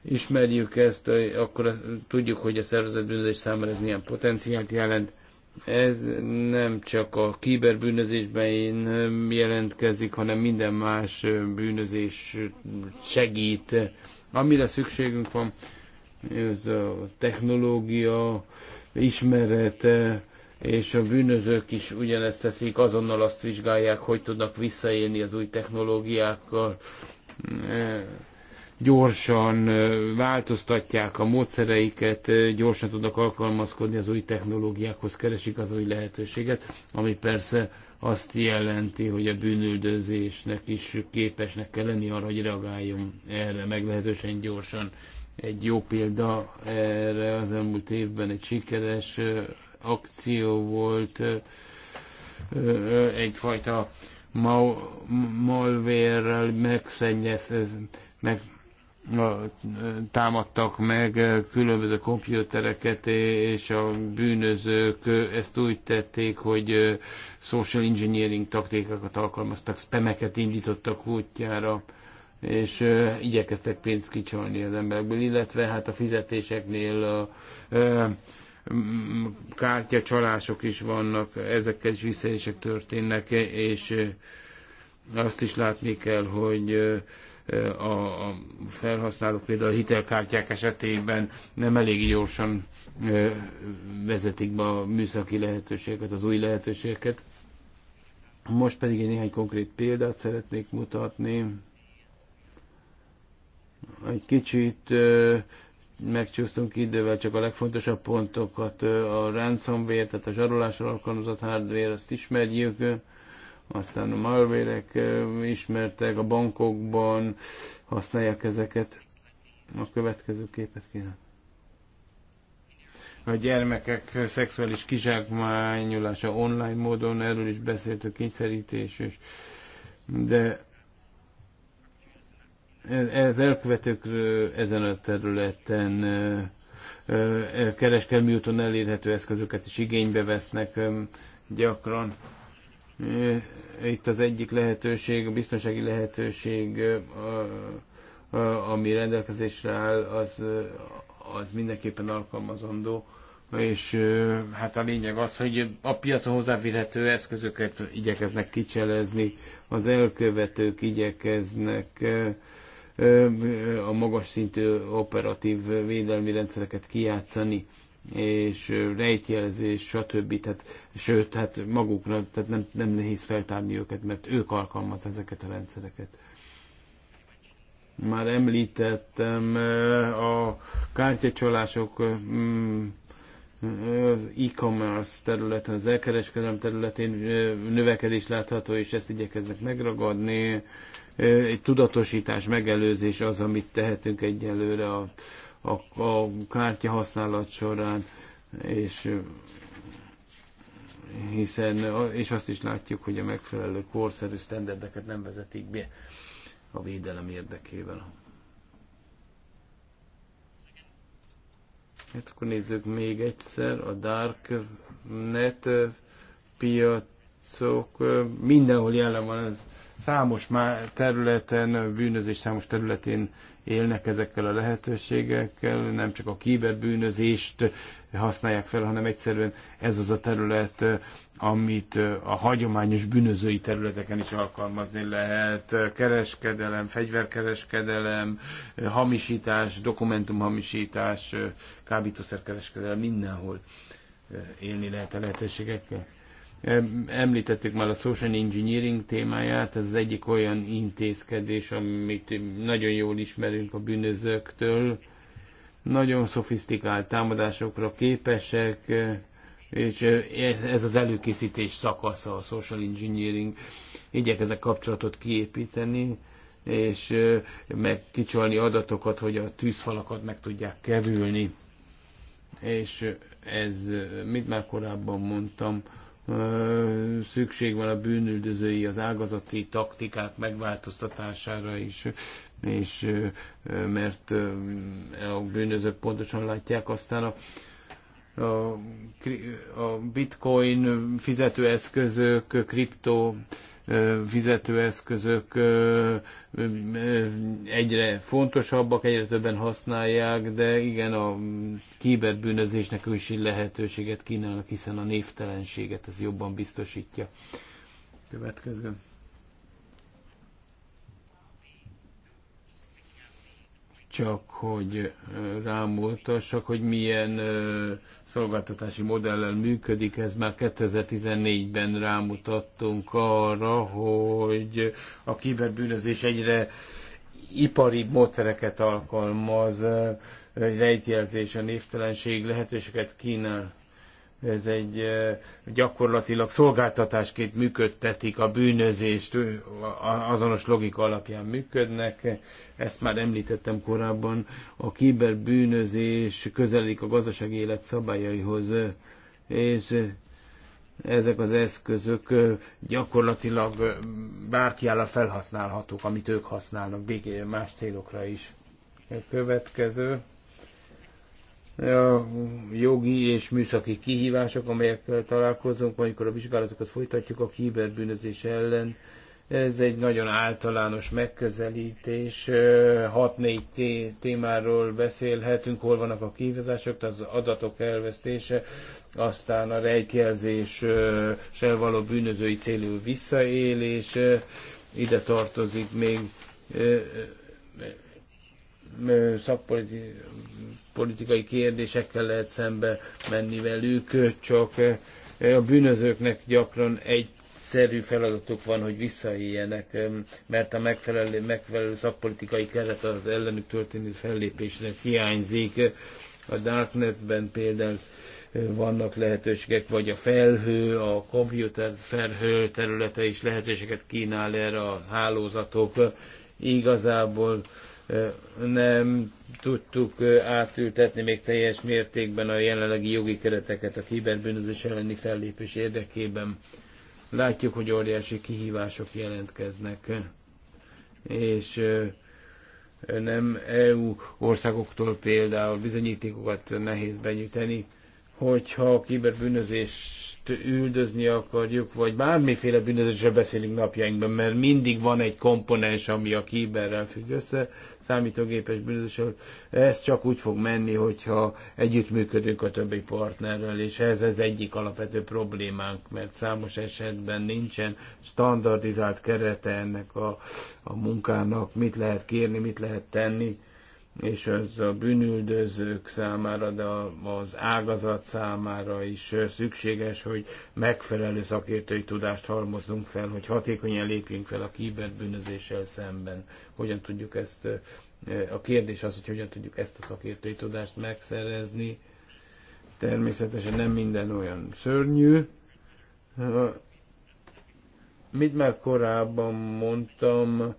ismerjük ezt, akkor tudjuk, hogy a szervezetbűnözés számára ez milyen potenciált jelent. Ez nem csak a kiberbűnözésben jelentkezik, hanem minden más bűnözés segít. Amire szükségünk van, ez a technológia, ismerete és a bűnözők is ugyanezt teszik, azonnal azt vizsgálják, hogy tudnak visszaélni az új technológiákkal gyorsan változtatják a módszereiket, gyorsan tudnak alkalmazkodni az új technológiákhoz, keresik az új lehetőséget, ami persze azt jelenti, hogy a bűnüldözésnek is képesnek kell lenni arra, hogy reagáljon erre meglehetősen gyorsan. Egy jó példa erre az elmúlt évben egy sikeres akció volt, egyfajta malvérrel megszennyez, meg támadtak meg különböző komputereket, és a bűnözők ezt úgy tették, hogy social engineering taktikákat alkalmaztak, spameket indítottak útjára, és igyekeztek pénzt kicsalni az emberekből, illetve hát a fizetéseknél a, kártyacsalások is vannak, ezekkel is visszaélések történnek, és azt is látni kell, hogy a felhasználók például a hitelkártyák esetében nem elég gyorsan vezetik be a műszaki lehetőségeket, az új lehetőségeket. Most pedig egy néhány konkrét példát szeretnék mutatni. Egy kicsit megcsúsztunk idővel csak a legfontosabb pontokat, a ransomware, tehát a zsarolásra alkalmazott hardware, azt ismerjük, aztán a malvérek ismertek a bankokban, használják ezeket. A következő képet kérem. A gyermekek szexuális kizsákmányolása online módon, erről is a kényszerítés, és, de ez elkövetők ezen a területen kereskedelmi úton elérhető eszközöket is igénybe vesznek gyakran itt az egyik lehetőség, a biztonsági lehetőség, ami rendelkezésre áll, az, az mindenképpen alkalmazandó és hát a lényeg az, hogy a piacon hozzáférhető eszközöket igyekeznek kicselezni, az elkövetők igyekeznek a magas szintű operatív védelmi rendszereket kijátszani és rejtjelzés, stb. Tehát, sőt, hát magukra, tehát nem, nem nehéz feltárni őket, mert ők alkalmaz ezeket a rendszereket. Már említettem a kártyacsolások mm, az e-commerce területen, az elkereskedelem területén növekedés látható, és ezt igyekeznek megragadni. Egy tudatosítás, megelőzés az, amit tehetünk egyelőre a a, a kártya használat során, és hiszen, és azt is látjuk, hogy a megfelelő korszerű sztenderdeket nem vezetik be a védelem érdekében. Hát akkor nézzük még egyszer a Dark Net piacok. Mindenhol jelen van ez számos területen, bűnözés számos területén élnek ezekkel a lehetőségekkel, nem csak a kiberbűnözést használják fel, hanem egyszerűen ez az a terület, amit a hagyományos bűnözői területeken is alkalmazni lehet. Kereskedelem, fegyverkereskedelem, hamisítás, dokumentumhamisítás, kábítószerkereskedelem, mindenhol élni lehet a lehetőségekkel. Említettük már a social engineering témáját, ez az egyik olyan intézkedés, amit nagyon jól ismerünk a bűnözőktől. Nagyon szofisztikált támadásokra képesek, és ez az előkészítés szakasza a social engineering. Igyekezek kapcsolatot kiépíteni, és kicsolni adatokat, hogy a tűzfalakat meg tudják kerülni. És ez, mit már korábban mondtam, szükség van a bűnüldözői, az ágazati taktikák megváltoztatására is, és mert a bűnözők pontosan látják aztán a, a, a bitcoin fizetőeszközök, kripto fizetőeszközök egyre fontosabbak, egyre többen használják, de igen, a kiberbűnözésnek is lehetőséget kínálnak, hiszen a névtelenséget ez jobban biztosítja. Következő. csak hogy rámutassak, hogy milyen szolgáltatási modellel működik. Ez már 2014-ben rámutattunk arra, hogy a kiberbűnözés egyre ipari módszereket alkalmaz, rejtjelzés, a névtelenség lehetőséget kínál ez egy gyakorlatilag szolgáltatásként működtetik a bűnözést, azonos logika alapján működnek. Ezt már említettem korábban, a kiberbűnözés közelik a gazdasági élet szabályaihoz, és ezek az eszközök gyakorlatilag bárki áll a felhasználhatók, amit ők használnak, más célokra is. A következő a jogi és műszaki kihívások, amelyekkel találkozunk, amikor a vizsgálatokat folytatjuk a kiberbűnözés ellen. Ez egy nagyon általános megközelítés. 6-4 témáról beszélhetünk, hol vannak a kihívások, az adatok elvesztése, aztán a rejtjelzéssel való bűnözői célú visszaélés, ide tartozik még szakpolitikai politikai kérdésekkel lehet szembe menni velük, csak eh, a bűnözőknek gyakran egy szerű feladatuk van, hogy visszaéljenek, mert a megfelelő, megfelelő szakpolitikai keret az ellenük történő fellépésre hiányzik. A Darknetben például eh, vannak lehetőségek, vagy a felhő, a komputer felhő területe is lehetőséget kínál erre a hálózatok. Igazából nem tudtuk átültetni még teljes mértékben a jelenlegi jogi kereteket a kiberbűnözés elleni fellépés érdekében. Látjuk, hogy óriási kihívások jelentkeznek, és nem EU országoktól például bizonyítékokat nehéz benyújtani, hogyha a kiberbűnözés üldözni akarjuk, vagy bármiféle bűnözésre beszélünk napjainkban, mert mindig van egy komponens, ami a kiberrel függ össze, számítógépes bűnözéssel. Ez csak úgy fog menni, hogyha együttműködünk a többi partnerrel, és ez az egyik alapvető problémánk, mert számos esetben nincsen standardizált kerete ennek a, a munkának, mit lehet kérni, mit lehet tenni és az a bűnüldözők számára, de az ágazat számára is szükséges, hogy megfelelő szakértői tudást halmozzunk fel, hogy hatékonyan lépjünk fel a kiberbűnözéssel szemben. Hogyan tudjuk ezt, a kérdés az, hogy hogyan tudjuk ezt a szakértői tudást megszerezni. Természetesen nem minden olyan szörnyű, mit már korábban mondtam,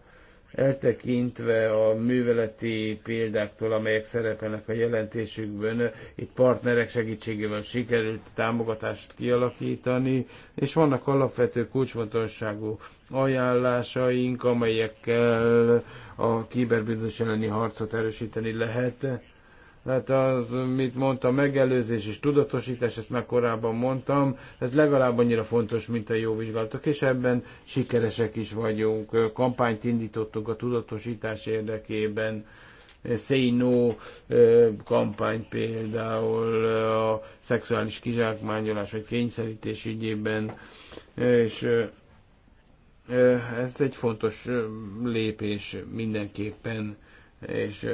eltekintve a műveleti példáktól, amelyek szerepelnek a jelentésükben, itt partnerek segítségével sikerült támogatást kialakítani, és vannak alapvető kulcsfontosságú ajánlásaink, amelyekkel a kiberbűnözés elleni harcot erősíteni lehet Hát az, mit mondtam, megelőzés és tudatosítás, ezt már korábban mondtam, ez legalább annyira fontos, mint a jó vizsgálatok, és ebben sikeresek is vagyunk. Kampányt indítottunk a tudatosítás érdekében, Say No kampány például a szexuális kizsákmányolás vagy kényszerítés ügyében, és ez egy fontos lépés mindenképpen, és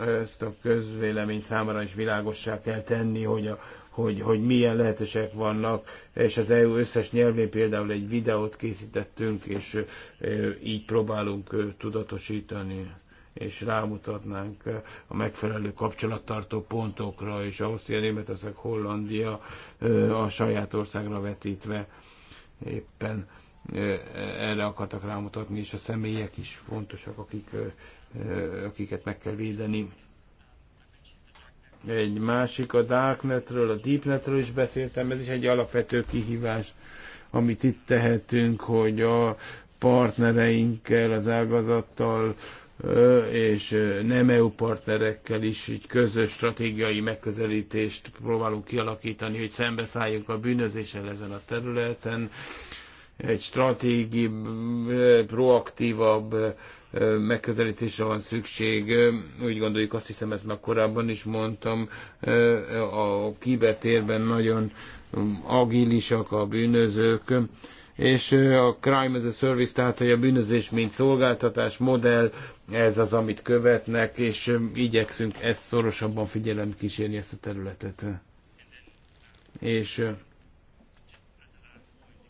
ezt a közvélemény számára is világossá kell tenni, hogy, a, hogy, hogy milyen lehetőségek vannak, és az EU összes nyelvén például egy videót készítettünk, és így próbálunk tudatosítani és rámutatnánk a megfelelő kapcsolattartó pontokra, és Ausztria, Németország, Hollandia a saját országra vetítve éppen erre akartak rámutatni, és a személyek is fontosak, akik, akiket meg kell védeni. Egy másik a Darknetről, a Deepnetről is beszéltem, ez is egy alapvető kihívás, amit itt tehetünk, hogy a partnereinkkel, az ágazattal, és nem EU partnerekkel is így közös stratégiai megközelítést próbálunk kialakítani, hogy szembeszálljunk a bűnözéssel ezen a területen, egy stratégiabb, proaktívabb megközelítésre van szükség. Úgy gondoljuk, azt hiszem, ezt már korábban is mondtam, a kibetérben nagyon agilisak a bűnözők, és a crime as a service, tehát hogy a bűnözés mint szolgáltatás modell, ez az, amit követnek, és igyekszünk ezt szorosabban figyelem kísérni ezt a területet. És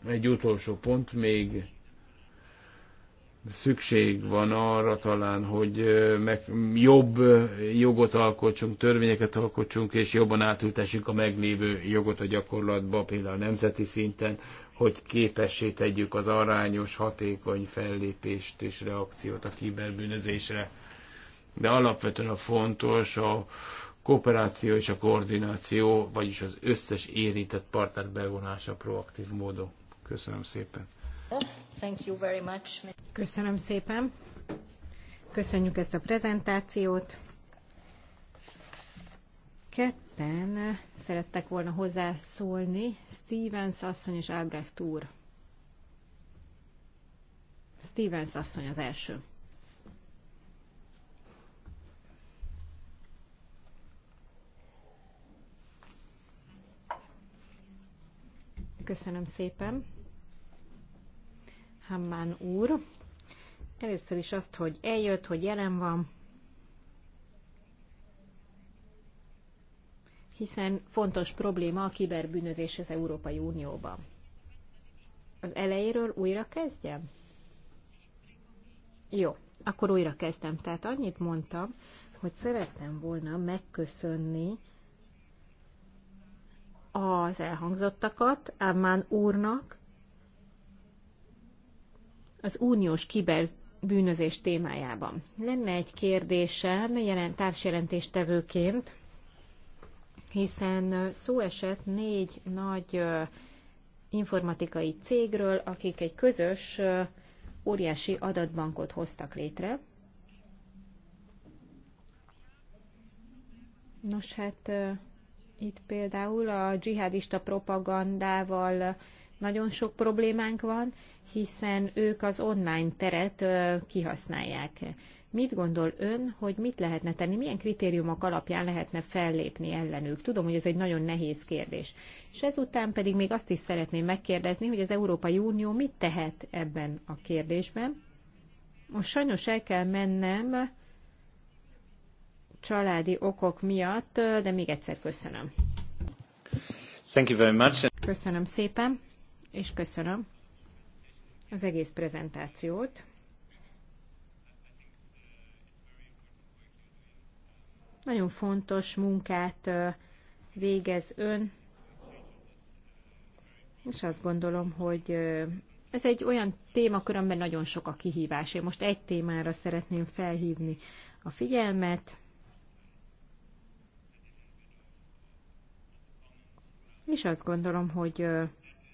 egy utolsó pont még szükség van arra talán, hogy meg jobb jogot alkotsunk, törvényeket alkotsunk, és jobban átültessük a meglévő jogot a gyakorlatba, például nemzeti szinten, hogy képessé tegyük az arányos, hatékony fellépést és reakciót a kiberbűnözésre. De alapvetően a fontos a kooperáció és a koordináció, vagyis az összes érintett partner bevonása proaktív módon. Köszönöm szépen. Thank you very much. Köszönöm szépen. Köszönjük ezt a prezentációt. Ketten szerettek volna hozzászólni, Stevens asszony és Albrecht úr. Stevens asszony az első. Köszönöm szépen. Hammán úr. Először is azt, hogy eljött, hogy jelen van, hiszen fontos probléma a kiberbűnözés az Európai Unióban. Az elejéről újra kezdjem? Jó, akkor újra kezdtem. Tehát annyit mondtam, hogy szerettem volna megköszönni az elhangzottakat Ámán úrnak, az uniós kiber bűnözés témájában. Lenne egy kérdésem jelent, társjelentéstevőként, hiszen szó esett négy nagy informatikai cégről, akik egy közös óriási adatbankot hoztak létre. Nos, hát itt például a dzsihadista propagandával nagyon sok problémánk van, hiszen ők az online teret kihasználják. Mit gondol ön, hogy mit lehetne tenni, milyen kritériumok alapján lehetne fellépni ellenük? Tudom, hogy ez egy nagyon nehéz kérdés. És ezután pedig még azt is szeretném megkérdezni, hogy az Európai Unió mit tehet ebben a kérdésben. Most sajnos el kell mennem családi okok miatt, de még egyszer köszönöm. Thank you very much. Köszönöm szépen és köszönöm az egész prezentációt. Nagyon fontos munkát végez ön, és azt gondolom, hogy ez egy olyan témakör, amiben nagyon sok a kihívás. Én most egy témára szeretném felhívni a figyelmet, és azt gondolom, hogy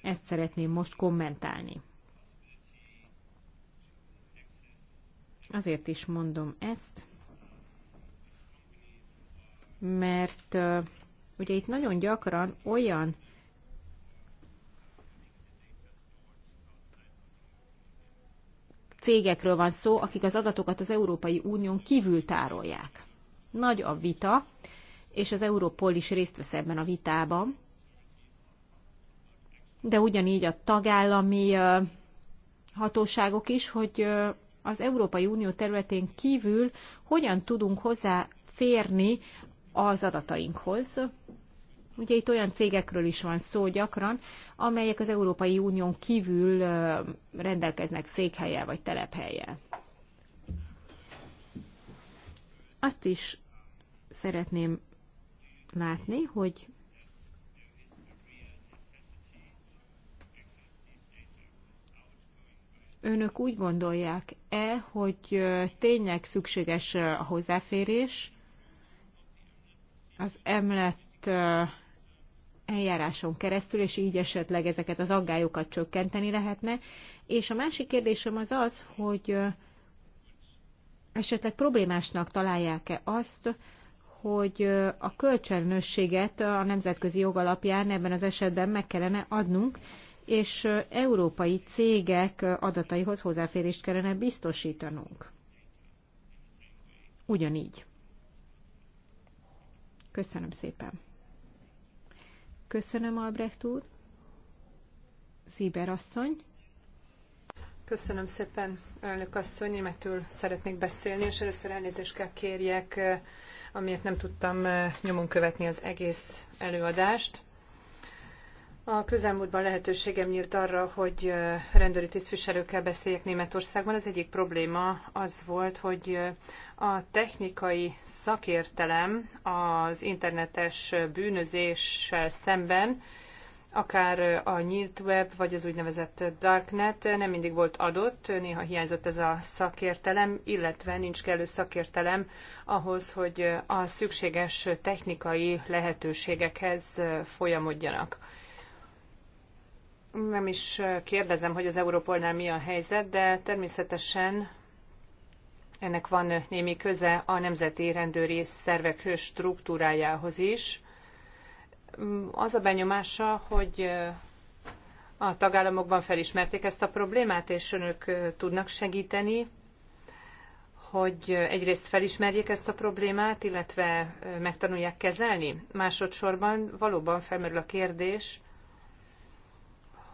ezt szeretném most kommentálni. Azért is mondom ezt, mert ugye itt nagyon gyakran olyan cégekről van szó, akik az adatokat az Európai Unión kívül tárolják. Nagy a vita, és az Európol is részt vesz ebben a vitában, de ugyanígy a tagállami hatóságok is, hogy az Európai Unió területén kívül hogyan tudunk hozzáférni az adatainkhoz. Ugye itt olyan cégekről is van szó gyakran, amelyek az Európai Unión kívül rendelkeznek székhelye vagy telephelye. Azt is szeretném látni, hogy önök úgy gondolják-e, hogy tényleg szükséges a hozzáférés az emlett eljáráson keresztül, és így esetleg ezeket az aggályokat csökkenteni lehetne. És a másik kérdésem az az, hogy esetleg problémásnak találják-e azt, hogy a kölcsönösséget a nemzetközi jog alapján ebben az esetben meg kellene adnunk, és európai cégek adataihoz hozzáférést kellene biztosítanunk. Ugyanígy. Köszönöm szépen. Köszönöm, Albrecht úr. Ziber asszony. Köszönöm szépen, elnök asszony. Németül szeretnék beszélni, és először elnézést kell kérjek, amiért nem tudtam nyomon követni az egész előadást. A közelmúltban lehetőségem nyílt arra, hogy rendőri tisztviselőkkel beszéljek Németországban. Az egyik probléma az volt, hogy a technikai szakértelem az internetes bűnözéssel szemben, akár a nyílt web, vagy az úgynevezett darknet nem mindig volt adott, néha hiányzott ez a szakértelem, illetve nincs kellő szakértelem ahhoz, hogy a szükséges technikai lehetőségekhez folyamodjanak nem is kérdezem, hogy az Európolnál mi a helyzet, de természetesen ennek van némi köze a nemzeti rendőri szervek struktúrájához is. Az a benyomása, hogy a tagállamokban felismerték ezt a problémát, és önök tudnak segíteni, hogy egyrészt felismerjék ezt a problémát, illetve megtanulják kezelni. Másodszorban valóban felmerül a kérdés,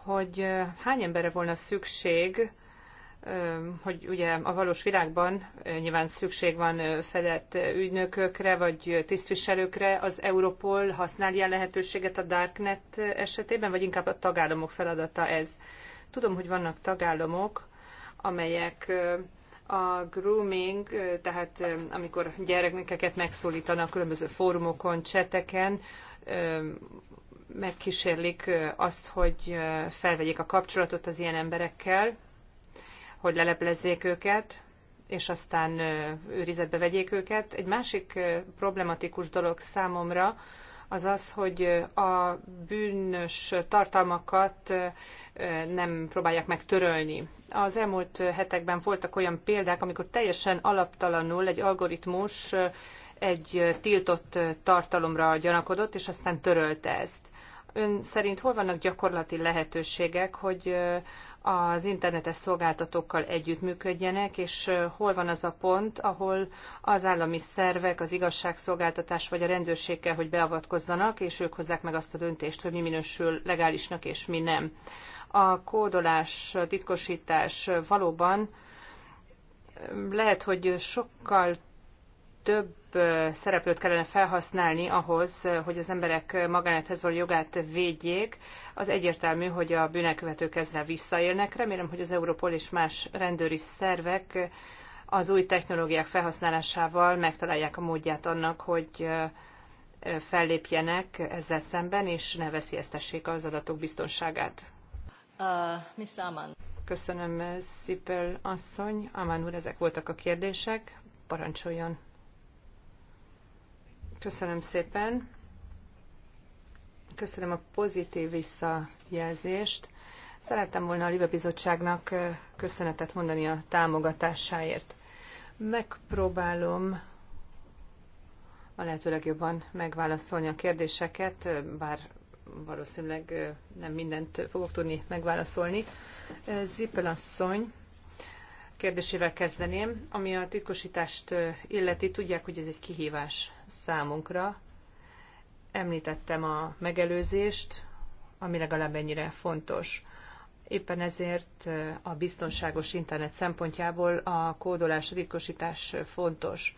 hogy hány emberre volna szükség, hogy ugye a valós világban nyilván szükség van fedett ügynökökre vagy tisztviselőkre, az Europol használ ilyen lehetőséget a Darknet esetében, vagy inkább a tagállamok feladata ez? Tudom, hogy vannak tagállamok, amelyek a grooming, tehát amikor gyermekeket megszólítanak különböző fórumokon, cseteken, megkísérlik azt, hogy felvegyék a kapcsolatot az ilyen emberekkel, hogy leleplezzék őket, és aztán őrizetbe vegyék őket. Egy másik problematikus dolog számomra az az, hogy a bűnös tartalmakat nem próbálják meg törölni. Az elmúlt hetekben voltak olyan példák, amikor teljesen alaptalanul egy algoritmus egy tiltott tartalomra gyanakodott, és aztán törölte ezt. Ön szerint hol vannak gyakorlati lehetőségek, hogy az internetes szolgáltatókkal együttműködjenek, és hol van az a pont, ahol az állami szervek, az igazságszolgáltatás vagy a rendőrség kell, hogy beavatkozzanak, és ők hozzák meg azt a döntést, hogy mi minősül legálisnak és mi nem. A kódolás, titkosítás valóban lehet, hogy sokkal több szereplőt kellene felhasználni ahhoz, hogy az emberek magánethez való jogát védjék. Az egyértelmű, hogy a bűnelkövetők ezzel visszaélnek. Remélem, hogy az Europol és más rendőri szervek az új technológiák felhasználásával megtalálják a módját annak, hogy fellépjenek ezzel szemben, és ne veszélyeztessék az adatok biztonságát. Uh, Aman. Köszönöm, Szipel asszony. Amán úr, ezek voltak a kérdések. Parancsoljon. Köszönöm szépen. Köszönöm a pozitív visszajelzést. Szerettem volna a Libe Bizottságnak köszönetet mondani a támogatásáért. Megpróbálom a lehető legjobban megválaszolni a kérdéseket, bár valószínűleg nem mindent fogok tudni megválaszolni. Zippel asszony kérdésével kezdeném, ami a titkosítást illeti, tudják, hogy ez egy kihívás számunkra. Említettem a megelőzést, ami legalább ennyire fontos. Éppen ezért a biztonságos internet szempontjából a kódolás, ritkosítás fontos.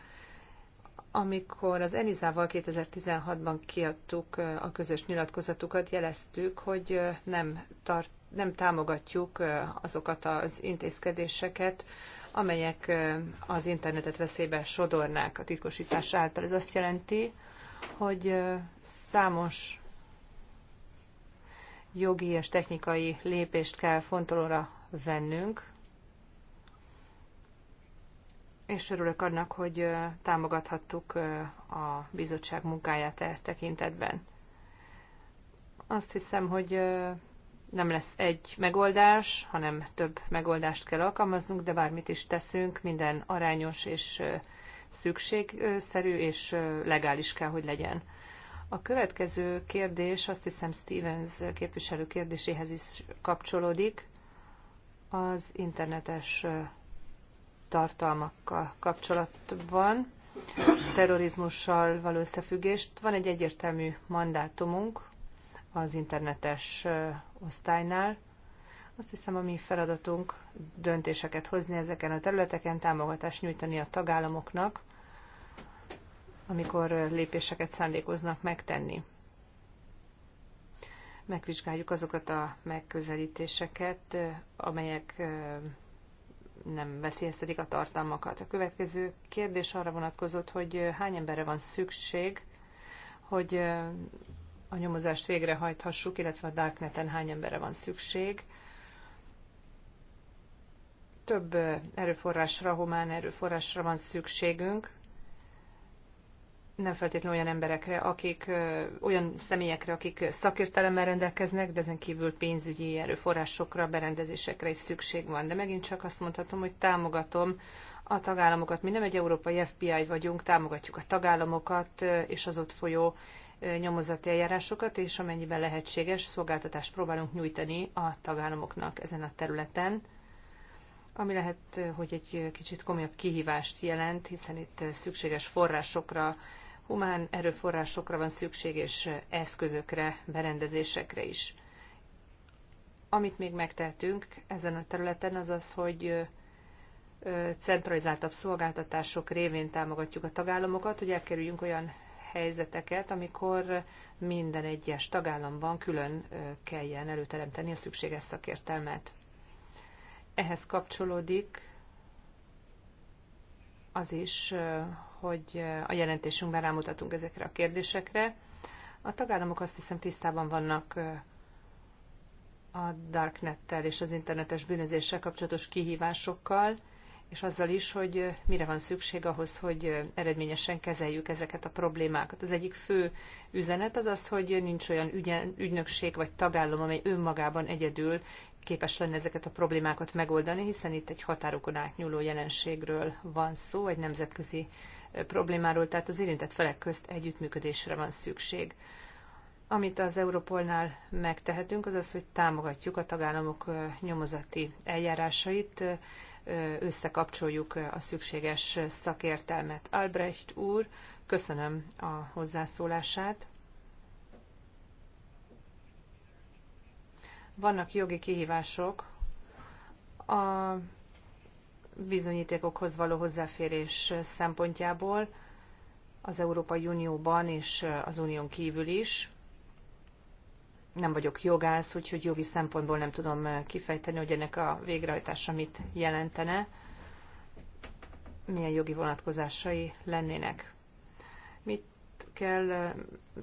Amikor az Enizával 2016-ban kiadtuk a közös nyilatkozatukat, jeleztük, hogy nem, tart, nem támogatjuk azokat az intézkedéseket, amelyek az internetet veszélybe sodornák a titkosítás által. Ez azt jelenti, hogy számos jogi és technikai lépést kell fontolóra vennünk, és örülök annak, hogy támogathattuk a bizottság munkáját e tekintetben. Azt hiszem, hogy nem lesz egy megoldás, hanem több megoldást kell alkalmaznunk, de bármit is teszünk, minden arányos és szükségszerű és legális kell, hogy legyen. A következő kérdés, azt hiszem Stevens képviselő kérdéséhez is kapcsolódik, az internetes tartalmakkal kapcsolatban, terrorizmussal való összefüggést. Van egy egyértelmű mandátumunk, az internetes osztálynál. Azt hiszem, a mi feladatunk döntéseket hozni ezeken a területeken, támogatást nyújtani a tagállamoknak, amikor lépéseket szándékoznak megtenni. Megvizsgáljuk azokat a megközelítéseket, amelyek nem veszélyeztetik a tartalmakat. A következő kérdés arra vonatkozott, hogy hány emberre van szükség, hogy a nyomozást végrehajthassuk, illetve a Darkneten hány emberre van szükség. Több erőforrásra, humán erőforrásra van szükségünk, nem feltétlenül olyan emberekre, akik olyan személyekre, akik szakértelemmel rendelkeznek, de ezen kívül pénzügyi erőforrásokra, berendezésekre is szükség van. De megint csak azt mondhatom, hogy támogatom a tagállamokat. Mi nem egy európai FBI vagyunk, támogatjuk a tagállamokat és az ott folyó nyomozati eljárásokat, és amennyiben lehetséges szolgáltatást próbálunk nyújtani a tagállamoknak ezen a területen, ami lehet, hogy egy kicsit komolyabb kihívást jelent, hiszen itt szükséges forrásokra, humán erőforrásokra van szükség, és eszközökre, berendezésekre is. Amit még megtehetünk ezen a területen, az az, hogy centralizáltabb szolgáltatások révén támogatjuk a tagállamokat, hogy elkerüljünk olyan helyzeteket, amikor minden egyes tagállamban külön kelljen előteremteni a szükséges szakértelmet. Ehhez kapcsolódik az is, hogy a jelentésünkben rámutatunk ezekre a kérdésekre. A tagállamok azt hiszem tisztában vannak a darknettel és az internetes bűnözéssel kapcsolatos kihívásokkal, és azzal is, hogy mire van szükség ahhoz, hogy eredményesen kezeljük ezeket a problémákat. Az egyik fő üzenet az az, hogy nincs olyan ügyen, ügynökség vagy tagállam, amely önmagában egyedül képes lenne ezeket a problémákat megoldani, hiszen itt egy határokon átnyúló jelenségről van szó, egy nemzetközi problémáról, tehát az érintett felek közt együttműködésre van szükség. Amit az Európolnál megtehetünk, az az, hogy támogatjuk a tagállamok nyomozati eljárásait, összekapcsoljuk a szükséges szakértelmet. Albrecht úr, köszönöm a hozzászólását. Vannak jogi kihívások a bizonyítékokhoz való hozzáférés szempontjából az Európai Unióban és az Unión kívül is nem vagyok jogász, úgyhogy jogi szempontból nem tudom eh, kifejteni, hogy ennek a végrehajtása mit jelentene, milyen jogi vonatkozásai lennének. Mit kell, eh,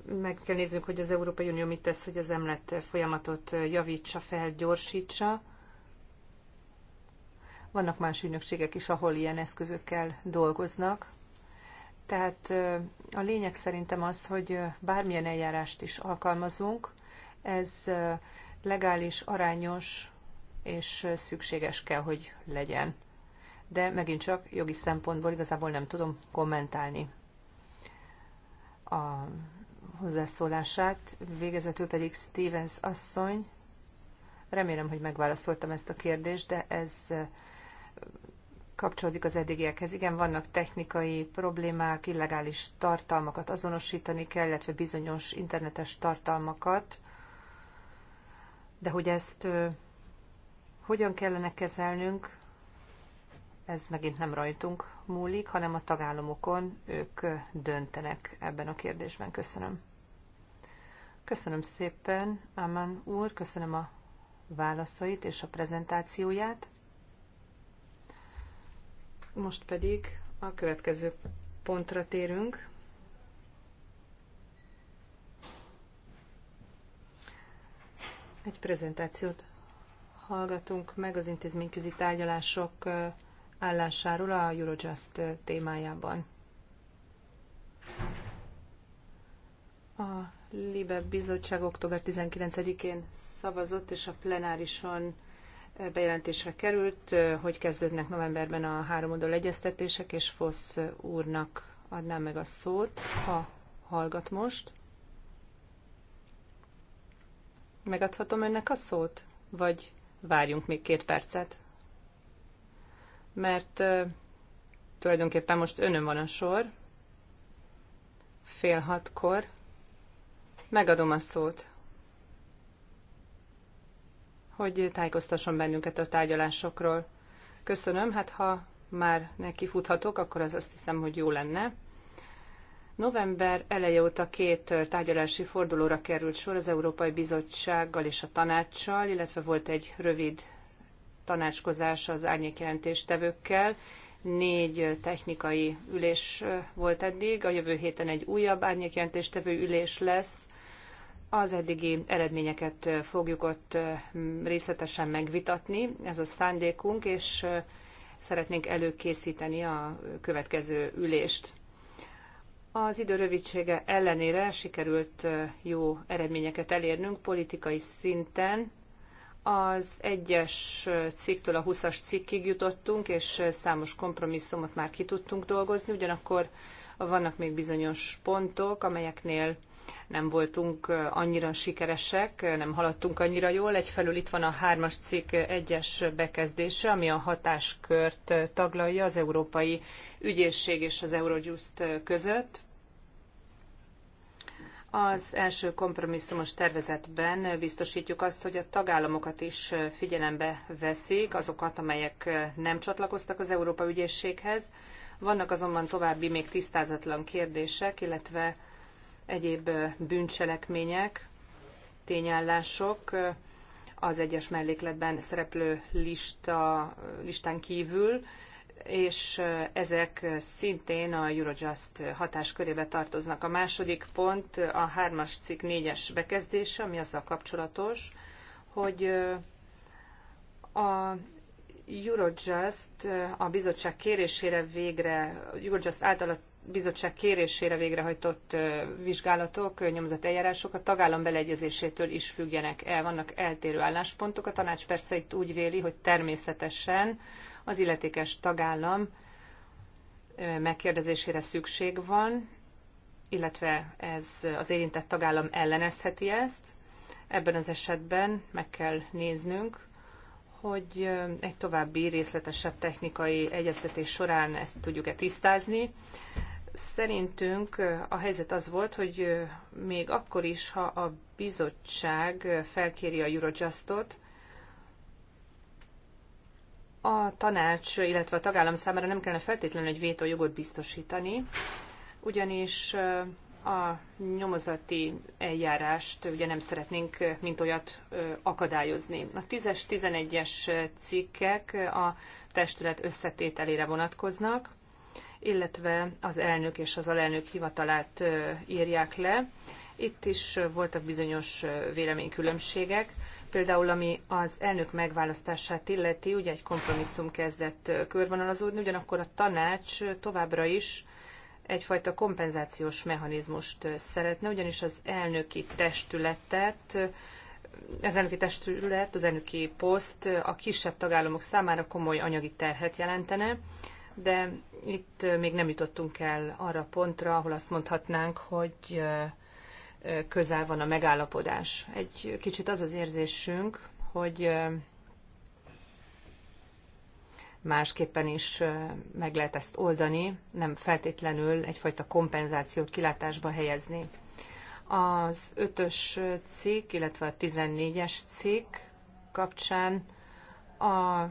meg kell néznünk, hogy az Európai Unió mit tesz, hogy az emlet folyamatot eh, javítsa, felgyorsítsa. Vannak más ügynökségek is, ahol ilyen eszközökkel dolgoznak. Tehát a lényeg szerintem az, hogy bármilyen eljárást is alkalmazunk, ez legális, arányos és szükséges kell, hogy legyen. De megint csak jogi szempontból igazából nem tudom kommentálni a hozzászólását. Végezetül pedig Stevens asszony. Remélem, hogy megválaszoltam ezt a kérdést, de ez kapcsolódik az eddigiekhez. Igen, vannak technikai problémák, illegális tartalmakat azonosítani kell, illetve bizonyos internetes tartalmakat, de hogy ezt hogyan kellene kezelnünk, ez megint nem rajtunk múlik, hanem a tagállamokon ők döntenek ebben a kérdésben. Köszönöm. Köszönöm szépen, Aman úr, köszönöm a válaszait és a prezentációját. Most pedig a következő pontra térünk. Egy prezentációt hallgatunk meg az intézményközi tárgyalások állásáról a Eurojust témájában. A Libe Bizottság október 19-én szavazott, és a plenárison bejelentésre került, hogy kezdődnek novemberben a oldal egyeztetések, és Fosz úrnak adnám meg a szót, ha hallgat most. Megadhatom önnek a szót? Vagy várjunk még két percet? Mert uh, tulajdonképpen most önön van a sor. Fél hatkor. Megadom a szót. Hogy tájékoztasson bennünket a tárgyalásokról. Köszönöm, hát ha már nekifuthatok, akkor az azt hiszem, hogy jó lenne. November eleje óta két tárgyalási fordulóra került sor az Európai Bizottsággal és a tanácssal, illetve volt egy rövid tanácskozás az árnyékjelentéstevőkkel. Négy technikai ülés volt eddig, a jövő héten egy újabb árnyékjelentéstevő ülés lesz. Az eddigi eredményeket fogjuk ott részletesen megvitatni, ez a szándékunk, és szeretnénk előkészíteni a következő ülést. Az idő rövidsége ellenére sikerült jó eredményeket elérnünk politikai szinten. Az egyes cikktől a 20-as cikkig jutottunk, és számos kompromisszumot már ki tudtunk dolgozni, ugyanakkor vannak még bizonyos pontok, amelyeknél nem voltunk annyira sikeresek, nem haladtunk annyira jól. Egyfelől itt van a hármas cikk egyes bekezdése, ami a hatáskört taglalja az Európai Ügyészség és az Eurojust között. Az első kompromisszumos tervezetben biztosítjuk azt, hogy a tagállamokat is figyelembe veszik, azokat, amelyek nem csatlakoztak az Európa ügyészséghez. Vannak azonban további még tisztázatlan kérdések, illetve egyéb bűncselekmények, tényállások az egyes mellékletben szereplő lista, listán kívül, és ezek szintén a Eurojust hatáskörébe tartoznak. A második pont a hármas cikk négyes bekezdése, ami azzal kapcsolatos, hogy a Eurojust a bizottság kérésére végre, Eurojust által a bizottság kérésére végrehajtott vizsgálatok, nyomozati eljárások a tagállam beleegyezésétől is függenek el. Vannak eltérő álláspontok. A tanács persze itt úgy véli, hogy természetesen az illetékes tagállam megkérdezésére szükség van, illetve ez az érintett tagállam ellenezheti ezt. Ebben az esetben meg kell néznünk, hogy egy további részletesebb technikai egyeztetés során ezt tudjuk-e tisztázni. Szerintünk a helyzet az volt, hogy még akkor is, ha a bizottság felkéri a Eurojustot, a tanács, illetve a tagállam számára nem kellene feltétlenül egy vétójogot biztosítani, ugyanis a nyomozati eljárást ugye nem szeretnénk mint olyat akadályozni. A 10-es, 11-es cikkek a testület összetételére vonatkoznak, illetve az elnök és az alelnök hivatalát írják le. Itt is voltak bizonyos véleménykülönbségek. Például ami az elnök megválasztását illeti, ugye egy kompromisszum kezdett körvonalazódni, ugyanakkor a tanács továbbra is egyfajta kompenzációs mechanizmust szeretne, ugyanis az elnöki testületet az elnöki testület, az elnöki poszt a kisebb tagállamok számára komoly anyagi terhet jelentene, de itt még nem jutottunk el arra pontra, ahol azt mondhatnánk, hogy közel van a megállapodás. Egy kicsit az az érzésünk, hogy másképpen is meg lehet ezt oldani, nem feltétlenül egyfajta kompenzációt kilátásba helyezni. Az ötös cikk, illetve a 14-es cikk kapcsán a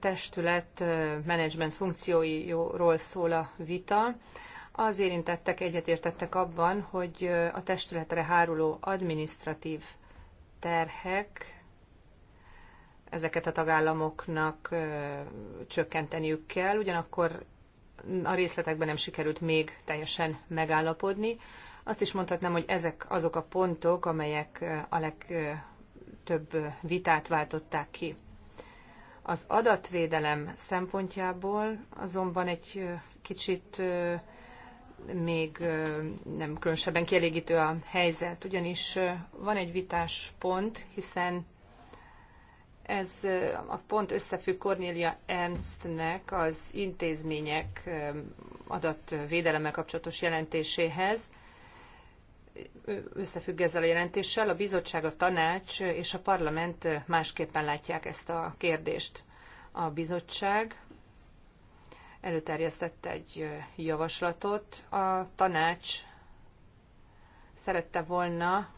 testület menedzsment funkcióiról szól a vita. Az érintettek egyetértettek abban, hogy a testületre háruló administratív terhek ezeket a tagállamoknak csökkenteniük kell, ugyanakkor a részletekben nem sikerült még teljesen megállapodni. Azt is mondhatnám, hogy ezek azok a pontok, amelyek a legtöbb vitát váltották ki. Az adatvédelem szempontjából azonban egy kicsit még nem különösebben kielégítő a helyzet, ugyanis van egy vitás pont, hiszen ez a pont összefügg Cornélia Ernstnek az intézmények adatvédelemmel kapcsolatos jelentéséhez. Összefügg ezzel a jelentéssel. A bizottság, a tanács és a parlament másképpen látják ezt a kérdést. A bizottság előterjesztett egy javaslatot. A tanács szerette volna,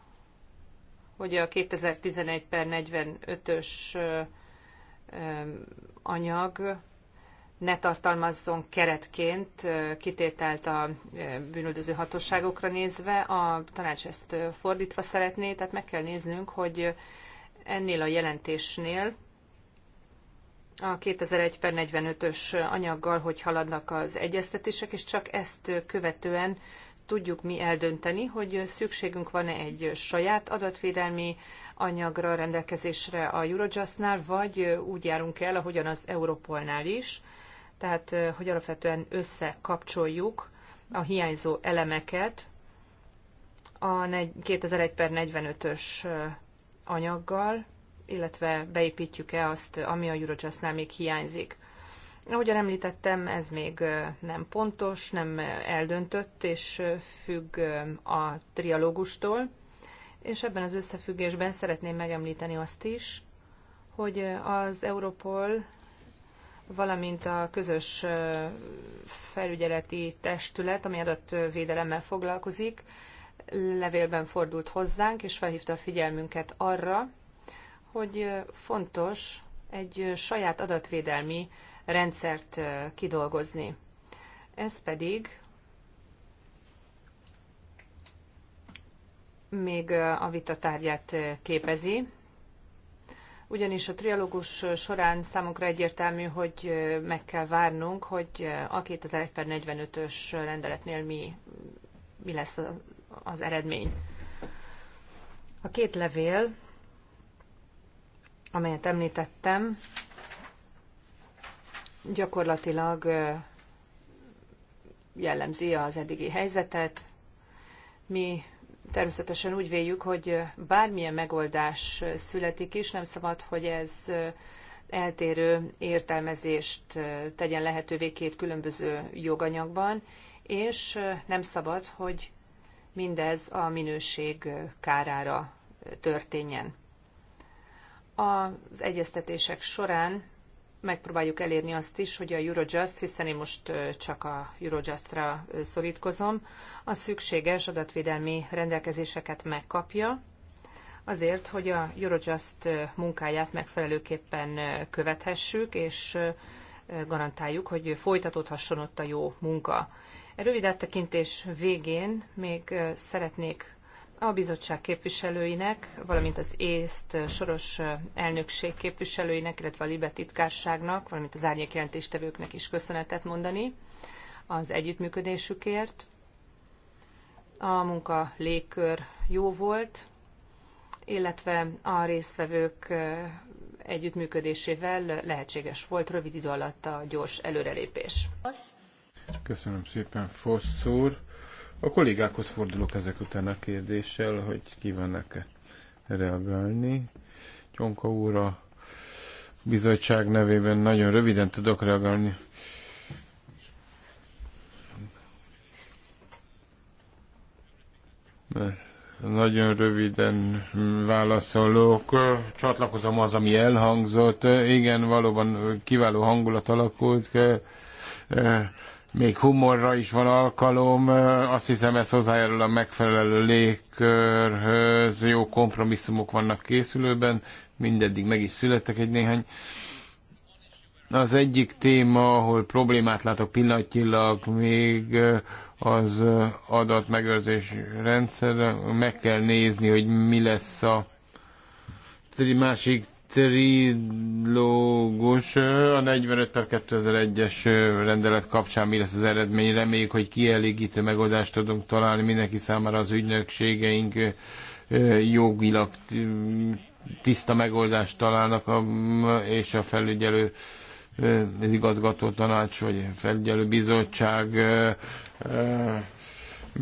hogy a 2011 per 45-ös anyag ne tartalmazzon keretként kitételt a bűnöldöző hatóságokra nézve. A tanács ezt fordítva szeretné, tehát meg kell néznünk, hogy ennél a jelentésnél a 2001 per 45-ös anyaggal, hogy haladnak az egyeztetések, és csak ezt követően tudjuk mi eldönteni, hogy szükségünk van-e egy saját adatvédelmi anyagra rendelkezésre a Eurojustnál, vagy úgy járunk el, ahogyan az Europolnál is, tehát hogy alapvetően összekapcsoljuk a hiányzó elemeket a 2001 per 45-ös anyaggal, illetve beépítjük-e azt, ami a Eurojustnál még hiányzik. Ahogyan említettem, ez még nem pontos, nem eldöntött, és függ a trialógustól. És ebben az összefüggésben szeretném megemlíteni azt is, hogy az Europol, valamint a közös felügyeleti testület, ami adatvédelemmel foglalkozik, levélben fordult hozzánk, és felhívta a figyelmünket arra, hogy fontos egy saját adatvédelmi rendszert kidolgozni. Ez pedig még a vita tárgyát képezi, ugyanis a trialógus során számunkra egyértelmű, hogy meg kell várnunk, hogy a 2045-ös rendeletnél mi, mi lesz az eredmény. A két levél amelyet említettem, gyakorlatilag jellemzi az eddigi helyzetet. Mi természetesen úgy véljük, hogy bármilyen megoldás születik is, nem szabad, hogy ez eltérő értelmezést tegyen lehetővé két különböző joganyagban, és nem szabad, hogy mindez a minőség kárára történjen. Az egyeztetések során megpróbáljuk elérni azt is, hogy a Eurojust, hiszen én most csak a Eurojustra szorítkozom, a szükséges adatvédelmi rendelkezéseket megkapja, azért, hogy a Eurojust munkáját megfelelőképpen követhessük, és garantáljuk, hogy folytatódhasson ott a jó munka. E rövid áttekintés végén még szeretnék a bizottság képviselőinek, valamint az észt soros elnökség képviselőinek, illetve a Libe titkárságnak, valamint az árnyékjelentéstevőknek is köszönetet mondani az együttműködésükért. A munka légkör jó volt, illetve a résztvevők együttműködésével lehetséges volt rövid idő alatt a gyors előrelépés. Köszönöm szépen, Fossz úr. A kollégákhoz fordulok ezek után a kérdéssel, hogy kívánnak-e reagálni. Csonka úr a bizottság nevében nagyon röviden tudok reagálni. Mert nagyon röviden válaszolok. Csatlakozom az, ami elhangzott. Igen, valóban kiváló hangulat alakult még humorra is van alkalom, azt hiszem ez hozzájárul a megfelelő légkörhöz, jó kompromisszumok vannak készülőben, mindeddig meg is születtek egy néhány. Az egyik téma, ahol problémát látok pillanatnyilag még az adatmegőrzés rendszerre, meg kell nézni, hogy mi lesz a egy másik trilógus a 45 per 2001-es rendelet kapcsán mi lesz az eredmény. Reméljük, hogy kielégítő megoldást tudunk találni mindenki számára az ügynökségeink jogilag tiszta megoldást találnak, a, és a felügyelő az igazgató tanács, vagy felügyelő bizottság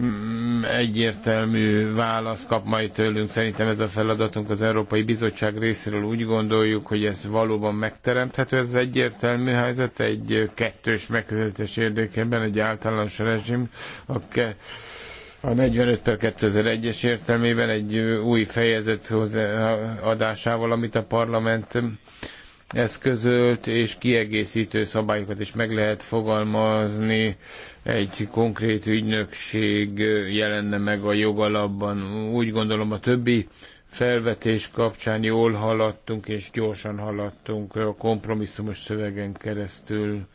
Mm, egyértelmű választ kap majd tőlünk. Szerintem ez a feladatunk az Európai Bizottság részéről úgy gondoljuk, hogy ez valóban megteremthető. Ez egyértelmű helyzet egy kettős megközelítés érdekében, egy általános rezsim, a, a 45 per 2001-es értelmében egy új fejezet adásával, amit a parlament eszközölt, és kiegészítő szabályokat is meg lehet fogalmazni. Egy konkrét ügynökség jelenne meg a jogalapban. Úgy gondolom a többi felvetés kapcsán jól haladtunk, és gyorsan haladtunk a kompromisszumos szövegen keresztül.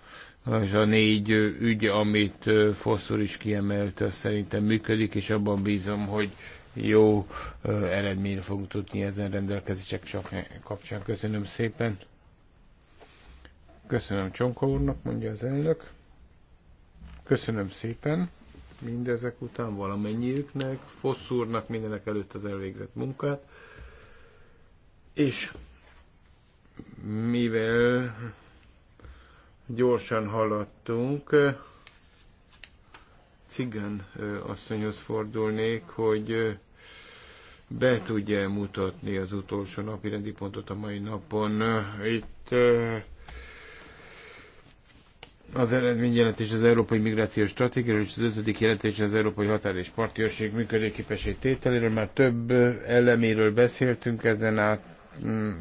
És a négy ügy, amit foszor is kiemelt, szerintem működik, és abban bízom, hogy jó eredményre fogunk tudni ezen rendelkezések kapcsán. Köszönöm szépen. Köszönöm Csonka úrnak, mondja az elnök. Köszönöm szépen mindezek után valamennyiüknek, Fossz úrnak mindenek előtt az elvégzett munkát. És mivel gyorsan haladtunk, Cigán asszonyhoz fordulnék, hogy be tudja mutatni az utolsó napi rendi pontot a mai napon. Itt az eredményjelentés az Európai Migrációs Stratégiáról és az ötödik jelentés az Európai Határ és Partjörség működőképesség tételéről. Már több eleméről beszéltünk ezen át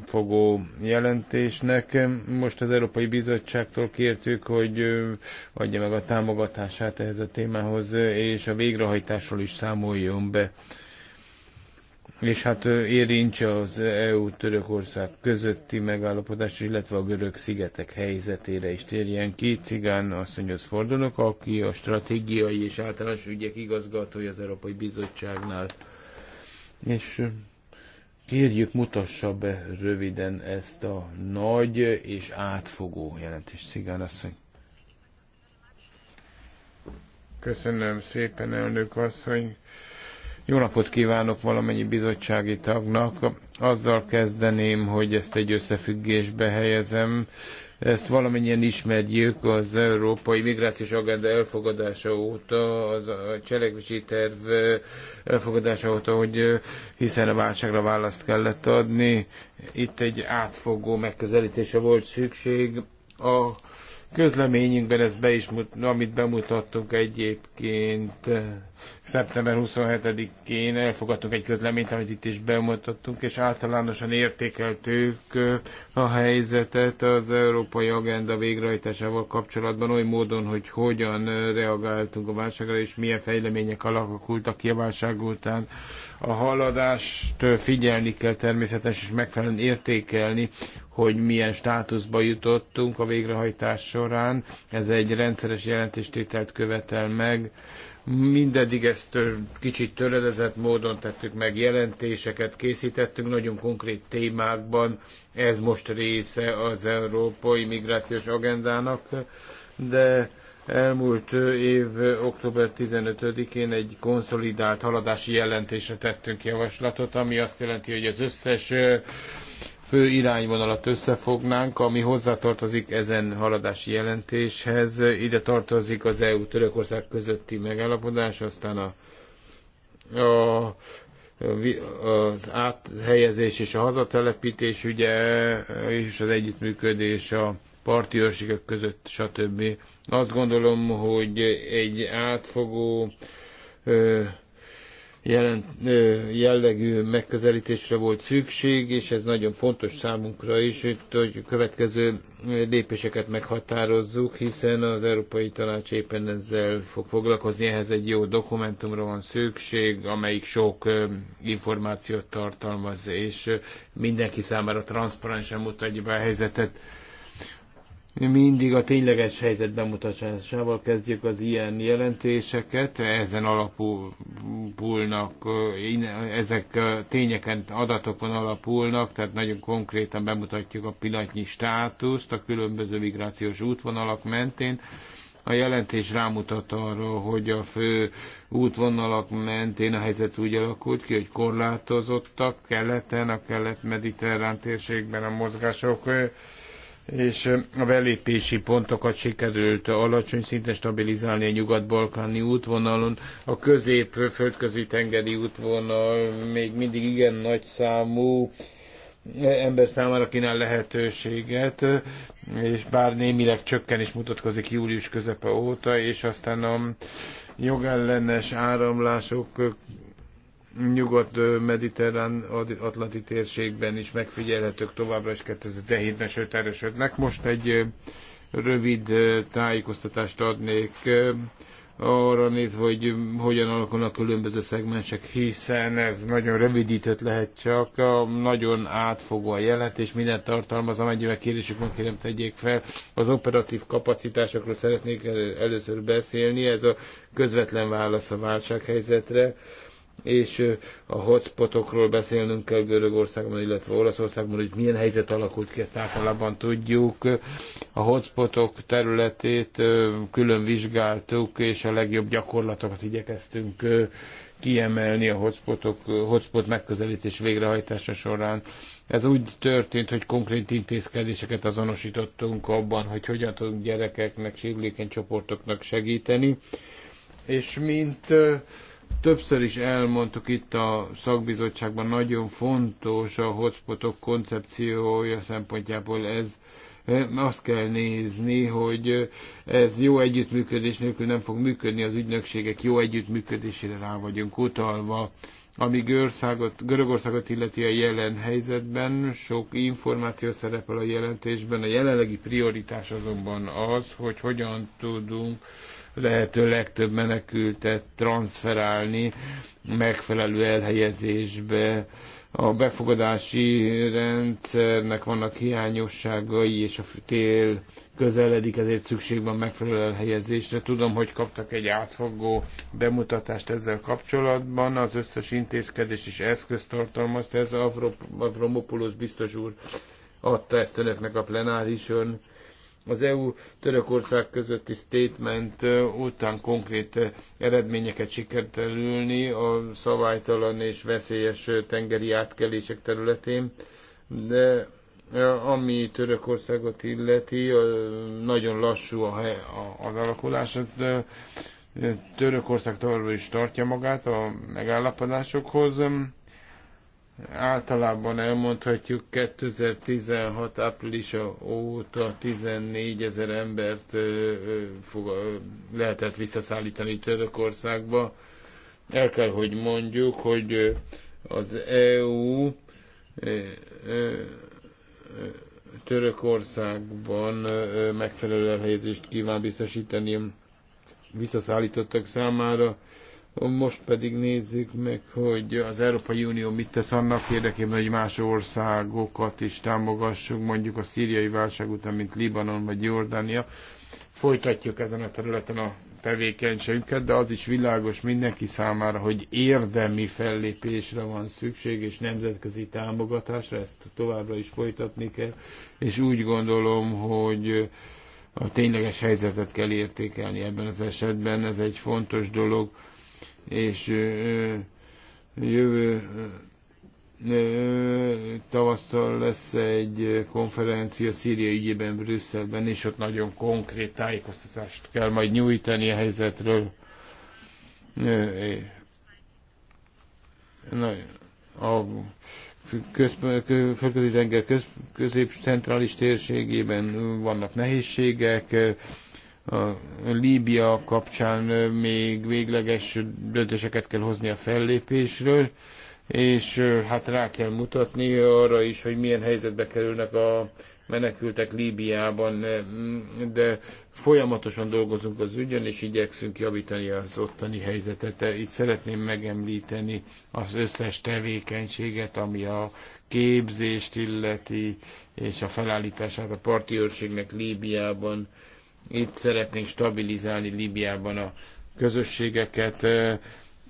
fogó jelentésnek. Most az Európai Bizottságtól kértük, hogy adja meg a támogatását ehhez a témához, és a végrehajtásról is számoljon be és hát érintse az EU-Törökország közötti megállapodás illetve a görög szigetek helyzetére is térjen ki. Cigán asszonyhoz fordulok, aki a stratégiai és általános ügyek igazgatója az Európai Bizottságnál. És kérjük, mutassa be röviden ezt a nagy és átfogó jelentést, Cigán asszony. Köszönöm szépen, elnök asszony. Jó napot kívánok valamennyi bizottsági tagnak. Azzal kezdeném, hogy ezt egy összefüggésbe helyezem. Ezt valamennyien ismerjük az Európai Migrációs Agenda elfogadása óta, az a cselekvési terv elfogadása óta, hogy hiszen a válságra választ kellett adni. Itt egy átfogó megközelítése volt szükség a közleményünkben ez be is, amit bemutattunk egyébként eh, szeptember 27-én elfogadtunk egy közleményt, amit itt is bemutattunk, és általánosan értékeltük eh, a helyzetet az európai agenda végrehajtásával kapcsolatban oly módon, hogy hogyan eh, reagáltunk a válságra, és milyen fejlemények alakultak ki a válság után. A haladást figyelni kell természetesen, és megfelelően értékelni, hogy milyen státuszba jutottunk a végrehajtás során. Ez egy rendszeres jelentéstételt követel meg. Mindeddig ezt kicsit töredezett módon tettük meg, jelentéseket készítettünk nagyon konkrét témákban. Ez most része az európai migrációs agendának, de elmúlt év október 15-én egy konszolidált haladási jelentésre tettünk javaslatot, ami azt jelenti, hogy az összes fő irányvonalat összefognánk, ami hozzátartozik ezen haladási jelentéshez. Ide tartozik az EU-Törökország közötti megállapodás, aztán a, a az áthelyezés és a hazatelepítés ügye, és az együttműködés a parti őrségek között, stb. Azt gondolom, hogy egy átfogó jelen jellegű megközelítésre volt szükség, és ez nagyon fontos számunkra is, hogy a következő lépéseket meghatározzuk, hiszen az Európai Tanács éppen ezzel fog foglalkozni, ehhez egy jó dokumentumra van szükség, amelyik sok információt tartalmaz, és mindenki számára transzparensen mutatja be a helyzetet mindig a tényleges helyzet bemutatásával kezdjük az ilyen jelentéseket, ezen alapulnak, ezek tényeken, adatokon alapulnak, tehát nagyon konkrétan bemutatjuk a pillanatnyi státuszt a különböző migrációs útvonalak mentén. A jelentés rámutat arra, hogy a fő útvonalak mentén a helyzet úgy alakult ki, hogy korlátozottak keleten, a kelet-mediterrán térségben a mozgások és a belépési pontokat sikerült alacsony szinten stabilizálni a nyugat-balkáni útvonalon. A közép-földközi tengeri útvonal még mindig igen nagy számú ember számára kínál lehetőséget, és bár némileg csökken is mutatkozik július közepe óta, és aztán a jogellenes áramlások nyugat-mediterrán atlanti térségben is megfigyelhetők továbbra is 2007 ben sőt erősödnek. Most egy rövid tájékoztatást adnék arra nézve, hogy hogyan alakulnak különböző szegmensek, hiszen ez nagyon rövidített lehet csak, a nagyon átfogó a jelentés, mindent tartalmaz, amennyivel kérdésük van, kérem tegyék fel. Az operatív kapacitásokról szeretnék először beszélni, ez a közvetlen válasz a válsághelyzetre és a hotspotokról beszélnünk kell Görögországban, illetve Olaszországban, hogy milyen helyzet alakult ki, ezt általában tudjuk. A hotspotok területét külön vizsgáltuk, és a legjobb gyakorlatokat igyekeztünk kiemelni a hotspotok, hotspot megközelítés végrehajtása során. Ez úgy történt, hogy konkrét intézkedéseket azonosítottunk abban, hogy hogyan tudunk gyerekeknek, sérülékeny csoportoknak segíteni, és mint Többször is elmondtuk itt a szakbizottságban, nagyon fontos a hotspotok koncepciója szempontjából ez, azt kell nézni, hogy ez jó együttműködés nélkül nem fog működni, az ügynökségek jó együttműködésére rá vagyunk utalva. Ami Görországot, Görögországot illeti a jelen helyzetben, sok információ szerepel a jelentésben, a jelenlegi prioritás azonban az, hogy hogyan tudunk lehető legtöbb menekültet transferálni megfelelő elhelyezésbe. A befogadási rendszernek vannak hiányosságai, és a tél közeledik, ezért szükség van megfelelő elhelyezésre. Tudom, hogy kaptak egy átfogó bemutatást ezzel kapcsolatban. Az összes intézkedés és eszközt tartalmazta. Ez Avromopoulos biztos úr adta ezt önöknek a plenárison. Az EU-Törökország közötti statement után konkrét eredményeket sikert elülni a szabálytalan és veszélyes tengeri átkelések területén, de ami Törökországot illeti, nagyon lassú a az alakulás. Hát, Törökország továbbra is tartja magát a megállapodásokhoz, általában elmondhatjuk 2016 áprilisa óta 14 ezer embert fog, lehetett visszaszállítani Törökországba. El kell, hogy mondjuk, hogy az EU Törökországban megfelelő elhelyezést kíván biztosítani visszaszállítottak számára. Most pedig nézzük meg, hogy az Európai Unió mit tesz annak érdekében, hogy más országokat is támogassuk, mondjuk a szíriai válság után, mint Libanon vagy Jordánia. Folytatjuk ezen a területen a tevékenységünket, de az is világos mindenki számára, hogy érdemi fellépésre van szükség, és nemzetközi támogatásra, ezt továbbra is folytatni kell, és úgy gondolom, hogy a tényleges helyzetet kell értékelni ebben az esetben, ez egy fontos dolog és jövő tavasszal lesz egy konferencia Szíria ügyében Brüsszelben, és ott nagyon konkrét tájékoztatást kell majd nyújtani a helyzetről. Na, a földközi tenger közép-centrális térségében vannak nehézségek, a Líbia kapcsán még végleges döntéseket kell hozni a fellépésről, és hát rá kell mutatni arra is, hogy milyen helyzetbe kerülnek a menekültek Líbiában, de folyamatosan dolgozunk az ügyön, és igyekszünk javítani az ottani helyzetet. Itt szeretném megemlíteni az összes tevékenységet, ami a képzést illeti, és a felállítását a parti őrségnek Líbiában itt szeretnénk stabilizálni Líbiában a közösségeket,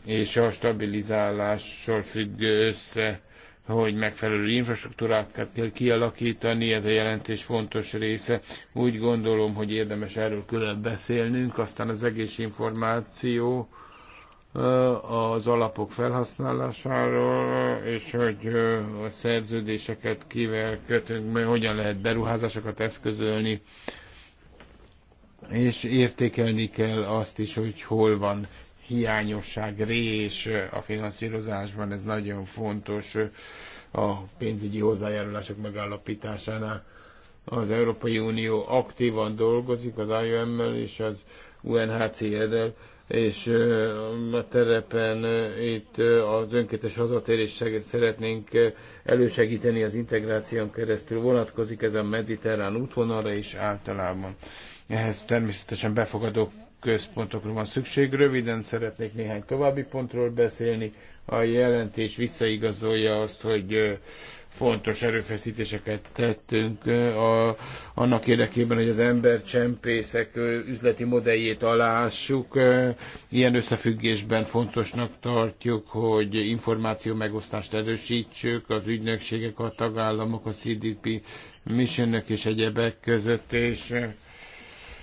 és a stabilizálással függ össze, hogy megfelelő infrastruktúrát kell kialakítani, ez a jelentés fontos része. Úgy gondolom, hogy érdemes erről külön beszélnünk, aztán az egész információ az alapok felhasználásáról, és hogy a szerződéseket kivel kötünk, hogyan lehet beruházásokat eszközölni és értékelni kell azt is, hogy hol van hiányosság, rés a finanszírozásban, ez nagyon fontos a pénzügyi hozzájárulások megállapításánál. Az Európai Unió aktívan dolgozik az IOM-mel és az UNHCR-rel, és a terepen itt az önkétes hazatérés szeretnénk elősegíteni az integráción keresztül. Vonatkozik ez a mediterrán útvonalra is általában. Ehhez természetesen befogadó központokra van szükség. Röviden szeretnék néhány további pontról beszélni. A jelentés visszaigazolja azt, hogy fontos erőfeszítéseket tettünk a, annak érdekében, hogy az embercsempészek üzleti modelljét alássuk. Ilyen összefüggésben fontosnak tartjuk, hogy információ megosztást erősítsük az ügynökségek, a tagállamok, a CDP missionnek és egyebek között, és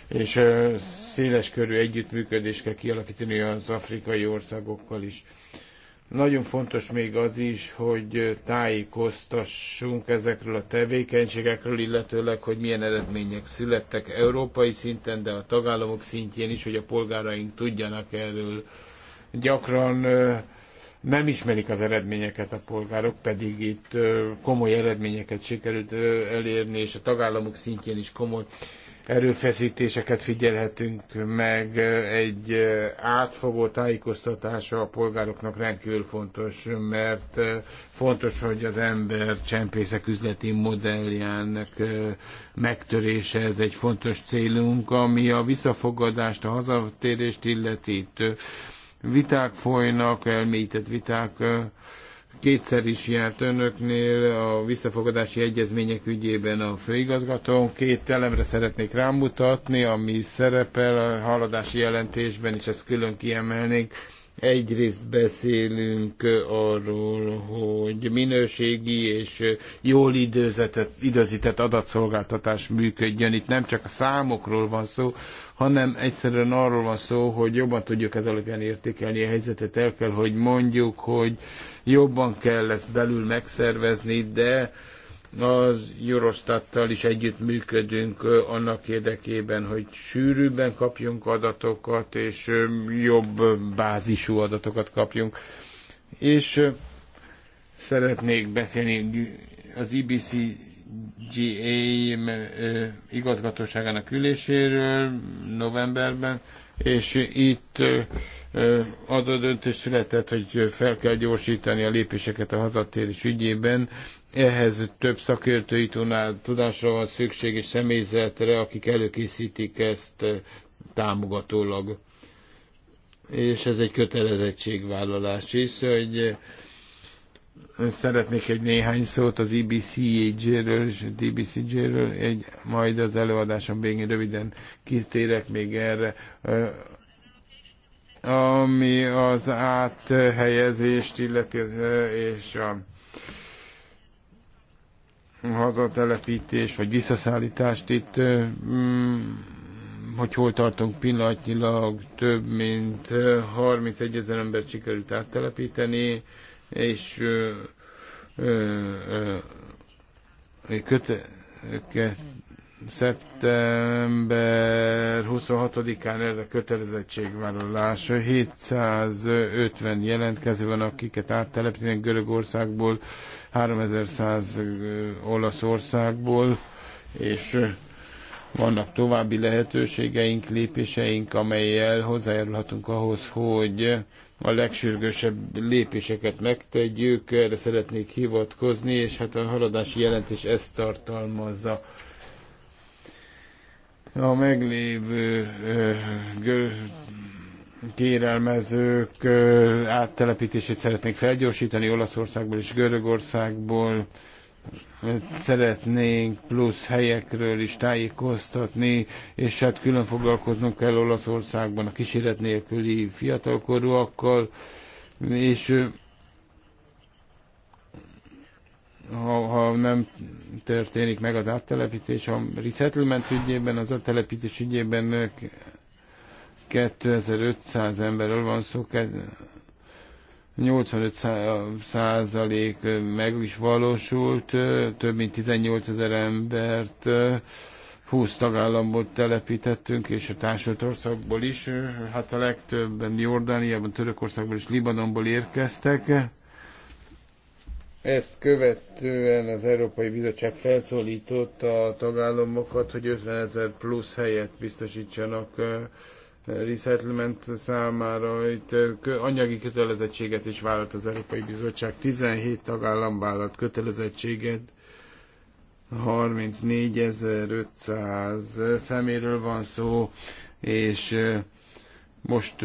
és széles körű együttműködést kell kialakítani az afrikai országokkal is. Nagyon fontos még az is, hogy tájékoztassunk ezekről a tevékenységekről, illetőleg, hogy milyen eredmények születtek európai szinten, de a tagállamok szintjén is, hogy a polgáraink tudjanak erről. Gyakran nem ismerik az eredményeket a polgárok, pedig itt komoly eredményeket sikerült elérni, és a tagállamok szintjén is komoly erőfeszítéseket figyelhetünk meg. Egy átfogó tájékoztatása a polgároknak rendkívül fontos, mert fontos, hogy az ember csempészek üzleti modelljának megtörése, ez egy fontos célunk, ami a visszafogadást, a hazatérést illeti. Itt viták folynak, elmélyített viták kétszer is járt önöknél a visszafogadási egyezmények ügyében a főigazgatón. Két elemre szeretnék rámutatni, ami szerepel a haladási jelentésben, és ezt külön kiemelnék. Egyrészt beszélünk arról, hogy minőségi és jól időzített adatszolgáltatás működjön. Itt nem csak a számokról van szó, hanem egyszerűen arról van szó, hogy jobban tudjuk ez alapján értékelni a helyzetet. El kell, hogy mondjuk, hogy jobban kell ezt belül megszervezni, de az Eurostattal is együtt működünk annak érdekében, hogy sűrűbben kapjunk adatokat, és jobb bázisú adatokat kapjunk. És szeretnék beszélni az IBC GA igazgatóságának üléséről novemberben, és itt az a döntés született, hogy fel kell gyorsítani a lépéseket a hazatérés ügyében. Ehhez több szakértői tudásra van szükség, és személyzetre, akik előkészítik ezt támogatólag. És ez egy kötelezettségvállalás is, hogy szeretnék egy néhány szót az EBCJ-ről és a DBCJ-ről, egy, majd az előadásom végén röviden kitérek még erre. Ami az áthelyezést illeti, és a hazatelepítés, vagy visszaszállítást itt, mm, hogy hol tartunk pillanatnyilag, több mint 31 ezer embert sikerült áttelepíteni, és ö, ö, ö, köte, szeptember 26-án erre kötelezettségvállalás. 750 jelentkező van, akiket áttelepítenek Görögországból, 3100 Olaszországból, és vannak további lehetőségeink, lépéseink, amelyel hozzájárulhatunk ahhoz, hogy a legsürgősebb lépéseket megtegyük, erre szeretnék hivatkozni, és hát a haladási jelentés ezt tartalmazza. A meglévő kérelmezők áttelepítését szeretnék felgyorsítani Olaszországból és Görögországból, szeretnénk plusz helyekről is tájékoztatni, és hát külön foglalkoznunk kell Olaszországban a kísérlet nélküli fiatalkorúakkal, és ha, ha nem történik meg az áttelepítés, a resettlement ügyében, az áttelepítés ügyében 2500 emberről van szó, 85 százalék meg is valósult, több mint 18 ezer embert 20 tagállamból telepítettünk, és a társadalmi országból is, hát a legtöbben Jordániában, Törökországból és Libanonból érkeztek. Ezt követően az Európai Bizottság felszólította a tagállamokat, hogy 50 ezer plusz helyet biztosítsanak resettlement számára itt anyagi kötelezettséget is vállalt az Európai Bizottság. 17 tagállam vállalt kötelezettséget 34.500 szeméről van szó, és most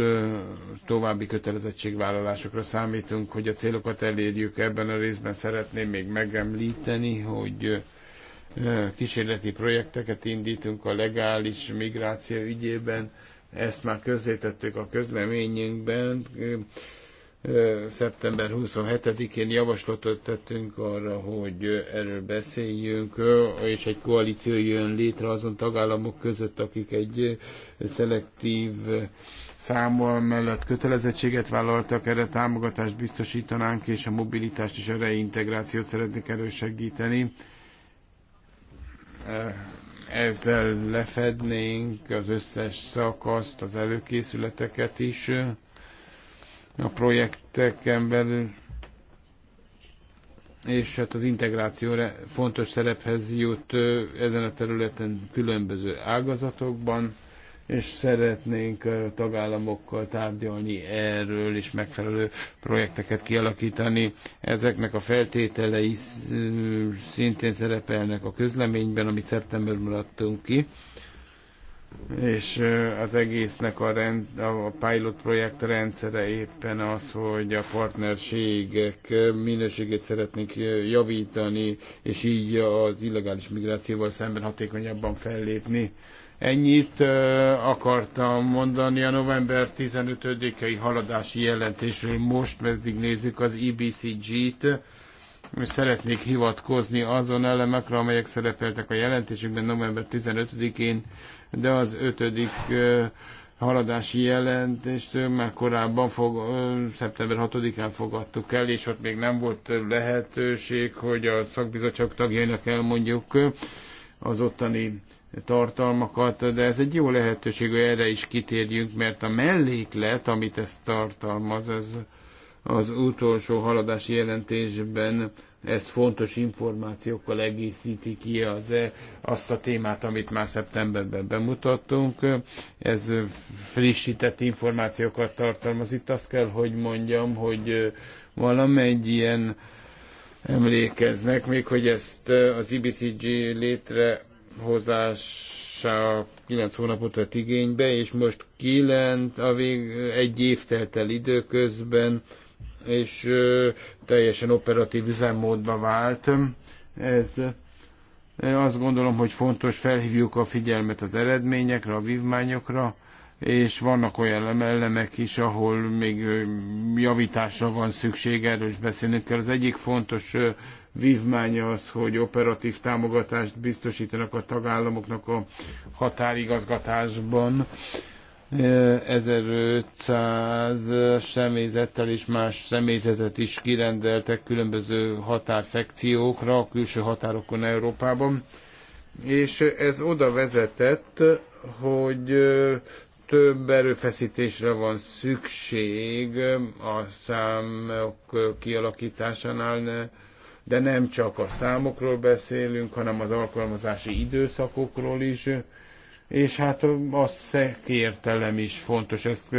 további kötelezettségvállalásokra számítunk, hogy a célokat elérjük. Ebben a részben szeretném még megemlíteni, hogy kísérleti projekteket indítunk a legális migráció ügyében, ezt már közzétettük a közleményünkben. Szeptember 27-én javaslatot tettünk arra, hogy erről beszéljünk, és egy koalíció jön létre azon tagállamok között, akik egy szelektív számol mellett kötelezettséget vállaltak, erre támogatást biztosítanánk, és a mobilitást és a reintegrációt szeretnék elősegíteni. Ezzel lefednénk az összes szakaszt, az előkészületeket is a projekteken belül, és hát az integráció fontos szerephez jut ezen a területen különböző ágazatokban és szeretnénk tagállamokkal tárgyalni erről, és megfelelő projekteket kialakítani. Ezeknek a feltételei szintén szerepelnek a közleményben, amit szeptemberben adtunk ki és az egésznek a, rend, a pilot projekt rendszere éppen az, hogy a partnerségek minőségét szeretnénk javítani, és így az illegális migrációval szemben hatékonyabban fellépni. Ennyit akartam mondani a november 15-i haladási jelentésről. Most pedig nézzük az EBCG-t. Szeretnék hivatkozni azon elemekre, amelyek szerepeltek a jelentésükben november 15-én, de az 5 haladási jelentést már korábban fog, szeptember 6-án fogadtuk el, és ott még nem volt lehetőség, hogy a szakbizottság tagjainak elmondjuk az ottani tartalmakat, de ez egy jó lehetőség, hogy erre is kitérjünk, mert a melléklet, amit ez tartalmaz, ez az utolsó haladási jelentésben ez fontos információkkal egészíti ki az, e, azt a témát, amit már szeptemberben bemutattunk. Ez frissített információkat tartalmaz. Itt azt kell, hogy mondjam, hogy e, valamegy ilyen emlékeznek, még hogy ezt e, az IBCG létre hozása 9 hónapot vett igénybe, és most 9, a vég, egy év telt el időközben, és ö, teljesen operatív üzemmódba vált. Ez azt gondolom, hogy fontos, felhívjuk a figyelmet az eredményekre, a vívmányokra, és vannak olyan elemek is, ahol még javításra van szükség, erről is beszélnünk kell. Az egyik fontos vívmánya az, hogy operatív támogatást biztosítanak a tagállamoknak a határigazgatásban. 1500 személyzettel és más személyzetet is kirendeltek különböző határszekciókra a külső határokon Európában. És ez oda vezetett, hogy több erőfeszítésre van szükség a számok kialakításánál, de nem csak a számokról beszélünk, hanem az alkalmazási időszakokról is, és hát a szakértelem is fontos, ezt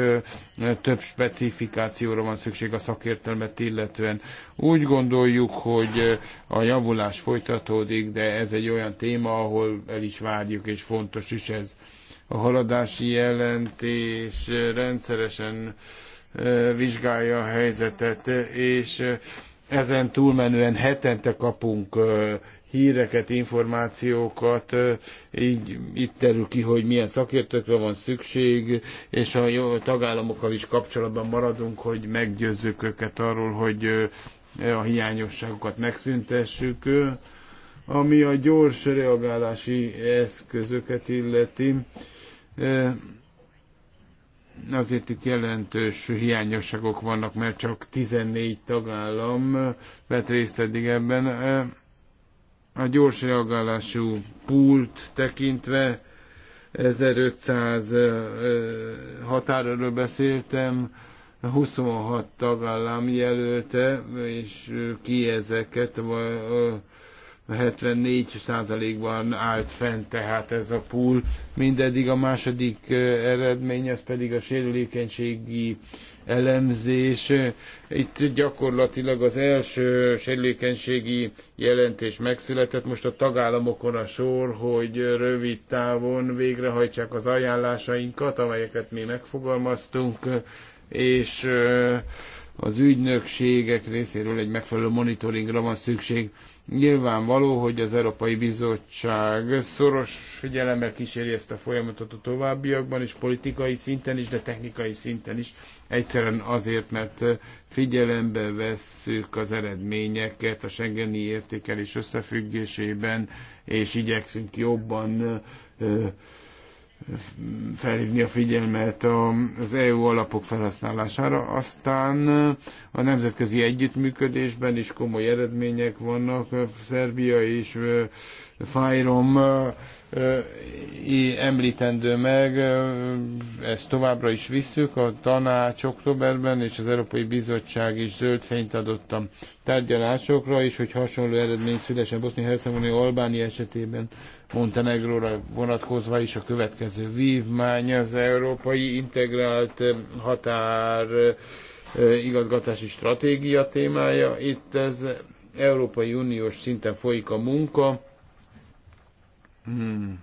több specifikációra van szükség a szakértelmet illetően. Úgy gondoljuk, hogy a javulás folytatódik, de ez egy olyan téma, ahol el is várjuk, és fontos is ez. A haladási jelentés rendszeresen vizsgálja a helyzetet, és ezen túlmenően hetente kapunk híreket, információkat, így itt terül ki, hogy milyen szakértőkre van szükség, és a jó tagállamokkal is kapcsolatban maradunk, hogy meggyőzzük őket arról, hogy a hiányosságokat megszüntessük. Ami a gyors reagálási eszközöket illeti, azért itt jelentős hiányosságok vannak, mert csak 14 tagállam vett részt eddig ebben. A gyors reagálású pult tekintve 1500 határőről beszéltem, 26 tagállam jelölte, és ki ezeket, vagy 74%-ban állt fent tehát ez a pool. Mindeddig a második eredmény, ez pedig a sérülékenységi elemzés. Itt gyakorlatilag az első sérülékenységi jelentés megszületett. Most a tagállamokon a sor, hogy rövid távon végrehajtsák az ajánlásainkat, amelyeket mi megfogalmaztunk, és az ügynökségek részéről egy megfelelő monitoringra van szükség. Nyilvánvaló, hogy az Európai Bizottság szoros figyelemmel kíséri ezt a folyamatot a továbbiakban is, politikai szinten is, de technikai szinten is. Egyszerűen azért, mert figyelembe vesszük az eredményeket a Schengeni értékelés összefüggésében, és igyekszünk jobban felhívni a figyelmet az EU alapok felhasználására. Aztán a nemzetközi együttműködésben is komoly eredmények vannak. Szerbia és fájrom említendő meg, ezt továbbra is visszük, a tanács októberben és az Európai Bizottság is zöld fényt adott a tárgyalásokra, és hogy hasonló eredmény szülesen Bosznia-Hercegovina Albáni esetében Montenegróra vonatkozva is a következő vívmány az európai integrált határ igazgatási stratégia témája. Itt ez Európai Uniós szinten folyik a munka, Hmm.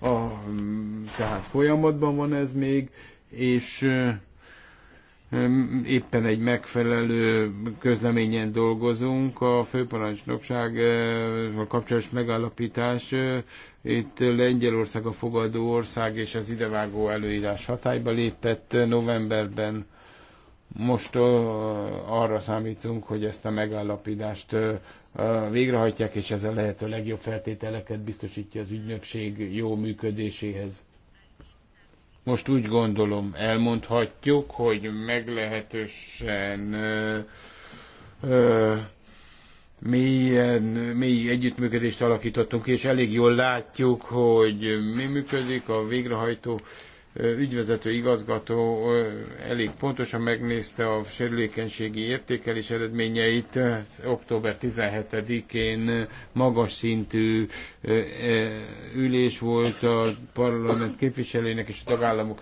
A, tehát folyamatban van ez még, és éppen egy megfelelő közleményen dolgozunk, a főparancsnokság a kapcsolatos megállapítás, itt Lengyelország a fogadó ország és az idevágó előírás hatályba lépett novemberben. Most arra számítunk, hogy ezt a megállapítást végrehajtják, és ez a lehető legjobb feltételeket biztosítja az ügynökség jó működéséhez. Most úgy gondolom, elmondhatjuk, hogy meglehetősen ö, ö, mélyen, mély együttműködést alakítottunk, és elég jól látjuk, hogy mi működik a végrehajtó ügyvezető igazgató elég pontosan megnézte a sérülékenységi értékelés eredményeit. Október 17-én magas szintű ülés volt a parlament képviselőinek és a tagállamok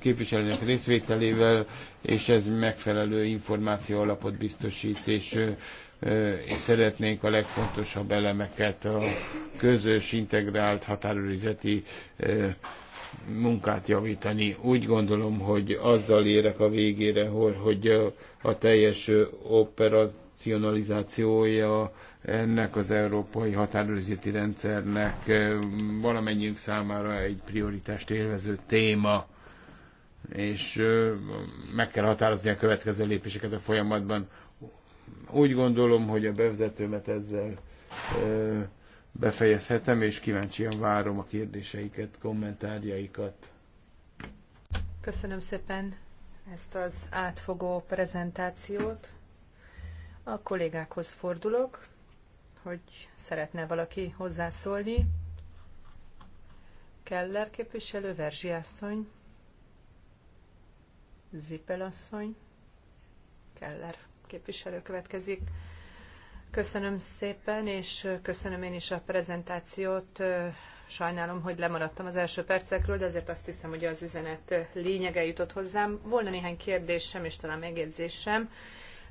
képviselőinek részvételével, és ez megfelelő információ alapot biztosít, és és szeretnénk a legfontosabb elemeket a közös integrált határőrizeti munkát javítani. Úgy gondolom, hogy azzal érek a végére, hogy a teljes operacionalizációja ennek az európai határőrzeti rendszernek valamennyiünk számára egy prioritást élvező téma, és meg kell határozni a következő lépéseket a folyamatban. Úgy gondolom, hogy a bevezetőmet ezzel befejezhetem, és kíváncsian várom a kérdéseiket, kommentárjaikat. Köszönöm szépen ezt az átfogó prezentációt. A kollégákhoz fordulok, hogy szeretne valaki hozzászólni. Keller képviselő, Verzsi asszony, Zipel asszony, Keller képviselő következik. Köszönöm szépen, és köszönöm én is a prezentációt. Sajnálom, hogy lemaradtam az első percekről, de azért azt hiszem, hogy az üzenet lényege jutott hozzám. Volna néhány kérdésem és talán megjegyzésem.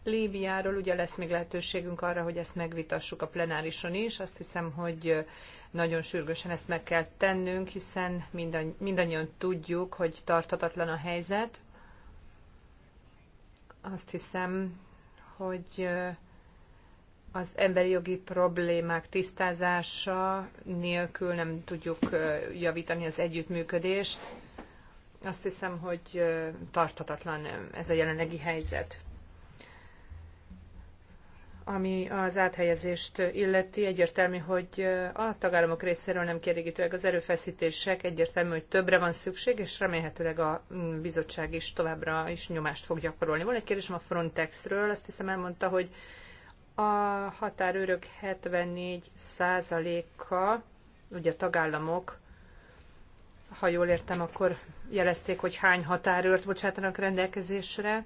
Líbiáról ugye lesz még lehetőségünk arra, hogy ezt megvitassuk a plenárison is. Azt hiszem, hogy nagyon sürgősen ezt meg kell tennünk, hiszen mindannyian tudjuk, hogy tarthatatlan a helyzet. Azt hiszem, hogy az emberi jogi problémák tisztázása nélkül nem tudjuk javítani az együttműködést. Azt hiszem, hogy tarthatatlan ez a jelenlegi helyzet. Ami az áthelyezést illeti, egyértelmű, hogy a tagállamok részéről nem kielégítőek az erőfeszítések, egyértelmű, hogy többre van szükség, és remélhetőleg a bizottság is továbbra is nyomást fog gyakorolni. Van egy kérdésem a Frontexről, azt hiszem elmondta, hogy a határőrök 74%-a, ugye a tagállamok, ha jól értem, akkor jelezték, hogy hány határőrt bocsátanak rendelkezésre,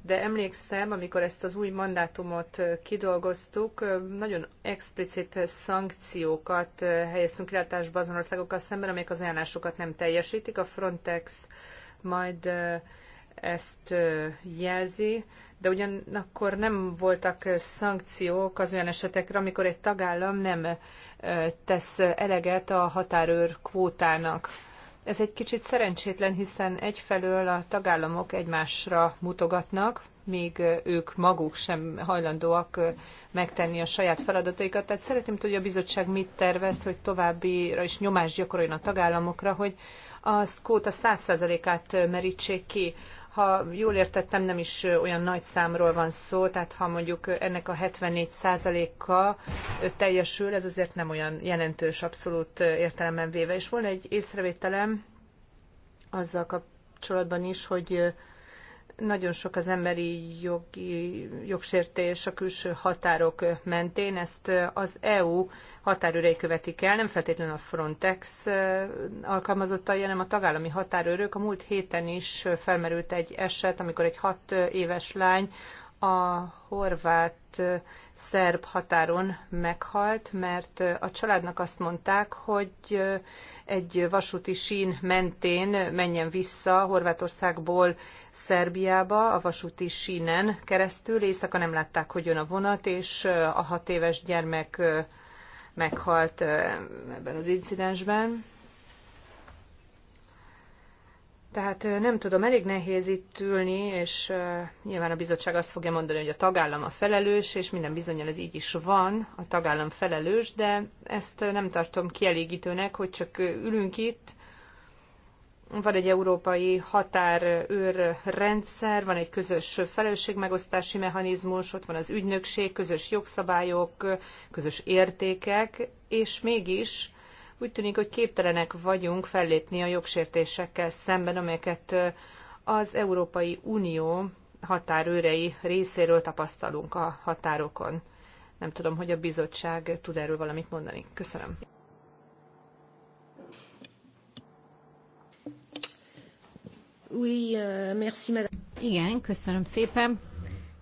de emlékszem, amikor ezt az új mandátumot kidolgoztuk, nagyon explicit szankciókat helyeztünk kilátásba azon országokkal szemben, amelyek az ajánlásokat nem teljesítik. A Frontex majd ezt jelzi, de ugyanakkor nem voltak szankciók az olyan esetekre, amikor egy tagállam nem tesz eleget a határőr kvótának. Ez egy kicsit szerencsétlen, hiszen egyfelől a tagállamok egymásra mutogatnak, még ők maguk sem hajlandóak megtenni a saját feladataikat. Tehát szeretném tudni, hogy a bizottság mit tervez, hogy továbbira is nyomást gyakoroljon a tagállamokra, hogy azt kóta 100%-át merítsék ki ha jól értettem, nem is olyan nagy számról van szó, tehát ha mondjuk ennek a 74%-a teljesül, ez azért nem olyan jelentős abszolút értelemben véve. És volna egy észrevételem azzal kapcsolatban is, hogy nagyon sok az emberi jogi, jogsértés a külső határok mentén, ezt az EU határőrei követik el, nem feltétlenül a Frontex alkalmazottai, hanem a tagállami határőrök. A múlt héten is felmerült egy eset, amikor egy hat éves lány a horvát-szerb határon meghalt, mert a családnak azt mondták, hogy egy vasúti sín mentén menjen vissza Horvátországból Szerbiába a vasúti sínen keresztül. Éjszaka nem látták, hogy jön a vonat, és a hat éves gyermek meghalt ebben az incidensben tehát nem tudom, elég nehéz itt ülni, és nyilván a bizottság azt fogja mondani, hogy a tagállam a felelős, és minden bizonyal ez így is van, a tagállam felelős, de ezt nem tartom kielégítőnek, hogy csak ülünk itt, van egy európai határőr rendszer, van egy közös felelősségmegosztási mechanizmus, ott van az ügynökség, közös jogszabályok, közös értékek, és mégis úgy tűnik, hogy képtelenek vagyunk fellépni a jogsértésekkel szemben, amelyeket az Európai Unió határőrei részéről tapasztalunk a határokon. Nem tudom, hogy a bizottság tud erről valamit mondani. Köszönöm. Oui, euh, merci, madame. Igen, köszönöm szépen,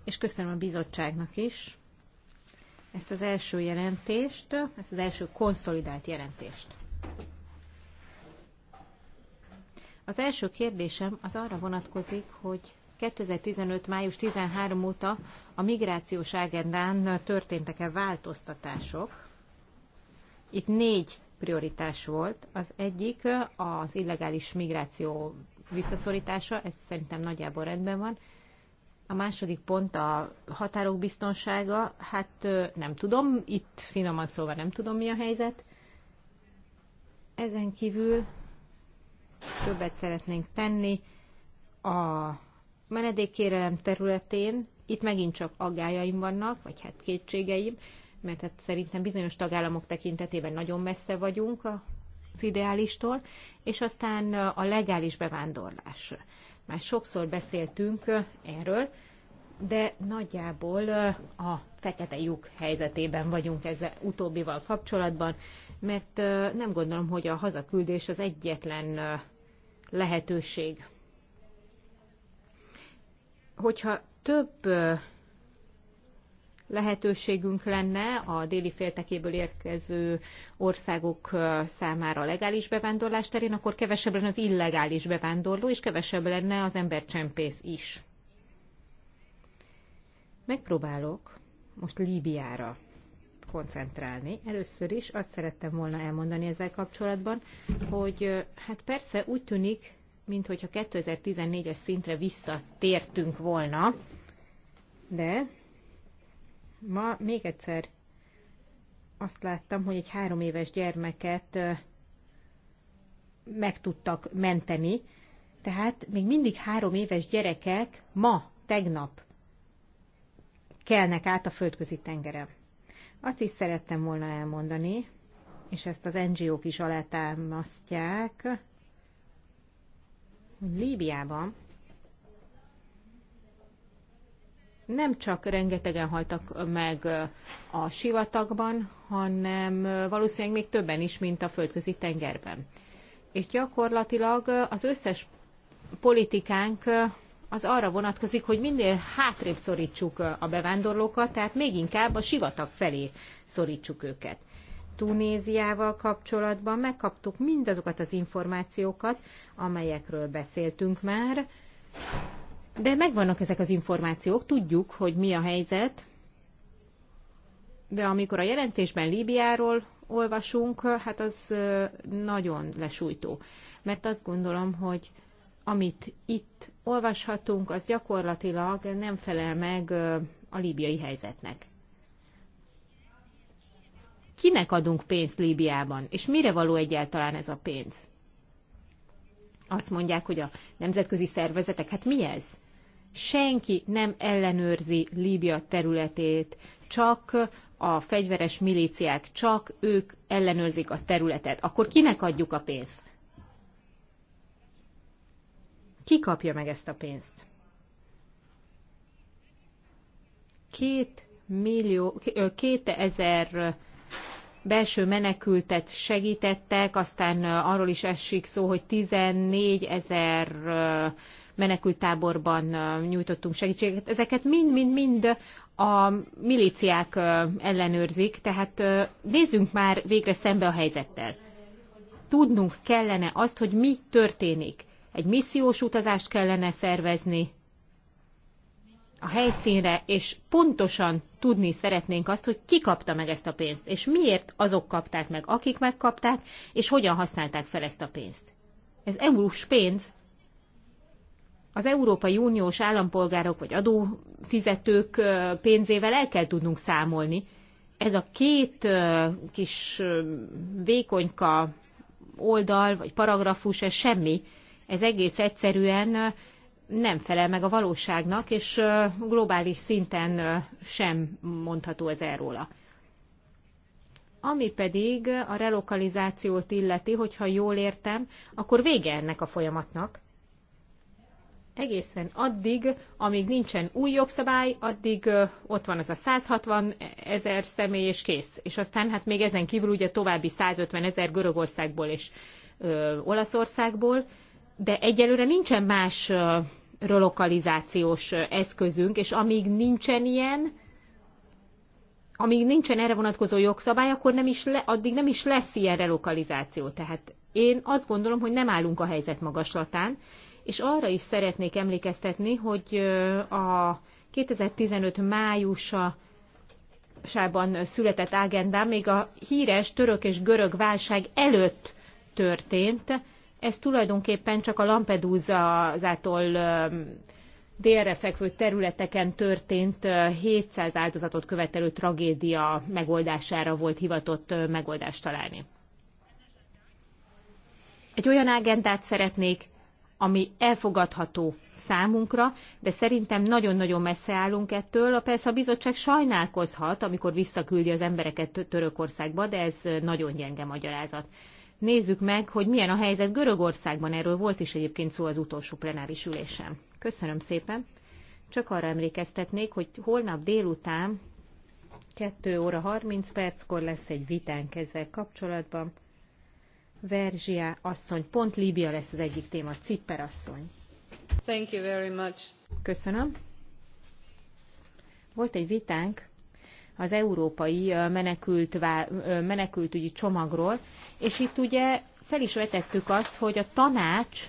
és köszönöm a bizottságnak is ezt az első jelentést, ezt az első konszolidált jelentést. Az első kérdésem az arra vonatkozik, hogy 2015. május 13 óta a migrációs agendán történtek-e változtatások. Itt négy prioritás volt. Az egyik az illegális migráció visszaszorítása, ez szerintem nagyjából rendben van. A második pont a határok biztonsága. Hát nem tudom, itt finoman szóval nem tudom, mi a helyzet. Ezen kívül többet szeretnénk tenni a menedékkérelem területén. Itt megint csak aggájaim vannak, vagy hát kétségeim, mert hát szerintem bizonyos tagállamok tekintetében nagyon messze vagyunk az ideálistól, és aztán a legális bevándorlás. Már sokszor beszéltünk erről, de nagyjából a fekete lyuk helyzetében vagyunk ezzel utóbbival kapcsolatban, mert nem gondolom, hogy a hazaküldés az egyetlen lehetőség. Hogyha több lehetőségünk lenne a déli féltekéből érkező országok számára legális bevándorlás terén, akkor kevesebb lenne az illegális bevándorló, és kevesebb lenne az embercsempész is. Megpróbálok most Líbiára koncentrálni. Először is azt szerettem volna elmondani ezzel kapcsolatban, hogy hát persze úgy tűnik, mintha 2014-es szintre visszatértünk volna, de Ma még egyszer azt láttam, hogy egy három éves gyermeket meg tudtak menteni, tehát még mindig három éves gyerekek ma, tegnap kelnek át a földközi tengeren. Azt is szerettem volna elmondani, és ezt az NGO-k is alátámasztják, hogy Líbiában nem csak rengetegen haltak meg a sivatagban, hanem valószínűleg még többen is, mint a földközi tengerben. És gyakorlatilag az összes politikánk az arra vonatkozik, hogy minél hátrébb szorítsuk a bevándorlókat, tehát még inkább a sivatag felé szorítsuk őket. Tunéziával kapcsolatban megkaptuk mindazokat az információkat, amelyekről beszéltünk már, de megvannak ezek az információk, tudjuk, hogy mi a helyzet, de amikor a jelentésben Líbiáról olvasunk, hát az nagyon lesújtó. Mert azt gondolom, hogy amit itt olvashatunk, az gyakorlatilag nem felel meg a líbiai helyzetnek. Kinek adunk pénzt Líbiában, és mire való egyáltalán ez a pénz? Azt mondják, hogy a nemzetközi szervezetek, hát mi ez? senki nem ellenőrzi Líbia területét, csak a fegyveres milíciák, csak ők ellenőrzik a területet. Akkor kinek adjuk a pénzt? Ki kapja meg ezt a pénzt? Két millió, két ezer belső menekültet segítettek, aztán arról is esik szó, hogy 14 ezer menekültáborban nyújtottunk segítséget. Ezeket mind-mind-mind a milíciák ellenőrzik, tehát nézzünk már végre szembe a helyzettel. Tudnunk kellene azt, hogy mi történik. Egy missziós utazást kellene szervezni a helyszínre, és pontosan tudni szeretnénk azt, hogy ki kapta meg ezt a pénzt, és miért azok kapták meg, akik megkapták, és hogyan használták fel ezt a pénzt. Ez eurós pénz, az Európai Uniós állampolgárok vagy adófizetők pénzével el kell tudnunk számolni. Ez a két kis vékonyka oldal vagy paragrafus, ez semmi. Ez egész egyszerűen nem felel meg a valóságnak, és globális szinten sem mondható ez erről. Ami pedig a relokalizációt illeti, hogyha jól értem, akkor vége ennek a folyamatnak egészen addig, amíg nincsen új jogszabály, addig ott van az a 160 ezer személy, és kész. És aztán hát még ezen kívül ugye további 150 ezer Görögországból és ö, Olaszországból, de egyelőre nincsen más ö, relokalizációs eszközünk, és amíg nincsen ilyen, amíg nincsen erre vonatkozó jogszabály, akkor nem is le, addig nem is lesz ilyen relokalizáció. Tehát én azt gondolom, hogy nem állunk a helyzet magaslatán, és arra is szeretnék emlékeztetni, hogy a 2015 májusa sában született ágendám még a híres török és görög válság előtt történt. Ez tulajdonképpen csak a Lampedusa-tól délre fekvő területeken történt 700 áldozatot követelő tragédia megoldására volt hivatott megoldást találni. Egy olyan agendát szeretnék, ami elfogadható számunkra, de szerintem nagyon-nagyon messze állunk ettől. Persze a bizottság sajnálkozhat, amikor visszaküldi az embereket Törökországba, de ez nagyon gyenge magyarázat. Nézzük meg, hogy milyen a helyzet Görögországban. Erről volt is egyébként szó az utolsó plenáris ülésen. Köszönöm szépen. Csak arra emlékeztetnék, hogy holnap délután 2 óra 30 perckor lesz egy vitánk ezzel kapcsolatban. Verzsia asszony, pont Líbia lesz az egyik téma, Cipper asszony. Thank you very much. Köszönöm. Volt egy vitánk az európai menekült, menekültügyi csomagról, és itt ugye fel is vetettük azt, hogy a tanács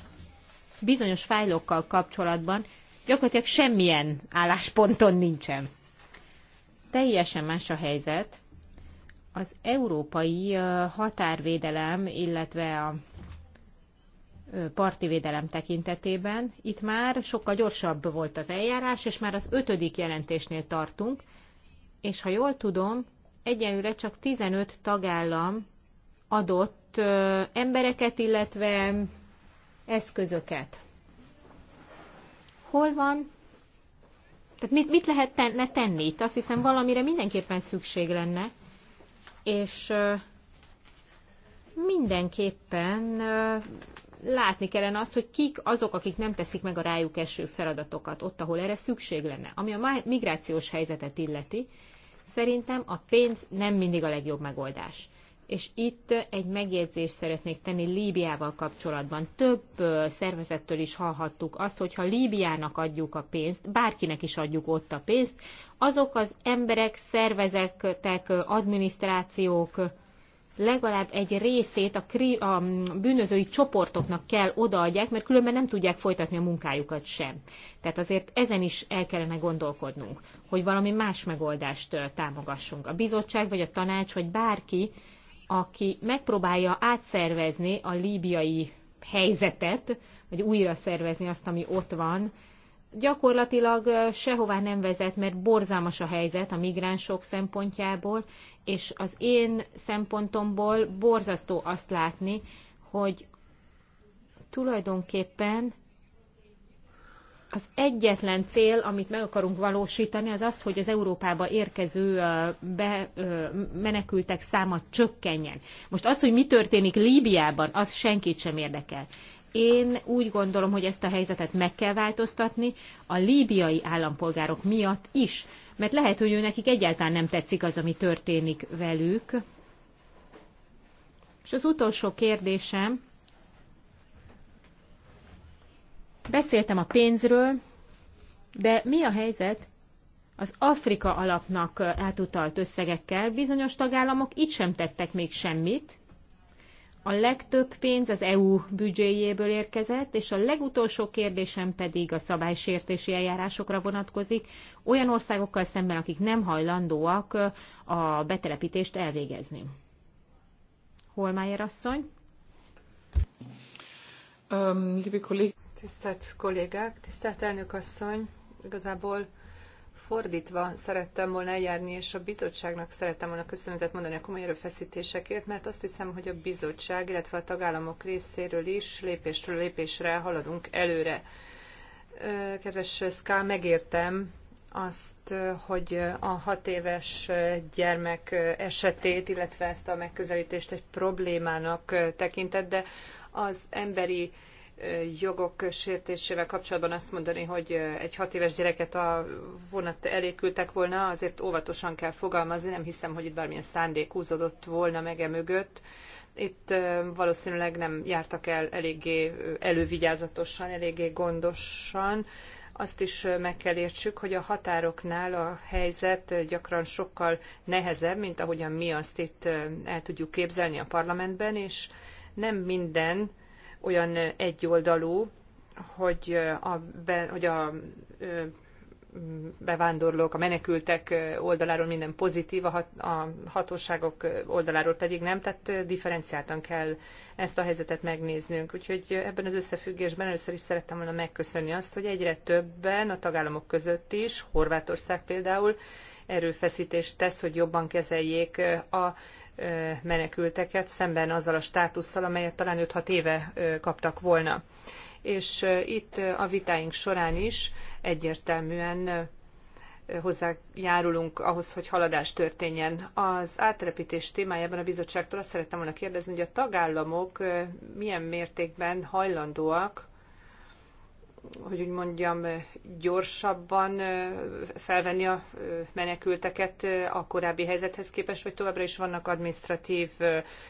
bizonyos fájlokkal kapcsolatban gyakorlatilag semmilyen állásponton nincsen. Teljesen más a helyzet az európai határvédelem, illetve a parti védelem tekintetében. Itt már sokkal gyorsabb volt az eljárás, és már az ötödik jelentésnél tartunk, és ha jól tudom, egyenlőre csak 15 tagállam adott embereket, illetve eszközöket. Hol van? Tehát mit, mit lehetne tenni itt? Azt hiszem valamire mindenképpen szükség lenne és mindenképpen látni kellene azt, hogy kik azok, akik nem teszik meg a rájuk eső feladatokat ott, ahol erre szükség lenne. Ami a migrációs helyzetet illeti, szerintem a pénz nem mindig a legjobb megoldás és itt egy megjegyzést szeretnék tenni Líbiával kapcsolatban. Több szervezettől is hallhattuk azt, hogy ha Líbiának adjuk a pénzt, bárkinek is adjuk ott a pénzt, azok az emberek, szervezetek, adminisztrációk legalább egy részét a, kri- a bűnözői csoportoknak kell odaadják, mert különben nem tudják folytatni a munkájukat sem. Tehát azért ezen is el kellene gondolkodnunk, hogy valami más megoldást támogassunk. A bizottság, vagy a tanács, vagy bárki, aki megpróbálja átszervezni a líbiai helyzetet, vagy újra szervezni azt, ami ott van, gyakorlatilag sehová nem vezet, mert borzalmas a helyzet a migránsok szempontjából, és az én szempontomból borzasztó azt látni, hogy tulajdonképpen az egyetlen cél, amit meg akarunk valósítani, az az, hogy az Európába érkező be, menekültek száma csökkenjen. Most az, hogy mi történik Líbiában, az senkit sem érdekel. Én úgy gondolom, hogy ezt a helyzetet meg kell változtatni a líbiai állampolgárok miatt is, mert lehet, hogy ő nekik egyáltalán nem tetszik az, ami történik velük. És az utolsó kérdésem, Beszéltem a pénzről, de mi a helyzet az Afrika alapnak átutalt összegekkel? Bizonyos tagállamok itt sem tettek még semmit. A legtöbb pénz az EU büdzséjéből érkezett, és a legutolsó kérdésem pedig a szabálysértési eljárásokra vonatkozik, olyan országokkal szemben, akik nem hajlandóak a betelepítést elvégezni. Holmájer asszony? Um, Tisztelt kollégák, tisztelt elnök asszony, igazából fordítva szerettem volna eljárni, és a bizottságnak szerettem volna köszönetet mondani a komoly erőfeszítésekért, mert azt hiszem, hogy a bizottság, illetve a tagállamok részéről is lépésről lépésre haladunk előre. Kedves Ská, megértem azt, hogy a hat éves gyermek esetét, illetve ezt a megközelítést egy problémának tekintett, de az emberi jogok sértésével kapcsolatban azt mondani, hogy egy hat éves gyereket a vonat elé küldtek volna, azért óvatosan kell fogalmazni, nem hiszem, hogy itt bármilyen szándék húzódott volna meg e mögött. Itt valószínűleg nem jártak el eléggé elővigyázatosan, eléggé gondosan. Azt is meg kell értsük, hogy a határoknál a helyzet gyakran sokkal nehezebb, mint ahogyan mi azt itt el tudjuk képzelni a parlamentben, és nem minden olyan egyoldalú, hogy a, be, hogy a bevándorlók, a menekültek oldaláról minden pozitív, a, hatóságok oldaláról pedig nem, tehát differenciáltan kell ezt a helyzetet megnéznünk. Úgyhogy ebben az összefüggésben először is szerettem volna megköszönni azt, hogy egyre többen a tagállamok között is, Horvátország például, erőfeszítést tesz, hogy jobban kezeljék a menekülteket szemben azzal a státusszal, amelyet talán 5-6 éve kaptak volna. És itt a vitáink során is egyértelműen hozzájárulunk ahhoz, hogy haladás történjen. Az átrepítés témájában a bizottságtól azt szerettem volna kérdezni, hogy a tagállamok milyen mértékben hajlandóak hogy úgy mondjam, gyorsabban felvenni a menekülteket a korábbi helyzethez képest, vagy továbbra is vannak administratív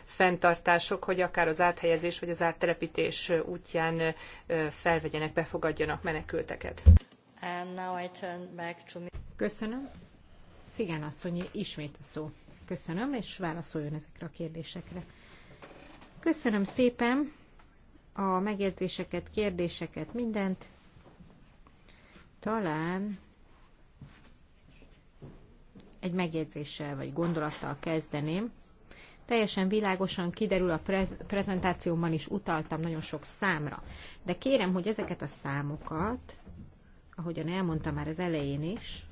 fenntartások, hogy akár az áthelyezés vagy az áttelepítés útján felvegyenek, befogadjanak menekülteket. To... Köszönöm. Szigán asszony, ismét a szó. Köszönöm, és válaszoljon ezekre a kérdésekre. Köszönöm szépen a megjegyzéseket, kérdéseket, mindent. Talán egy megjegyzéssel vagy gondolattal kezdeném. Teljesen világosan kiderül a prez- prezentációmban is utaltam nagyon sok számra. De kérem, hogy ezeket a számokat, ahogyan elmondtam már az elején is,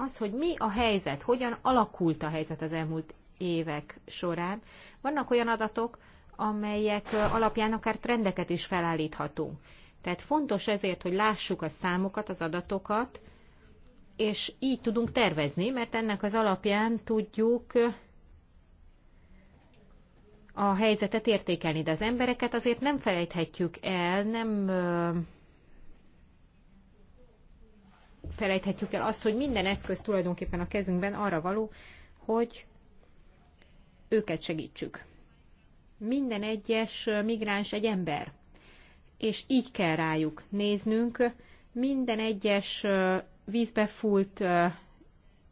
az, hogy mi a helyzet, hogyan alakult a helyzet az elmúlt évek során. Vannak olyan adatok, amelyek alapján akár trendeket is felállíthatunk. Tehát fontos ezért, hogy lássuk a számokat, az adatokat, és így tudunk tervezni, mert ennek az alapján tudjuk a helyzetet értékelni. De az embereket azért nem felejthetjük el, nem felejthetjük el azt, hogy minden eszköz tulajdonképpen a kezünkben arra való, hogy őket segítsük. Minden egyes migráns egy ember, és így kell rájuk néznünk. Minden egyes vízbe fúlt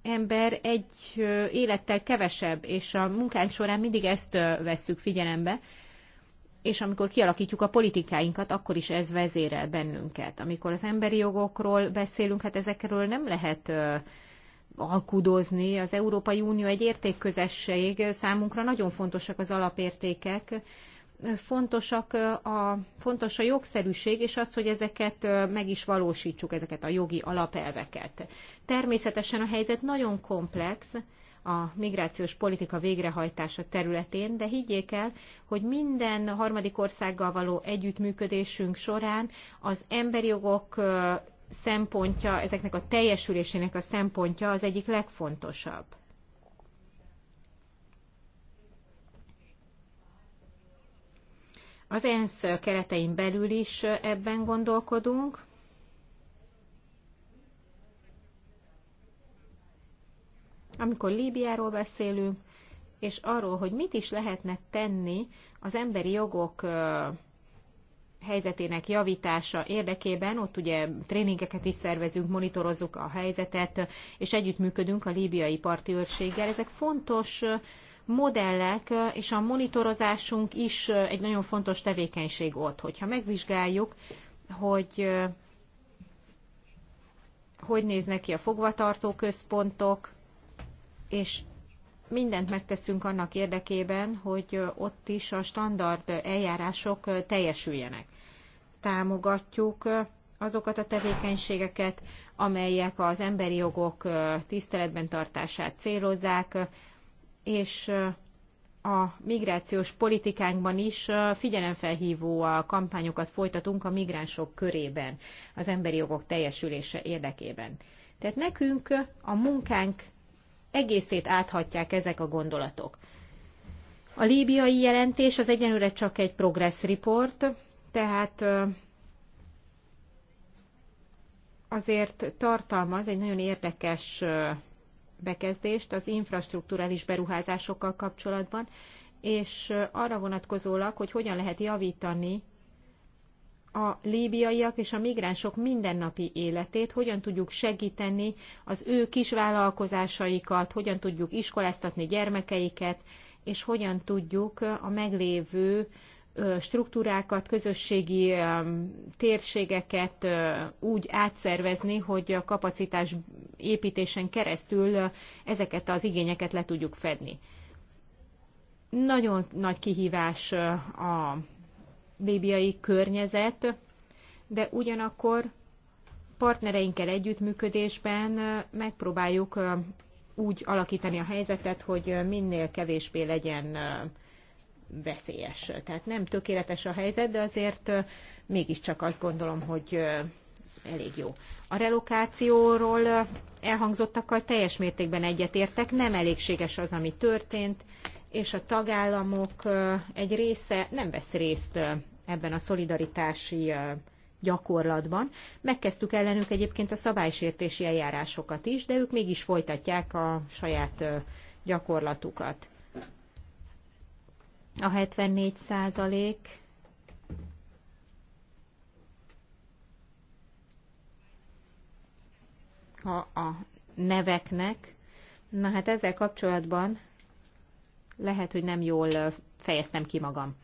ember egy élettel kevesebb, és a munkánk során mindig ezt vesszük figyelembe, és amikor kialakítjuk a politikáinkat, akkor is ez vezérel bennünket. Amikor az emberi jogokról beszélünk, hát ezekről nem lehet alkudozni. Az Európai Unió egy értékközesség, számunkra nagyon fontosak az alapértékek, fontosak a, fontos a jogszerűség, és az, hogy ezeket meg is valósítsuk, ezeket a jogi alapelveket. Természetesen a helyzet nagyon komplex, a migrációs politika végrehajtása területén, de higgyék el, hogy minden harmadik országgal való együttműködésünk során az emberi jogok szempontja, ezeknek a teljesülésének a szempontja az egyik legfontosabb. Az ENSZ keretein belül is ebben gondolkodunk, amikor Líbiáról beszélünk, és arról, hogy mit is lehetne tenni az emberi jogok helyzetének javítása érdekében, ott ugye tréningeket is szervezünk, monitorozzuk a helyzetet, és együttműködünk a líbiai parti őrséggel. Ezek fontos modellek, és a monitorozásunk is egy nagyon fontos tevékenység ott, hogyha megvizsgáljuk, hogy hogy néznek ki a fogvatartó központok, és mindent megteszünk annak érdekében, hogy ott is a standard eljárások teljesüljenek. Támogatjuk azokat a tevékenységeket, amelyek az emberi jogok tiszteletben tartását célozzák, és a migrációs politikánkban is figyelemfelhívó kampányokat folytatunk a migránsok körében az emberi jogok teljesülése érdekében. Tehát nekünk a munkánk egészét áthatják ezek a gondolatok. A líbiai jelentés az egyenlőre csak egy progress report, tehát azért tartalmaz egy nagyon érdekes bekezdést az infrastruktúrális beruházásokkal kapcsolatban, és arra vonatkozólag, hogy hogyan lehet javítani a líbiaiak és a migránsok mindennapi életét, hogyan tudjuk segíteni az ő kisvállalkozásaikat, hogyan tudjuk iskoláztatni gyermekeiket, és hogyan tudjuk a meglévő struktúrákat, közösségi térségeket úgy átszervezni, hogy a kapacitás építésen keresztül ezeket az igényeket le tudjuk fedni. Nagyon nagy kihívás a líbiai környezet, de ugyanakkor partnereinkkel együttműködésben megpróbáljuk úgy alakítani a helyzetet, hogy minél kevésbé legyen veszélyes. Tehát nem tökéletes a helyzet, de azért mégiscsak azt gondolom, hogy elég jó. A relokációról elhangzottakkal teljes mértékben egyetértek, nem elégséges az, ami történt, és a tagállamok egy része nem vesz részt ebben a szolidaritási gyakorlatban. Megkezdtük ellenük egyébként a szabálysértési eljárásokat is, de ők mégis folytatják a saját gyakorlatukat. A 74 százalék a neveknek. Na hát ezzel kapcsolatban lehet, hogy nem jól fejeztem ki magam.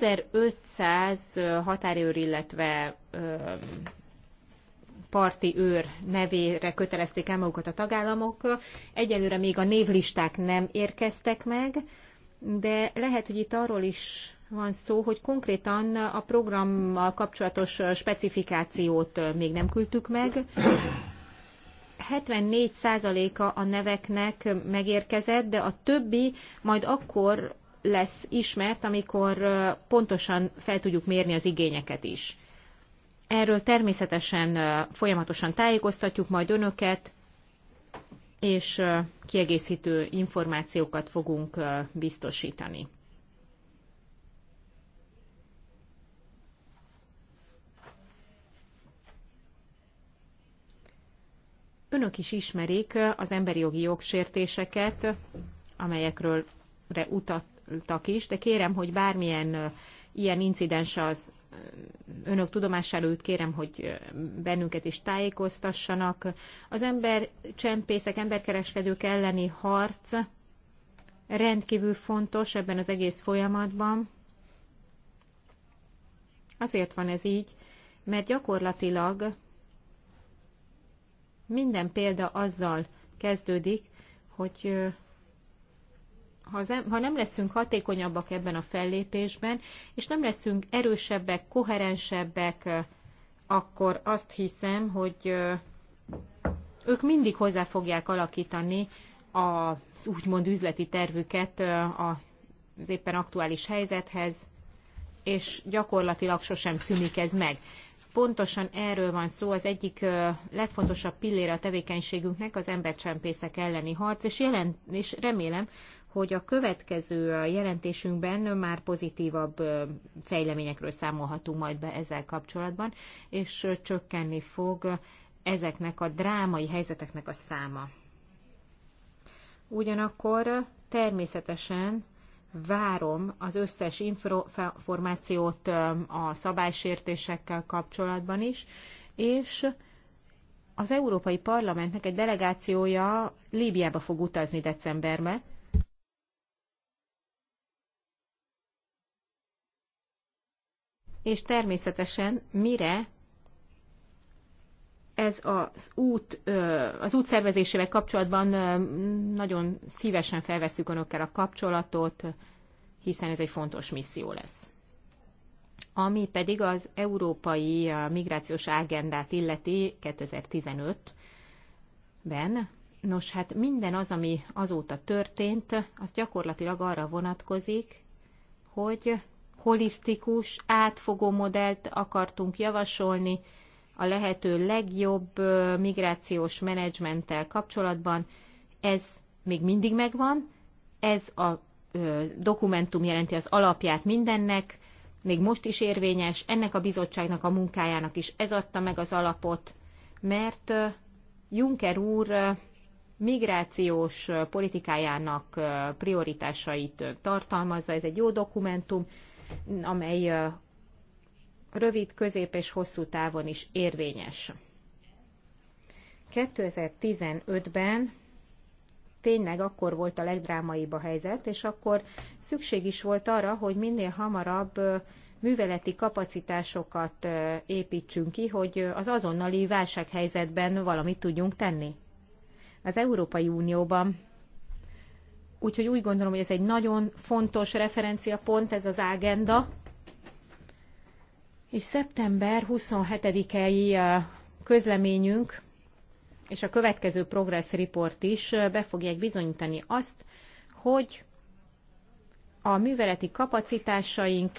...1500 határőr, illetve parti őr nevére kötelezték el magukat a tagállamok. Egyelőre még a névlisták nem érkeztek meg, de lehet, hogy itt arról is van szó, hogy konkrétan a programmal kapcsolatos specifikációt még nem küldtük meg. 74%-a a neveknek megérkezett, de a többi majd akkor lesz ismert, amikor pontosan fel tudjuk mérni az igényeket is. Erről természetesen folyamatosan tájékoztatjuk majd önöket, és kiegészítő információkat fogunk biztosítani. Önök is ismerik az emberi jogi jogsértéseket, amelyekről utaltak is, de kérem, hogy bármilyen ilyen incidens az önök tudomására őt kérem, hogy bennünket is tájékoztassanak. Az ember csempészek, emberkereskedők elleni harc rendkívül fontos ebben az egész folyamatban. Azért van ez így, mert gyakorlatilag minden példa azzal kezdődik, hogy ha, nem leszünk hatékonyabbak ebben a fellépésben, és nem leszünk erősebbek, koherensebbek, akkor azt hiszem, hogy ők mindig hozzá fogják alakítani az úgymond üzleti tervüket az éppen aktuális helyzethez, és gyakorlatilag sosem szűnik ez meg pontosan erről van szó, az egyik legfontosabb pillére a tevékenységünknek az embercsempészek elleni harc, és, jelent, és remélem, hogy a következő jelentésünkben már pozitívabb fejleményekről számolhatunk majd be ezzel kapcsolatban, és csökkenni fog ezeknek a drámai helyzeteknek a száma. Ugyanakkor természetesen várom az összes információt a szabálysértésekkel kapcsolatban is, és az Európai Parlamentnek egy delegációja Líbiába fog utazni decemberbe. És természetesen mire ez az út, az út szervezésével kapcsolatban nagyon szívesen felveszük önökkel a kapcsolatot, hiszen ez egy fontos misszió lesz. Ami pedig az európai migrációs Agendát illeti 2015-ben, nos hát minden az, ami azóta történt, az gyakorlatilag arra vonatkozik, hogy holisztikus, átfogó modellt akartunk javasolni, a lehető legjobb migrációs menedzsmenttel kapcsolatban. Ez még mindig megvan, ez a dokumentum jelenti az alapját mindennek, még most is érvényes, ennek a bizottságnak a munkájának is ez adta meg az alapot, mert Juncker úr migrációs politikájának prioritásait tartalmazza. Ez egy jó dokumentum, amely rövid, közép és hosszú távon is érvényes. 2015-ben tényleg akkor volt a legdrámaibb a helyzet, és akkor szükség is volt arra, hogy minél hamarabb műveleti kapacitásokat építsünk ki, hogy az azonnali válsághelyzetben valamit tudjunk tenni. Az Európai Unióban. Úgyhogy úgy gondolom, hogy ez egy nagyon fontos referenciapont, ez az ágenda, és szeptember 27-i közleményünk és a következő Progress Report is be fogják bizonyítani azt, hogy a műveleti kapacitásaink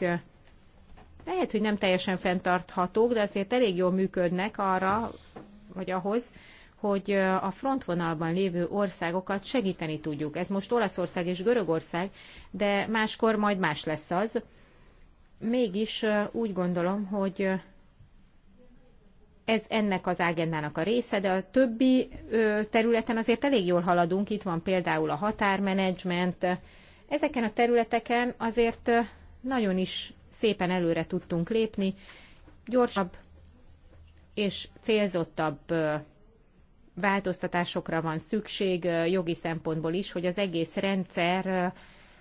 lehet, hogy nem teljesen fenntarthatók, de azért elég jól működnek arra, vagy ahhoz, hogy a frontvonalban lévő országokat segíteni tudjuk. Ez most Olaszország és Görögország, de máskor majd más lesz az mégis úgy gondolom, hogy ez ennek az ágendának a része, de a többi területen azért elég jól haladunk. Itt van például a határmenedzsment. Ezeken a területeken azért nagyon is szépen előre tudtunk lépni. Gyorsabb és célzottabb változtatásokra van szükség jogi szempontból is, hogy az egész rendszer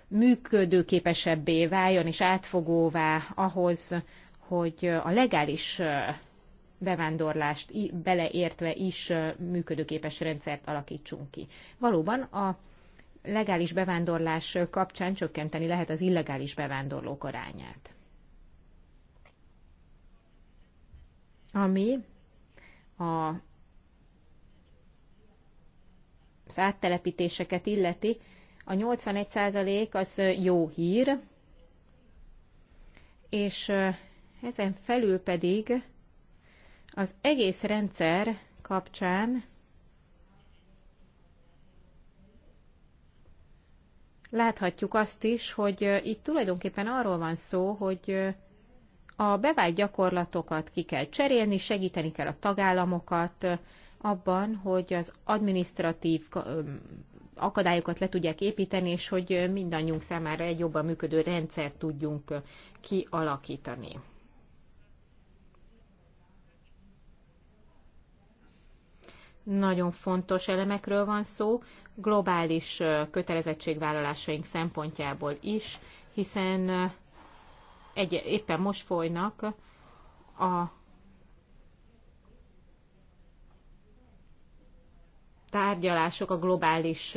működőképesebbé váljon és átfogóvá ahhoz, hogy a legális bevándorlást beleértve is működőképes rendszert alakítsunk ki. Valóban a legális bevándorlás kapcsán csökkenteni lehet az illegális bevándorlók arányát. Ami a az áttelepítéseket illeti, a 81% az jó hír, és ezen felül pedig az egész rendszer kapcsán láthatjuk azt is, hogy itt tulajdonképpen arról van szó, hogy a bevált gyakorlatokat ki kell cserélni, segíteni kell a tagállamokat abban, hogy az administratív akadályokat le tudják építeni, és hogy mindannyiunk számára egy jobban működő rendszer tudjunk kialakítani. Nagyon fontos elemekről van szó, globális kötelezettségvállalásaink szempontjából is, hiszen egy, éppen most folynak a tárgyalások a globális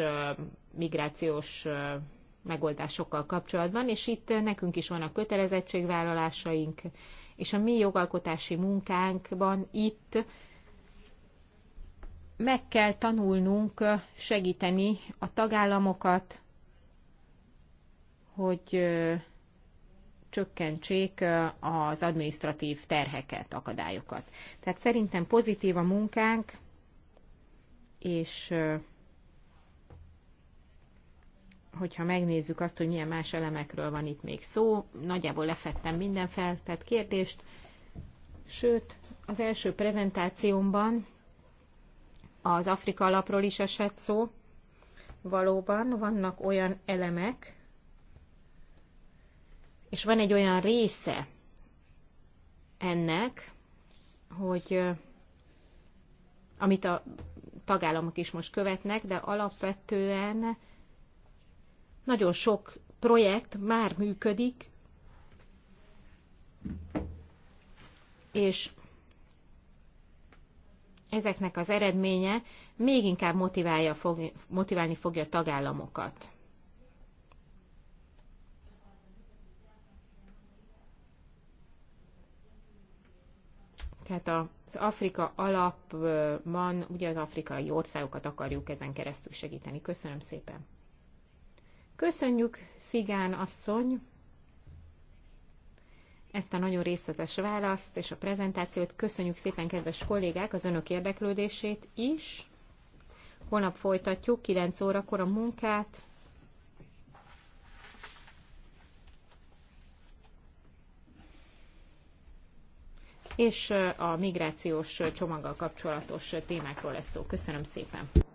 migrációs megoldásokkal kapcsolatban, és itt nekünk is vannak kötelezettségvállalásaink, és a mi jogalkotási munkánkban itt meg kell tanulnunk segíteni a tagállamokat, hogy csökkentsék az administratív terheket, akadályokat. Tehát szerintem pozitív a munkánk, és hogyha megnézzük azt, hogy milyen más elemekről van itt még szó, nagyjából lefettem minden feltett kérdést, sőt, az első prezentációmban az Afrika alapról is esett szó, valóban vannak olyan elemek, és van egy olyan része ennek, hogy amit a tagállamok is most követnek, de alapvetően nagyon sok projekt már működik, és ezeknek az eredménye még inkább motiválja, fog, motiválni fogja a tagállamokat. Tehát a az Afrika alapban ugye az afrikai országokat akarjuk ezen keresztül segíteni. Köszönöm szépen. Köszönjük, Szigán asszony, ezt a nagyon részletes választ és a prezentációt. Köszönjük szépen, kedves kollégák, az önök érdeklődését is. Holnap folytatjuk 9 órakor a munkát. és a migrációs csomaggal kapcsolatos témákról lesz szó. Köszönöm szépen!